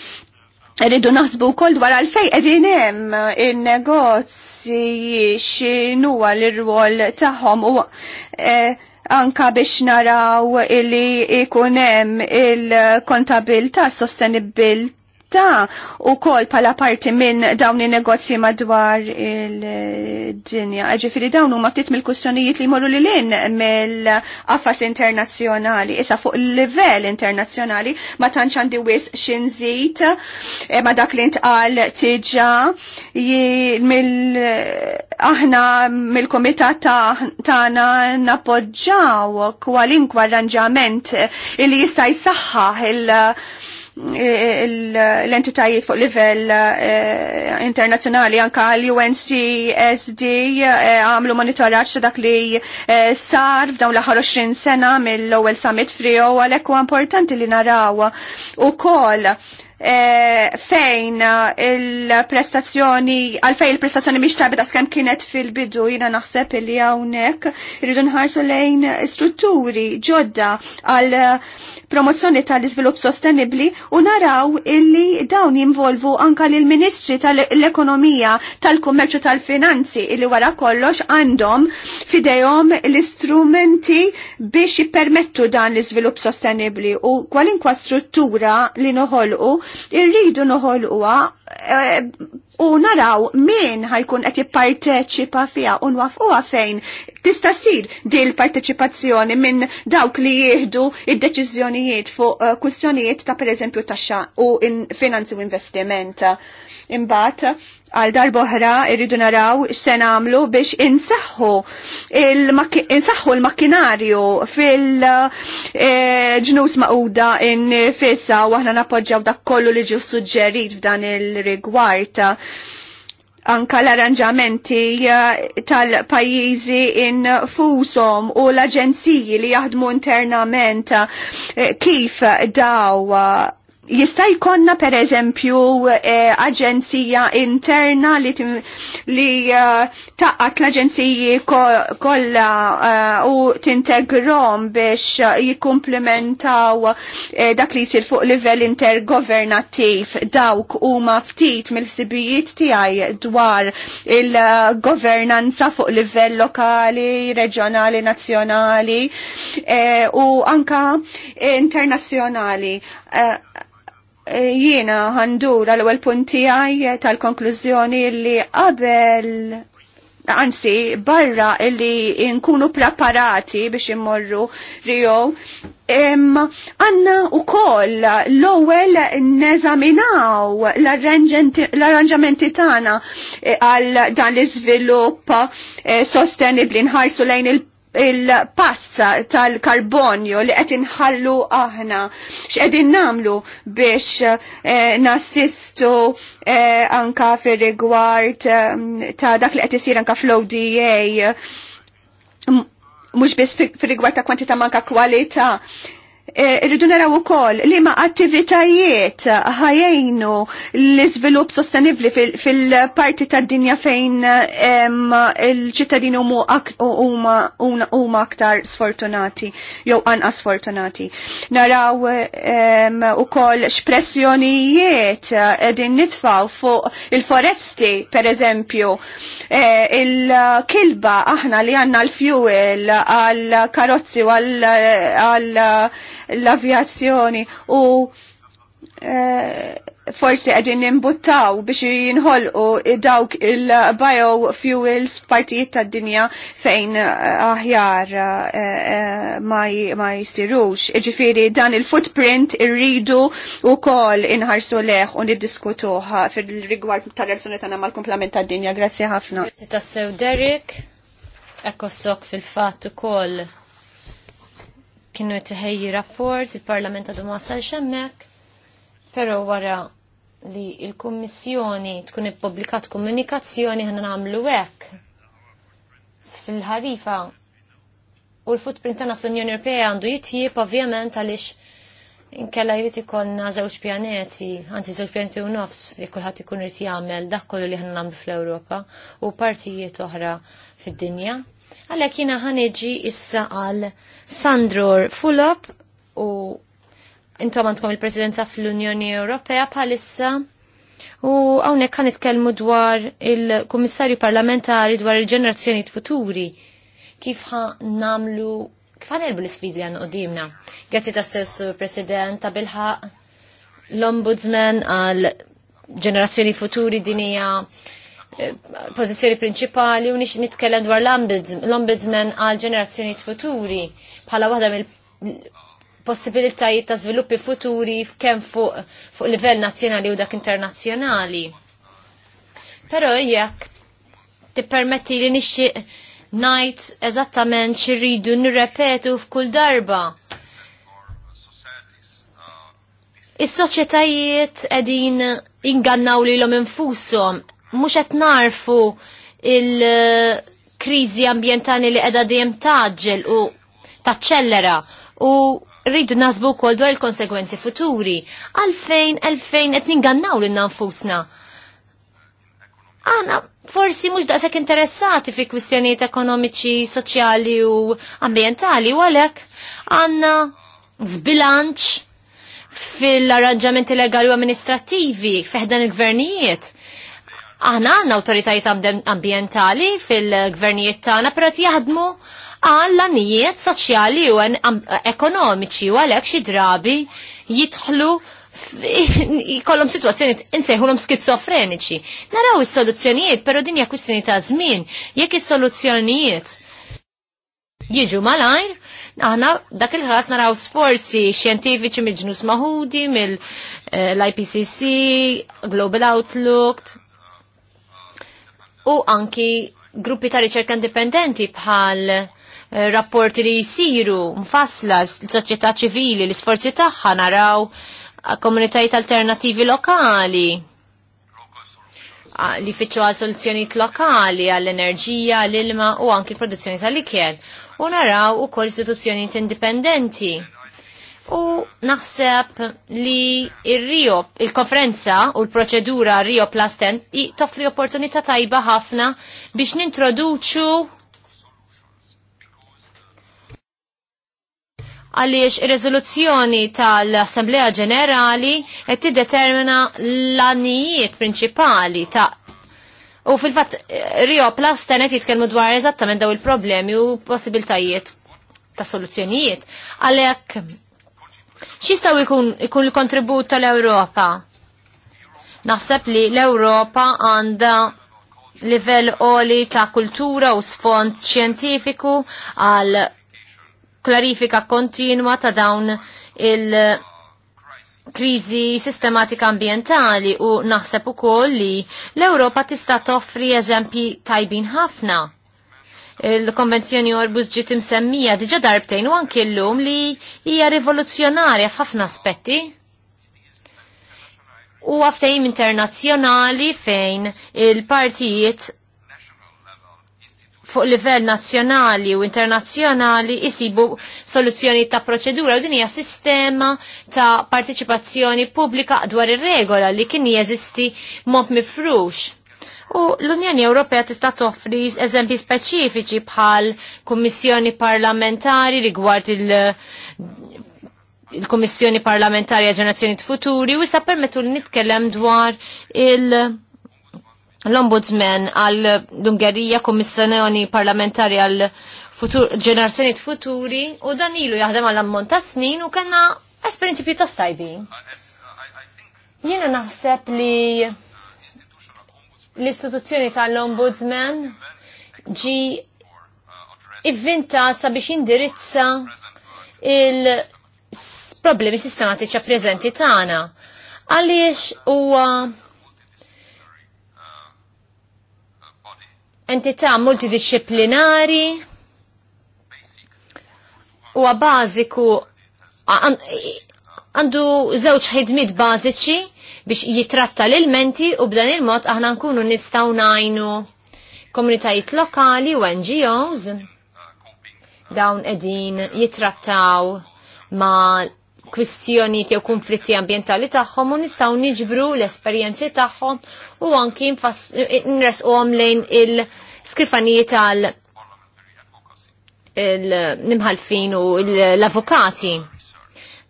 Rridu naħsbu kol dwar għalfej edin hemm il-negozji xinu l-rwol taħom. u eh, anka biex naraw li ikunem il-kontabilta sostenibil ta' u kol pala parti minn dawni negozji madwar il-dinja. Ġifiri dawn huma ftit mill-kustjonijiet li morru li lin mill-affas internazzjonali, issa fuq il-livell internazzjonali ma tantx għandi wis xinżit eh, ma dak li ntqal tiġa mill aħna mill-komitat tagħna nappoġġaw kwalinkwa arranġament li jista' jsaħħaħ il- Eh, eh, l-entitajiet fuq livell eh, internazzjonali anka l-UNCSD għamlu monitoraċ dak li sar f'dawn l-aħħar 20 sena mill-ewwel summit frio għalhekk huwa importanti li naraw ukoll Eh, fejn il-prestazzjoni, għalfej il-prestazzjoni miex tabita skem kienet fil-bidu, jina naħseb li għawnek, rridu nħarsu lejn strutturi ġodda għal promozzjoni tal-izvilup sostenibli u naraw illi dawn jinvolvu anka l ministri tal-ekonomija, tal-kummerċu tal-finanzi illi wara kollox għandhom fidejhom l-istrumenti biex jippermettu dan l-izvilup sostenibli u kwalinkwa struttura li noħolqu irridu noħolquha eh, u naraw min ħajkun qed jipparteċipa fiha u nwafquha fejn tista' ssir dil parteċipazzjoni minn dawk li jieħdu id-deċiżjonijiet fuq eh, kwistjonijiet ta' pereżempju taxxa u finanzi u investiment. Imbagħad għal darboħra irridu naraw x'se nagħmlu biex insaħħu l-makkinarju fil-ġnus eh, maquda fissa u aħna nappoġġaw dak kollu li ġew suġġerit f'dan il-rigward anka l-arranġamenti eh, tal-pajjiżi infushom u l-aġenziji li jaħdmu internament eh, kif daw eh, jista' jkollna pereżempju eh, aġenzija interna li li uh, taqqat l-aġenziji kollha uh, u tintegrom biex eh, jikkumplementaw eh, dak li jsir fuq livell intergovernattiv dawk huma ftit mill-sibijiet tiegħi dwar il-governanza fuq livell lokali, reġjonali, nazzjonali eh, u anka internazzjonali jiena għandur għal ewwel punti għaj tal-konklużjoni li qabel anzi barra li nkunu preparati biex immorru Rio għanna u koll l-ewel neżaminaw l-arranġamenti tana eh, għal dan l-izvilupp eh, sostenibli nħajsu lejn il il-pazza tal-karbonju li qed inħallu aħna x'qegħdin namlu biex eh, nassistu eh, anka fir-rigward eh, ta' dak li qed isir anka fl-ODA mhux biss fir rigward ta' kwantita manka kwalità. Eh, irridu naraw ukoll li ma' attivitajiet ħajjejnu l-iżvilupp sostenibbli fil-parti tad-dinja fejn il-ċittadini huma aktar sfortunati jew anqas sfortunati. Naraw ukoll x'pressjonijiet qegħdin nitfgħu fuq il-foresti pereżempju. Eh, il-kilba aħna li għandna l-fuel għal karozzi għal l-avjazzjoni u eh, forsi għedin nimbuttaw biex jinħolqu dawk il-biofuels partijiet tad dinja fejn eh, aħjar eh, ma jistirux. Iġifiri dan il-footprint irridu u kol inħarsu leħ u niddiskutuħ fil-rigward tal-relazzjoni tagħna mal-komplement tad dinja Grazzi ħafna. Grazzi sew Derek, ekkosok fil-fatt ukoll kienu jitħejji rapport, il-Parlament għadu ma xemmek, pero wara li il-Kummissjoni tkun ippubblikat komunikazzjoni ħana nagħmlu hekk fil-ħarifa u l-footprint tagħna fl-Unjoni Ewropea għandu jitjieb ovvjament għaliex inkella jrid ikollna żewġ pjaneti, anzi żewġ pjaneti u nofs li kulħadd ikun irid jagħmel dak kollu li ħana nagħmlu fl-Ewropa u partijiet oħra fid-dinja. Għalhekk jiena ħaniġi issa għal Sandror Fulop u intom għandkom il-presidenza fl-Unjoni Ewropea bħalissa. U għawnek kan itkellmu dwar il-Kummissarju Parlamentari dwar il-ġenerazzjoni futuri. Kif namlu, kif erbu l-sfidi għan qoddimna? Grazzi ta' stessu President ta' bilħa l-Ombudsman għal ġenerazzjoni futuri dinija pożizzjoni prinċipali u nix nitkellem dwar l-ombudsman għal ġenerazzjoni futuri bħala waħda mill possibilitajiet ta' sviluppi futuri kemm fuq fu livell nazzjonali u dak internazzjonali. Però jekk tippermetti li nixi najt eżattament xirridu nirrepetu f'kull darba. Is-soċjetajiet qegħdin ingannaw lilhom infushom mhux qed narfu il-kriżi ambjentali li qiegħda dejjem taġġel u taċċellera u rridu nasbu wkoll dwar il-konsegwenzi futuri. Għalfejn, għalfejn qed ningannaw lil nanfusna Għana forsi mhux daqshekk interessati fi kwistjonijiet ekonomiċi, soċjali u ambjentali u għalhekk għandna zbilanċ fil-arranġamenti legali u amministrativi feħdan il-gvernijiet. Aħna għandna awtoritajiet ambjentali fil-gvernijiet tagħna però jaħdmu għal annijiet soċjali u ekonomiċi u għalhekk xi drabi jidħlu jkollhom situazzjoni insejħulhom skizofreniċi. Naraw is-soluzzjonijiet, però din hija kwistjoni ta' żmien. Jekk is-soluzzjonijiet jiġu malajr, aħna dak il-ħas naraw sforzi xjentifiċi mill-ġnus maħudi, mill-IPCC, eh, Global Outlook, u anki gruppi ta' riċerka indipendenti bħal eh, rapporti li jisiru, mfasla, l-soċjetà ċivili, l-isforzi tagħha naraw eh, komunitajiet alternativi lokali ah, li fitxu għal soluzzjonijiet lokali għall enerġija l-ilma u anki l-produzzjoni tal-ikel. U naraw ukoll istituzzjonijiet indipendenti U naħseb li il-Rio, il-konferenza u l-proċedura Rio Plasten toffri opportunità tajba ħafna biex nintroduċu għaliex ir-rezoluzzjoni tal-Assemblea Ġenerali qed tiddetermina l-annijiet prinċipali ta' U fil-fatt Rio Plasten qed jitkellmu dwar eżattament daw il-problemi u possibiltajiet ta' soluzzjonijiet. Għalhekk Xistaw ikun, ikun l-kontribut tal-Europa? Naħseb li l-Europa għanda livell oli ta' kultura u sfond xjentifiku għal klarifika kontinua ta' dawn il- krizi sistematika ambientali u naħseb ukoll li l-Ewropa tista' toffri eżempji tajbin ħafna il-konvenzjoni Orbus ġiet imsemmija diġa darbtejn u anke llum li hija rivoluzzjonarja f'ħafna aspetti. U għaftajim internazzjonali fejn il-partijiet fuq livell nazzjonali u internazzjonali isibu soluzzjoni ta' proċedura u din hija sistema ta' partiċipazzjoni pubblika dwar ir-regola li kien jeżisti mod mifrux U l-Unjoni Ewropea tista' toffri eżempji speċifiċi bħal kummissjoni parlamentari rigward il- il-Kommissjoni Parlamentari għal Ġenerazzjoni Futuri u issa permettu li nitkellem dwar il- l-Ombudsman għal l-Ungerija Kommissjoni Parlamentari għal futur, ġenerazzjoni futuri u dan ilu jaħdem għal ammont ta' snin u kena esperienzi pjuttost tajbi. Jiena naħseb li l-istituzzjoni tal-Ombudsman ġi ivvintat sabiex indirizza il-problemi sistematiċi preżenti tagħna. Għaliex huwa entità multidisciplinari huwa bażiku għandu żewġ ħidmiet bażiċi biex jitratta l-elementi u b'dan il-mod aħna nkunu nistgħu najnu komunitajiet lokali u NGOs dawn qegħdin jitrattaw ma' kwistjonijiet jew konflitti ambjentali tagħhom u nistgħu niġbru l-esperjenzi tagħhom u anki nresquhom lejn il-skrifanijiet tal il-nimħalfin u l-avukati. il skrifaniji tal il nimħalfin u l avukati il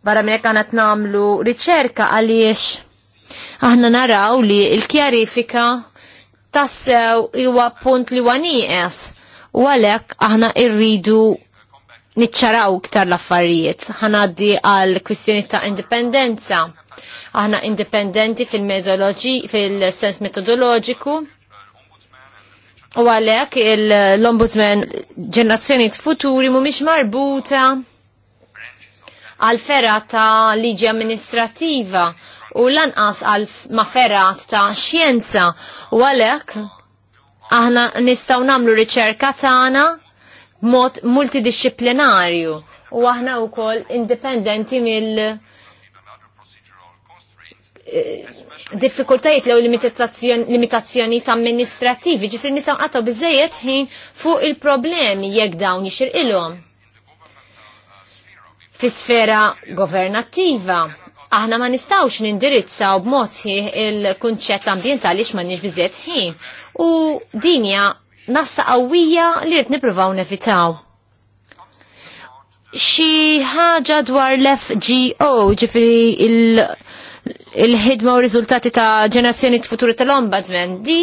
Barra minn għana t nagħmlu riċerka għaliex aħna naraw li l-kjarifika tassew huwa punt li huwa nieqes u għalhekk aħna rridu niċċaraw iktar l-affarijiet. di għal kwistjoni ta' indipendenza. Aħna indipendenti fil-metodologi, fil-sens metodologiku. U għalek l-ombudsman ġenerazzjoni futuri mumiex marbuta għal ferat ta' liġi amministrativa u lanqas għal ma' ferat ta' xjenza u għalek aħna nistaw namlu riċerka tagħna mod multidisciplinarju u aħna wkoll indipendenti mill eh, diffikultajiet lew limitazzjoni ta' amministrativi, ġifri nistaw għataw bizzejiet ħin fuq il-problemi jekk dawn jixir ilhom fi sfera governattiva. Aħna ma nistawx nindirizzaw b'mod il-kunċett ambientali x'mandniex biżiet ħin u dinja nassa qawwija li rid nippruvaw nevitaw. Xi ħaġa dwar l-FGO, ġifiri il- ħidma u riżultati ta' ġenerazzjoni futuri tal-ombudsman di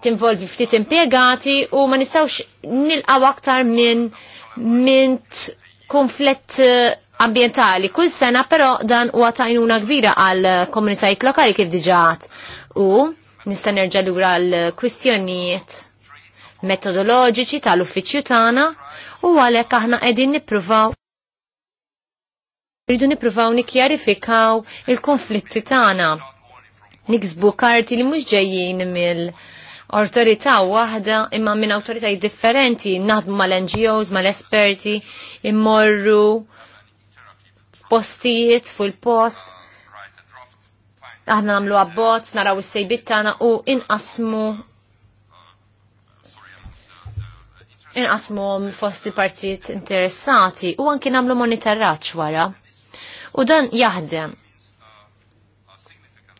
tinvolvi ftit impiegati u ma nistawx nilqaw aktar minn mint konflett eh, ambientali kull sena, però dan huwa tajnuna kbira għal eh, komunitajiet lokali kif diġaħat. U nista' nerġa' lura l-kwistjonijiet metodoloġiċi tal-uffiċċju tagħna u għalhekk aħna qegħdin nippruvaw rridu nippruvaw nikkjarifikaw il-konflitti tagħna. Niksbu karti li mhux ġejjin mill- autorità waħda imma minn autoritajiet differenti naħdmu mal-NGOs, mal-esperti, immorru postijiet fuq il-post. Aħna nagħmlu abbozz, naraw is-sejbit tagħna u inqasmu inqasmu fost il-partijiet interessati u anki namlu monitorraċ wara. U dan jaħdem.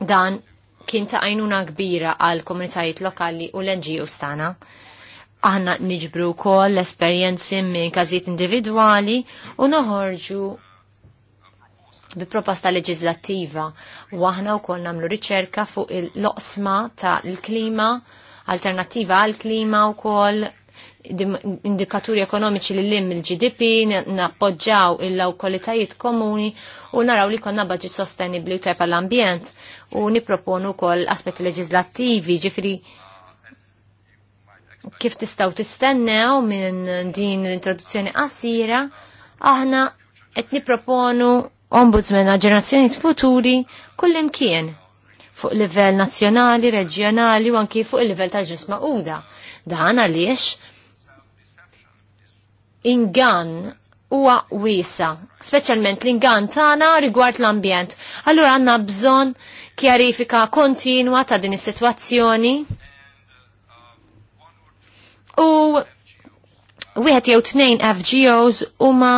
Dan kien ta' għajnuna kbira għal komunitajiet lokali u l-NGO stana. Aħna niġbru kol l-esperienzi minn każijiet individwali u noħorġu bi proposta leġislattiva u aħna wkoll nagħmlu riċerka fuq il-loqsma ta' l-klima, alternattiva għal-klima wkoll indikaturi ekonomiċi li lim il-GDP, nappoġġaw il-lawkolitajiet komuni u naraw li konna budget sostenibli u tajpa l-ambjent u niproponu kol aspetti leġislattivi ġifri kif tistaw tistennew minn din l-introduzzjoni qasira aħna qed niproponu ombudsman għal ġenerazzjonijiet futuri kullimkien fuq livell nazzjonali, reġjonali u anki fuq il-livell ta' ġisma' uda. Dan għaliex ingan huwa wiesa, speċjalment l-ingan tagħna rigward l-ambjent. Allura għandna bżonn kjarifika kontinwa ta' din is-sitwazzjoni. U wieħed jew tnejn FGOs huma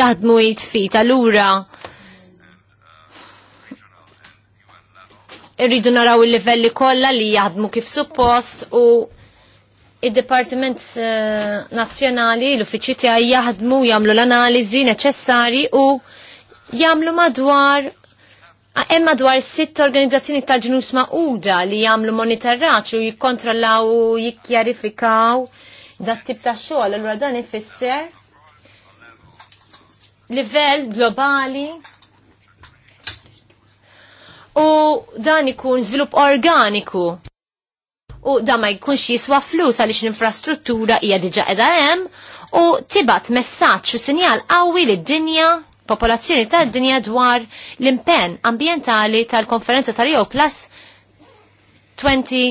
jaħdmu jitfit allura irridu naraw il-livelli kollha li jaħdmu kif suppost u id-Departiment eh, Nazzjonali l uffiċi tiegħi jaħdmu jagħmlu l-analiżi neċessari u jagħmlu madwar hemm madwar sitt organizzazzjoni ta' ġnus maquda li jagħmlu monitorraġġ u jikkontrollaw u jikkjarifikaw dat tip ta' xogħol allura dan ifisser livell globali u dan ikun żvilupp organiku. U dan ma jkunx jiswa flus għaliex l-infrastruttura hija diġa qiegħda hemm u tibat messaġġ u sinjal qawwi lid-dinja popolazzjoni tad-dinja dwar l-impenn ambientali tal-konferenza tal-Rio Plus 20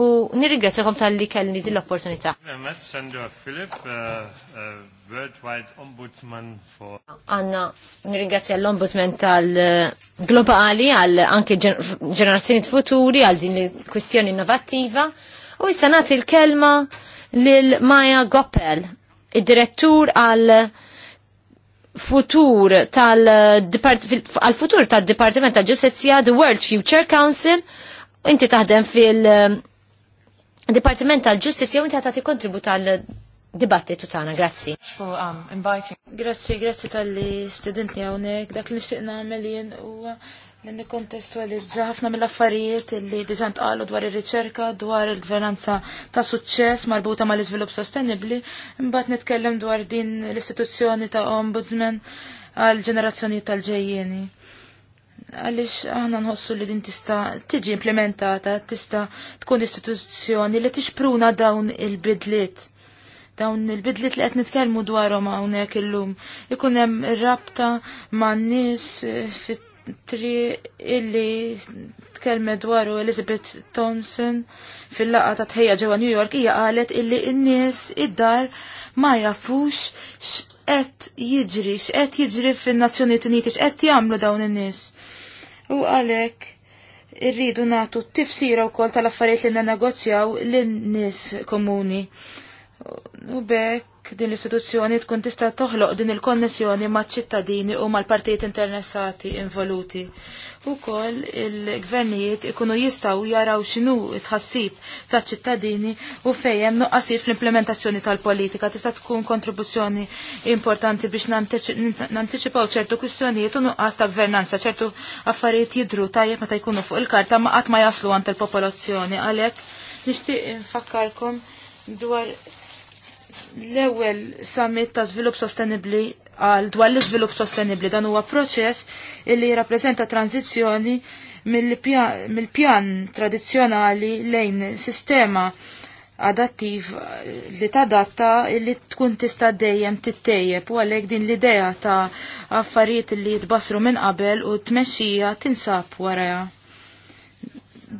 u nirringrazzjakom tal-li kellni din l-opportunità. Mehmet, Sandra Filip, uh, uh, Worldwide Ombudsman for... Anna, nirringrazzja l-Ombudsman tal-globali, għal anke ġenerazzjoni futuri, għal din kwistjoni innovativa. U issa nagħti l-kelma lil Maja Goppel, id-direttur għal futur tal-futur tal-Dipartiment tal-Ġustizzja, The World Future Council, inti taħdem fil- eh, Dipartiment tal ġustizzja u inti ħatati kontribut għal dibattitu Tana, grazzi. Um, grazzi, grazzi tal-li studentni hawnhekk, dak li nixtieq nagħmel jien huwa li nikkontestualizza ħafna mill-affarijiet li diġà għallu dwar ir-riċerka dwar il-gvernanza ta' suċċess marbuta mal-iżvilupp sostenibbli, imbagħad nitkellem dwar din l-istituzzjoni ta' ombudsman għal ġenerazzjoni tal-ġejjeni. Għaliex aħna nħossu li din tista' tiġi implementata, tista' tkun istituzzjoni li tixpruna dawn il-bidliet dawn il-bidlit li qed nitkellmu dwarhom hawnhekk illum. Ikun hemm rabta man-nies eh, fit-tri illi tkellmet dwaru Elizabeth Thompson fil-laqa ta' tħejja ġewwa New York hija qalet illi n-nies id-dar ma jafux x'qed jiġri, x'qed jiġri fin-Nazzjonijiet Uniti, x'qed jagħmlu dawn in-nies. U għalhekk irridu natu t-tifsira u kol tal-affarijiet li n-negozjaw l-nis komuni. U bekk din l-istituzzjoni tkun tista' toħloq din il-konnessjoni maċ-ċittadini u mal-partijiet interessati involuti. Ukoll il-gvernijiet ikunu jistgħu jaraw x'inhu tħassib taċ-ċittadini u fejjem nuqqasijiet fl-implementazzjoni tal-politika tista' tkun kontribuzzjoni importanti biex nantiċipaw ċertu kwistjonijiet u nuqqas ta' gvernanza, ċertu affarijiet jidru tajjeb meta jkunu fuq il-karta ma qatt ma jaslu għand il-popolazzjoni. Għalhekk nixtieq infakkarkom dwar l-ewwel summit ta' żvilupp sostenibbli għal dwar l-iżvilupp sostenibbli dan huwa proċess illi jirrappreżenta tranzizzjoni mill-pjan tradizzjonali lejn sistema adattiv li tadatta li tkun tista dejjem tittejjeb u għalhekk din l-idea ta' affarijiet li jitbasru minn qabel u tmexxija tinsab wara.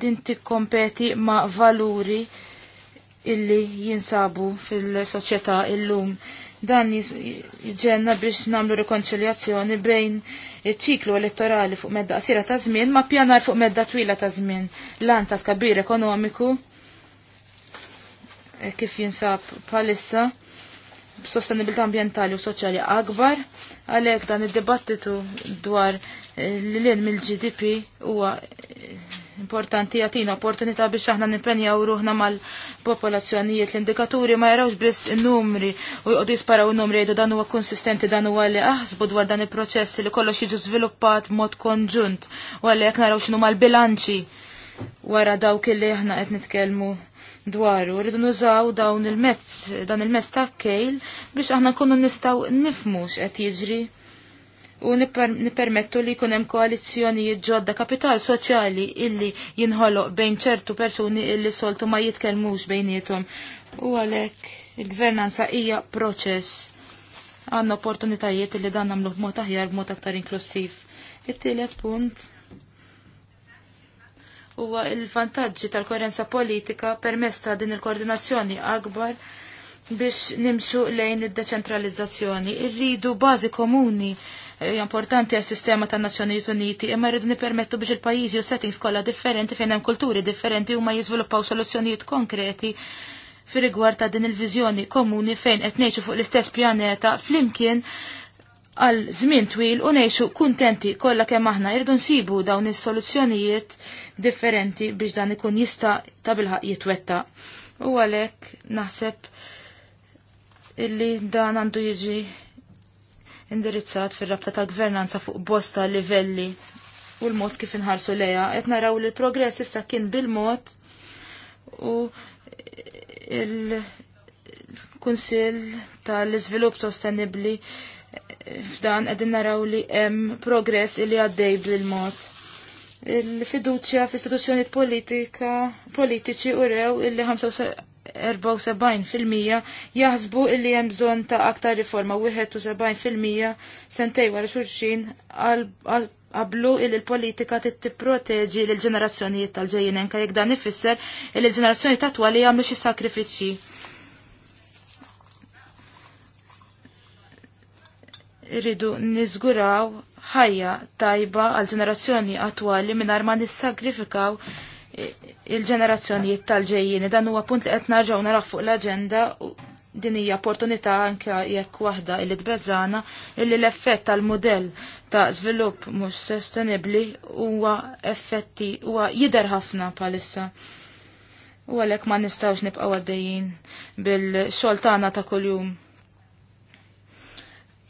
Din tikkompeti ma' valuri illi jinsabu fil-soċjetà illum. Dan jġenna biex namlu rekonċiljazzjoni bejn iċ-ċiklu elettorali fuq medda qasira ta' żmien ma' pjanar fuq medda twila ta' żmien. Lan ta' kabir ekonomiku e, kif jinsab palissa sostenibilità ambientali u soċjali akbar, għalhekk dan id-dibattitu dwar l-lien e, mill-GDP huwa e, Importanti jatina opportunità biex aħna u ruħna mal-popolazzjonijiet l-indikaturi ma jarawx biss numri u jqodu jisparaw numri jdu dan huwa konsistenti dan huwa li aħsbu dwar dan il-proċess li kollox jiġu żviluppat mod konġunt u għalhekk naraw numa mal-bilanċi wara dawk li aħna qed nitkellmu dwaru. Rridu nużaw dawn il-mezz, dan il-mezz ta' kejl biex aħna nkunu nistgħu nifmux x'qed jiġri u nipermettu li kunem koalizjoni ġodda kapital soċjali illi jinħoloq bejn ċertu persuni illi soltu ma jitkelmux bejnietum. U għalek il-gvernanza hija proċess għan opportunitajiet illi dan namluħ b'mod aħjar b'mod aktar inklusiv. It-tielet punt huwa il-vantaġġi tal-koerenza politika permess ta' din il-koordinazzjoni akbar biex nimxu lejn id-deċentralizzazzjoni. Irridu bażi komuni Eh, importanti għal sistema tan nazzjonijiet Uniti imma rridu nipermettu biex il-pajjiżi u settings kollha differenti fejn hemm kulturi differenti huma jiżviluppaw soluzzjonijiet konkreti fir-rigward ta' din il-viżjoni komuni fejn qed ngħixu fuq l-istess pjaneta flimkien għal żmien twil u ngħixu kuntenti kollha kemm aħna rridu nsibu dawn is-soluzzjonijiet differenti biex dan ikun jista' ta' bilħaq jitwetta. U għalhekk naħseb illi dan għandu jiġi indirizzat fir-rabta ta' gvernanza fuq bosta livelli u l-mod kif inħarsu leja. Qed naraw li l-progress issa kien bil-mod u il-Kunsill tal-Iżvilupp Sostenibbli f'dan qegħdin naraw li hemm progress li għaddej bil-mod. Il-fiduċja fl-istituzzjoni politika politiċi u rew illi 74% jaħsbu illi hemm bżonn ta' aktar riforma, 71% sentej wara xulxin qablu illi l-politika tipproteġi l ġenerazzjonijiet tal-ġejjin enka jekk dan ifisser illi l-ġenerazzjoni ta' twali jagħmlu xi sakrifiċċji. Irridu niżguraw ħajja tajba għal ġenerazzjoni attwali mingħajr ma nissagrifikaw il-ġenerazzjonijiet tal-ġejjini. Dan huwa punt li qed narġgħu naraf fuq l-aġenda din hija opportunità anke jekk waħda illi tbeżana illi l-effett tal-mudell ta' żvilupp mhux sostenibbli huwa effetti huwa jidher ħafna bħalissa. U għalhekk ma nistgħux nibqgħu għaddejjin bil-xogħol tagħna ta' kuljum.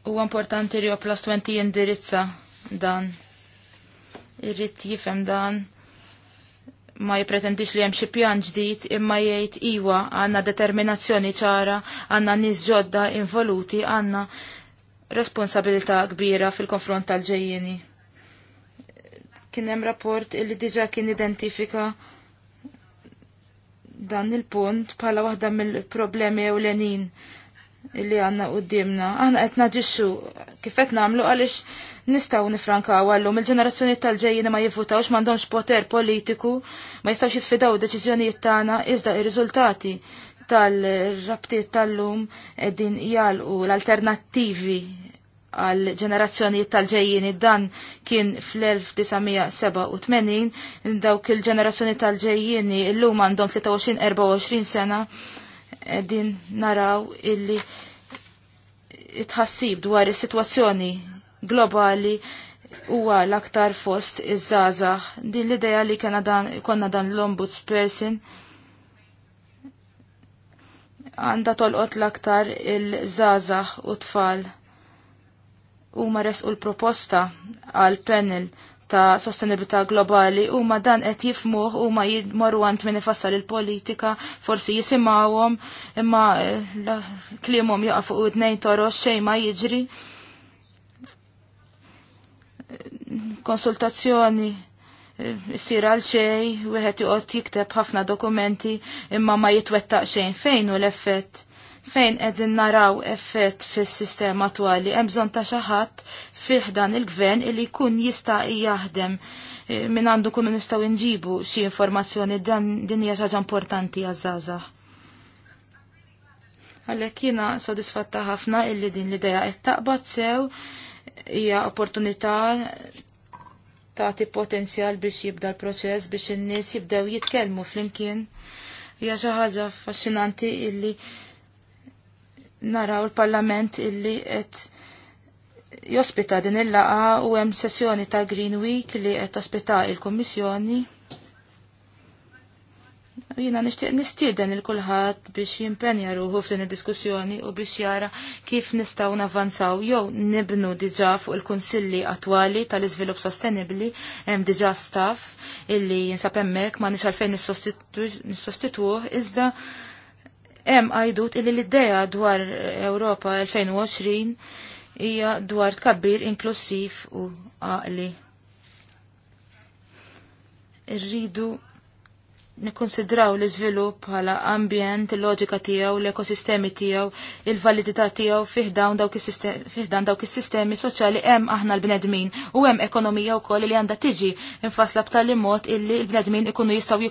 Huwa importanti li plus 20 jindirizza dan Irrid jifhem dan ma jipretendix li hemm xi pjan ġdid imma jgħid iwa għandna determinazzjoni ċara, għandna nis ġodda involuti, għandna responsabilità kbira fil-konfront tal ġejjini Kien hemm rapport illi diġà kien identifika dan il-punt bħala waħda mill-problemi ewlenin illi għanna u d-dimna. Għanna għetna ġiċu kifet namlu għalix nistaw nifrankaw għallum. Il-ġenerazzjoni tal-ġejjini ma jivvutawx mandomx poter politiku, ma jistawx jisfidaw deċizjonijiet tagħna iżda ir-riżultati tal-rabtiet tal-lum din jalqu l-alternattivi għal ġenerazzjoni tal-ġejjini dan kien fl-1987 dawk il-ġenerazzjoni tal-ġejjini l-lum għandhom 23-24 sena edin naraw illi tħassib dwar is-sitwazzjoni globali huwa l-aktar fost iż-żgħażagħ. Din l-idea li konna dan l-ombuds person għandha tolqot l-aktar il-żgħażagħ u tfal. Huma resqu l-proposta għal panel ta' sostenibilità globali u ma dan qed jifmuh u ma jidmorru għand minn ifassal il-politika forsi jisimawom, imma eh, kliemhom jaqa' fuq id-nejn toros xejn ma jiġri. Konsultazzjoni eh, sir għal xej, wieħed joqgħod jikteb ħafna dokumenti imma ma jitwettaq xejn fejn u l-effett fejn edin naraw effett fis-sistema attuali hemm bżonn ta' xi ħadd fih dan il-gvern li jkun jista' jaħdem eh, minn għandu kunu nistgħu nġibu xi informazzjoni dan din hija xi ħaġa importanti għaż-żgħażagħ. Għalhekk jiena sodisfatta ħafna illi din l-idea qed taqbad sew hija opportunità tagħti potenzjal biex jibda l-proċess biex in-nies jibdew jitkellmu flimkien. Hija xi ħaġa affaxxinanti illi naraw il-Parlament illi qed jospita din il-laqa u hemm sessjoni ta' Green Week li qed ospita il-Kummissjoni. Jina nixtieq nistieden il kulħadd biex jimpenja ruħu f'din id-diskussjoni u biex jara kif nistgħu navvanzaw jew nibnu diġà fuq il-kunsilli attwali tal-iżvilupp sostenibbli hemm diġà staff illi jinsab hemmhekk ma nix għalfejn nissostitwuh iżda hemm għajdut illi l-idea dwar Ewropa 2020 hija dwar tkabbir inklusiv u għaqli. Irridu nikkonsidraw l-iżvilupp bħala ambjent, il-loġika tiegħu, l-ekosistemi tiegħu, il-validità tiegħu fih dawn dawk is-sistemi soċjali hemm aħna l-bnedmin u hemm ekonomija wkoll li għandha tiġi infasla b'tali mod illi l-bnedmin ikunu jistgħu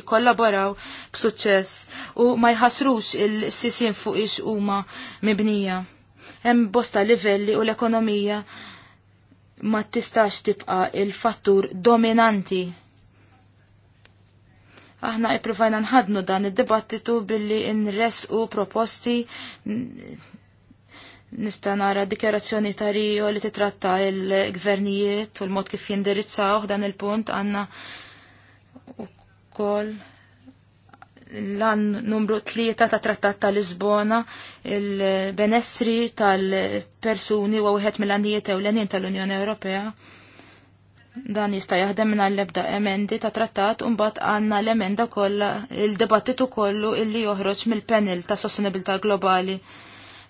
jikkollaboraw b'suċċess u ma jħassrux il-sisin fuq ix huma mibnija. Hemm bosta livelli u l-ekonomija ma tistax tibqa' il-fattur dominanti Aħna ippruvajna nħadnu dan id-dibattitu billi nres u proposti nista' nara dikjarazzjoni ta' li titratta l gvernijiet u l-mod kif jindirizzaw dan il-punt għandna koll l numru tlieta ta' trattat ta' Lisbona il-benessri tal-persuni u għawħet mill-għandijiet ewlenin tal-Unjoni Ewropea Dan jista' jaħdem minn l-ebda emendi ta' trattat u mbagħad għandna l-emenda kollha il-dibattitu kollu illi joħroġ mill-panel ta' sostenibilità globali.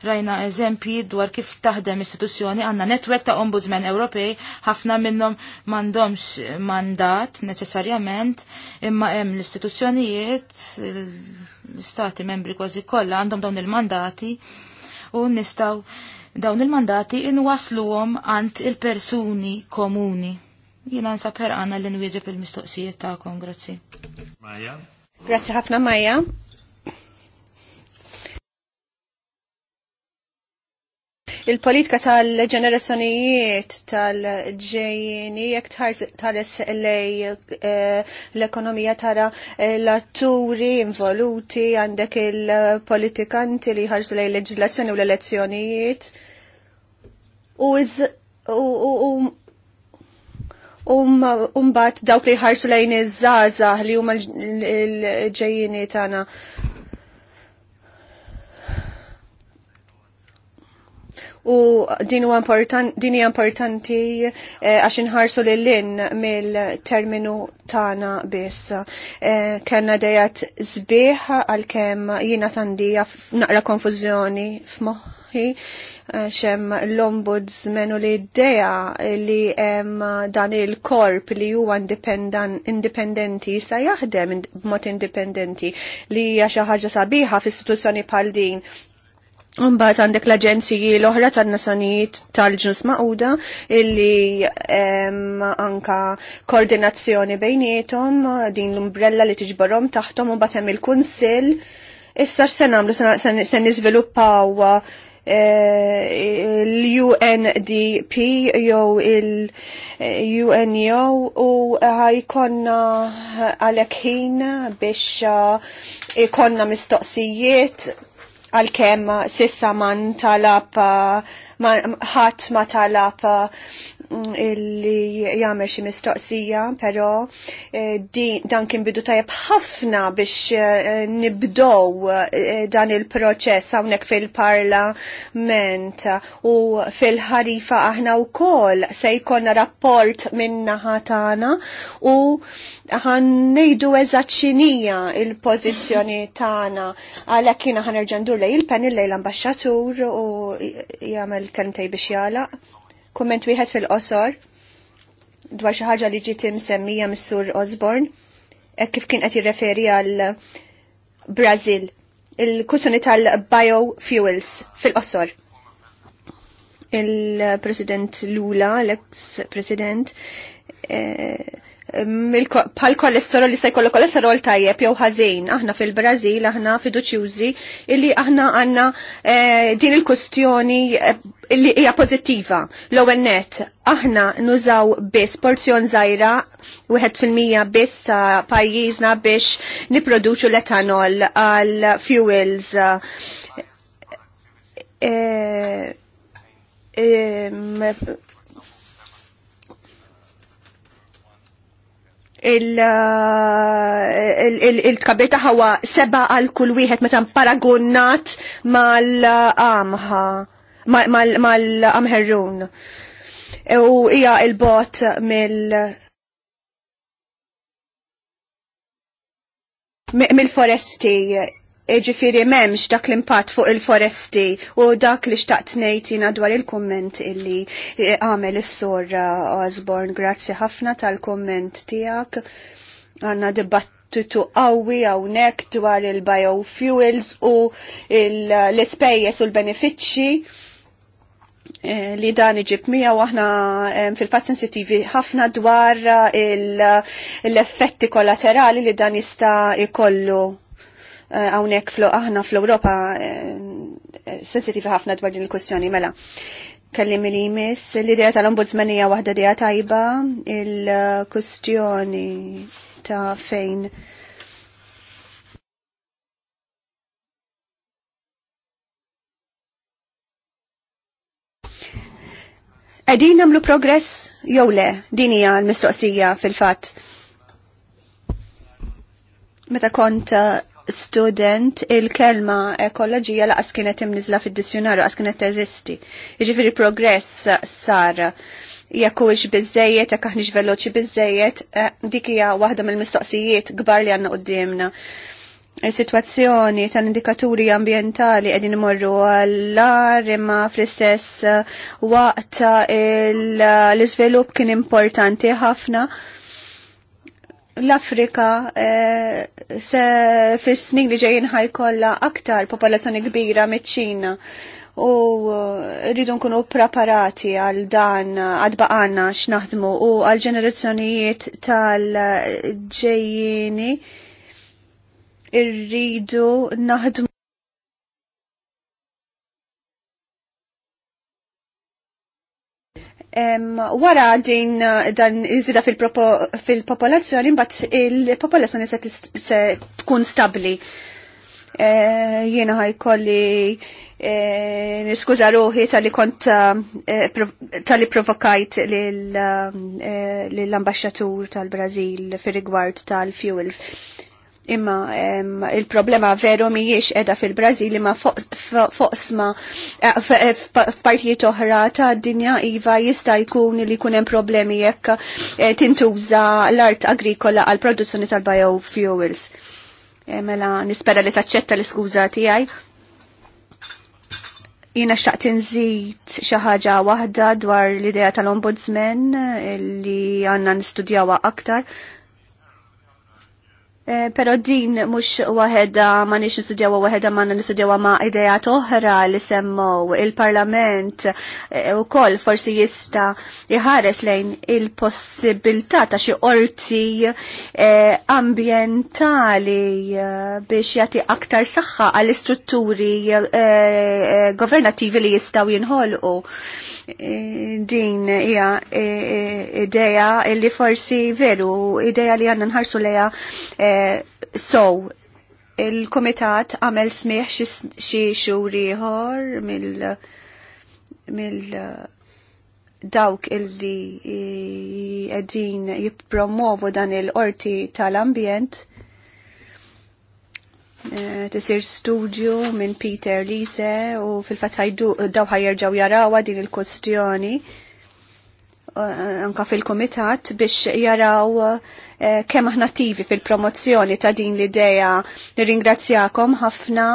Rajna eżempji dwar kif taħdem istituzzjoni għandna netwerk ta' ombudsman Ewropej, ħafna minnhom m'għandhomx mandat neċessarjament, imma hemm l-istituzzjonijiet, l-istati membri kważi kollha għandhom dawn il-mandati u nistgħu dawn il-mandati inwasluhom għand il-persuni komuni. Jina nsab ħerqana li nwieġeb il-mistoqsijiet ta'kom, grazzi. Maja. Grazzi ħafna Maja. Il-politika tal-ġenerazzjonijiet tal-ġejjini jekk tħares lej eh, l-ekonomija tara eh, l-atturi involuti għandek il-politikanti li ħarż lej leġizlazzjoni u l-elezzjonijiet u Um, umbat dawk li ħarsu lejn iż-żaza li huma l-ġejjini tagħna. U din huwa din hija importanti eh, għax inħarsu lil mill-terminu tagħna biss. Eh, Kellna dejjat sbieħ għalkemm jiena tandi naqra konfużjoni f'moħħi Eh, xem l-ombudsman u l-idea li dan il-korp li huwa indipendenti sa jaħdem b'mod indipendenti li hija xi ħaġa sabiħa f'istituzzjoni bħal din. Mbagħad għandek l-aġenziji l-oħra tan-nazzjonijiet tal ġus maquda illi anka koordinazzjoni bejniethom din l-umbrella li tiġborhom taħtom u mbagħad hemm il-kunsill Issa x'se nagħmlu se niżviluppaw l-UNDP jew il-UNO e u ħajkonna għalek ħin biex uh, ikonna mistoqsijiet għal-kem sissa man talab uh, ħat ma talab uh, li jagħmel xi mistoqsija, però eh, dan kien bidu tajjeb ħafna biex eh, nibdow eh, dan il-proċess hawnhekk fil-parlament u fil-ħarifa aħna wkoll se jkollna rapport min-naħa tagħna u ħan ngħidu eżatt il-pożizzjoni tagħna għalhekk kien lejl ndur pen il lejl ambaxxatur u jagħmel kelmtej biex jalaq. Komment wieħed fil-qosor dwar xi ħaġa li ġiet semmija mis-sur Osborne, hekk kif kien qed jirreferi għal Brazil, il kusuni tal-biofuels fil-qosor. Il-President Lula, l-ex-President, eh, bħal kolesterol li se kolesterol tajjeb jew ħażin. Aħna fil-Brażil aħna fiduċjużi illi aħna għandna eh, din il-kustjoni illi eh, hija pożittiva. L-ewwel net aħna nużaw biss porzjon żgħira wieħed fil-mija biss ta' pajjiżna biex niproduċu l-etanol għal fuels. Eh, eh, il-tkabir il, seba għal kull wieħed meta paragonat mal-amħa, mal-amherrun. U hija il-bot mill- mill-foresti Eġifiri memx dak l-impat fuq il-foresti u dak li xtaqt nejtina dwar il-komment illi għamel il-sur uh, Osborne. Grazzi ħafna tal-komment tijak. Għanna dibattitu qawwi għawnek dwar il-biofuels u l espejjes u l-benefiċċi eh, li dan iġib mija u aħna eh, fil-fat sensitivi ħafna dwar eh, l-effetti kollaterali li dan jista' ikollu hawnhekk eh, aħna fl-Ewropa eh, eh, sensitivi ħafna dwar din il kustjoni mela. Kellim li jmiss, l-idea tal-ombudsmanija waħda dija tajba, il kustjoni ta' fejn Għedin namlu progress jew le, din hija l-mistoqsija fil-fatt. Meta kont student il-kelma ekoloġija laqas kienet imnizla fid-dizzjonarju laqas kienet teżisti. Jiġifieri progress sar jekk huwiex bizzejiet, jekk aħniex veloċi bizzejiet, eh, dik hija waħda mill-mistoqsijiet kbar li għandna il situazzjoni tal-indikaturi ambientali għedin morru għallar imma fl-istess eh, waqt eh, l izvelup kien importanti ħafna l-Afrika eh, se fis-snin li ġejjin ħajkolla aktar popolazzjoni kbira miċ-Ċina u eh, rridu nkunu preparati għal dan għad baqanna x'naħdmu u għal ġenerazzjonijiet tal-ġejjini irridu naħdmu wara din eh, dan iżida fil-popolazzjoni, fil mbagħad il-popolazzjoni se tkun stabbli. Eh, jiena ħajkolli e, eh, niskuza ruħi tal-li kont tal-li provokajt l-ambasġatur tal-Brażil fir-rigward tal-fuels imma il-problema veru miex edha fil-Brazil imma foqsma f'partijiet oħra ta' dinja iva jista' jkun li jkun hemm problemi jekk eh, tintuża l-art agrikola għal produzzjoni tal-biofuels. Eh, mela nispera li taċċetta l-iskuża tiegħi. Jiena xtaqt tinżid xi ħaġa waħda dwar l-idea tal-ombudsman eh, li għandna nistudjawha aktar Eh, Pero din mux waheda ma nix nistudjawa waheda ma nistudjawa ma ideja toħra li semmow il-parlament eh, u kol forsi jista jħares lejn il possibilta ta' xi orti eh, ambientali biex jati aktar saħħa għall-istrutturi governativi li jistaw jinħolqu din hija eh, eh, ideja li forsi veru, ideja li għanna nħarsu leja eh, sow. Il-komitat għamel smieħ xie xur mill mill dawk illi qegħdin jippromovu dan il-qorti tal-ambjent Eh, tisir studju minn Peter Lise u fil-fat daw ħajerġaw jarawa din il-kustjoni eh, anka fil-komitat biex jaraw Eh, kemm aħna attivi fil-promozzjoni ta' din l-idea. Nirringrazzjakom ħafna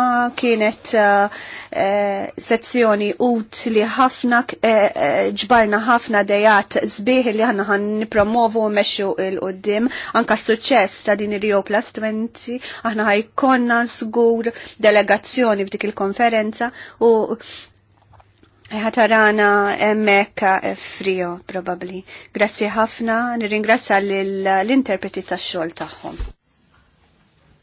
kienet eh, eh, sezzjoni utli ħafna ġbalna ħafna dejat zbieħ li ħanna ħan nipromovu meċu il-qoddim anka suċċess ta' din il-Rio Plus 20 aħna ħajkonna zgur delegazzjoni f'dik il-konferenza u ħatarana emmek eh, frio, probabli. Grazzi ħafna, nirringrazzja l-interpreti tax-xogħol tagħhom.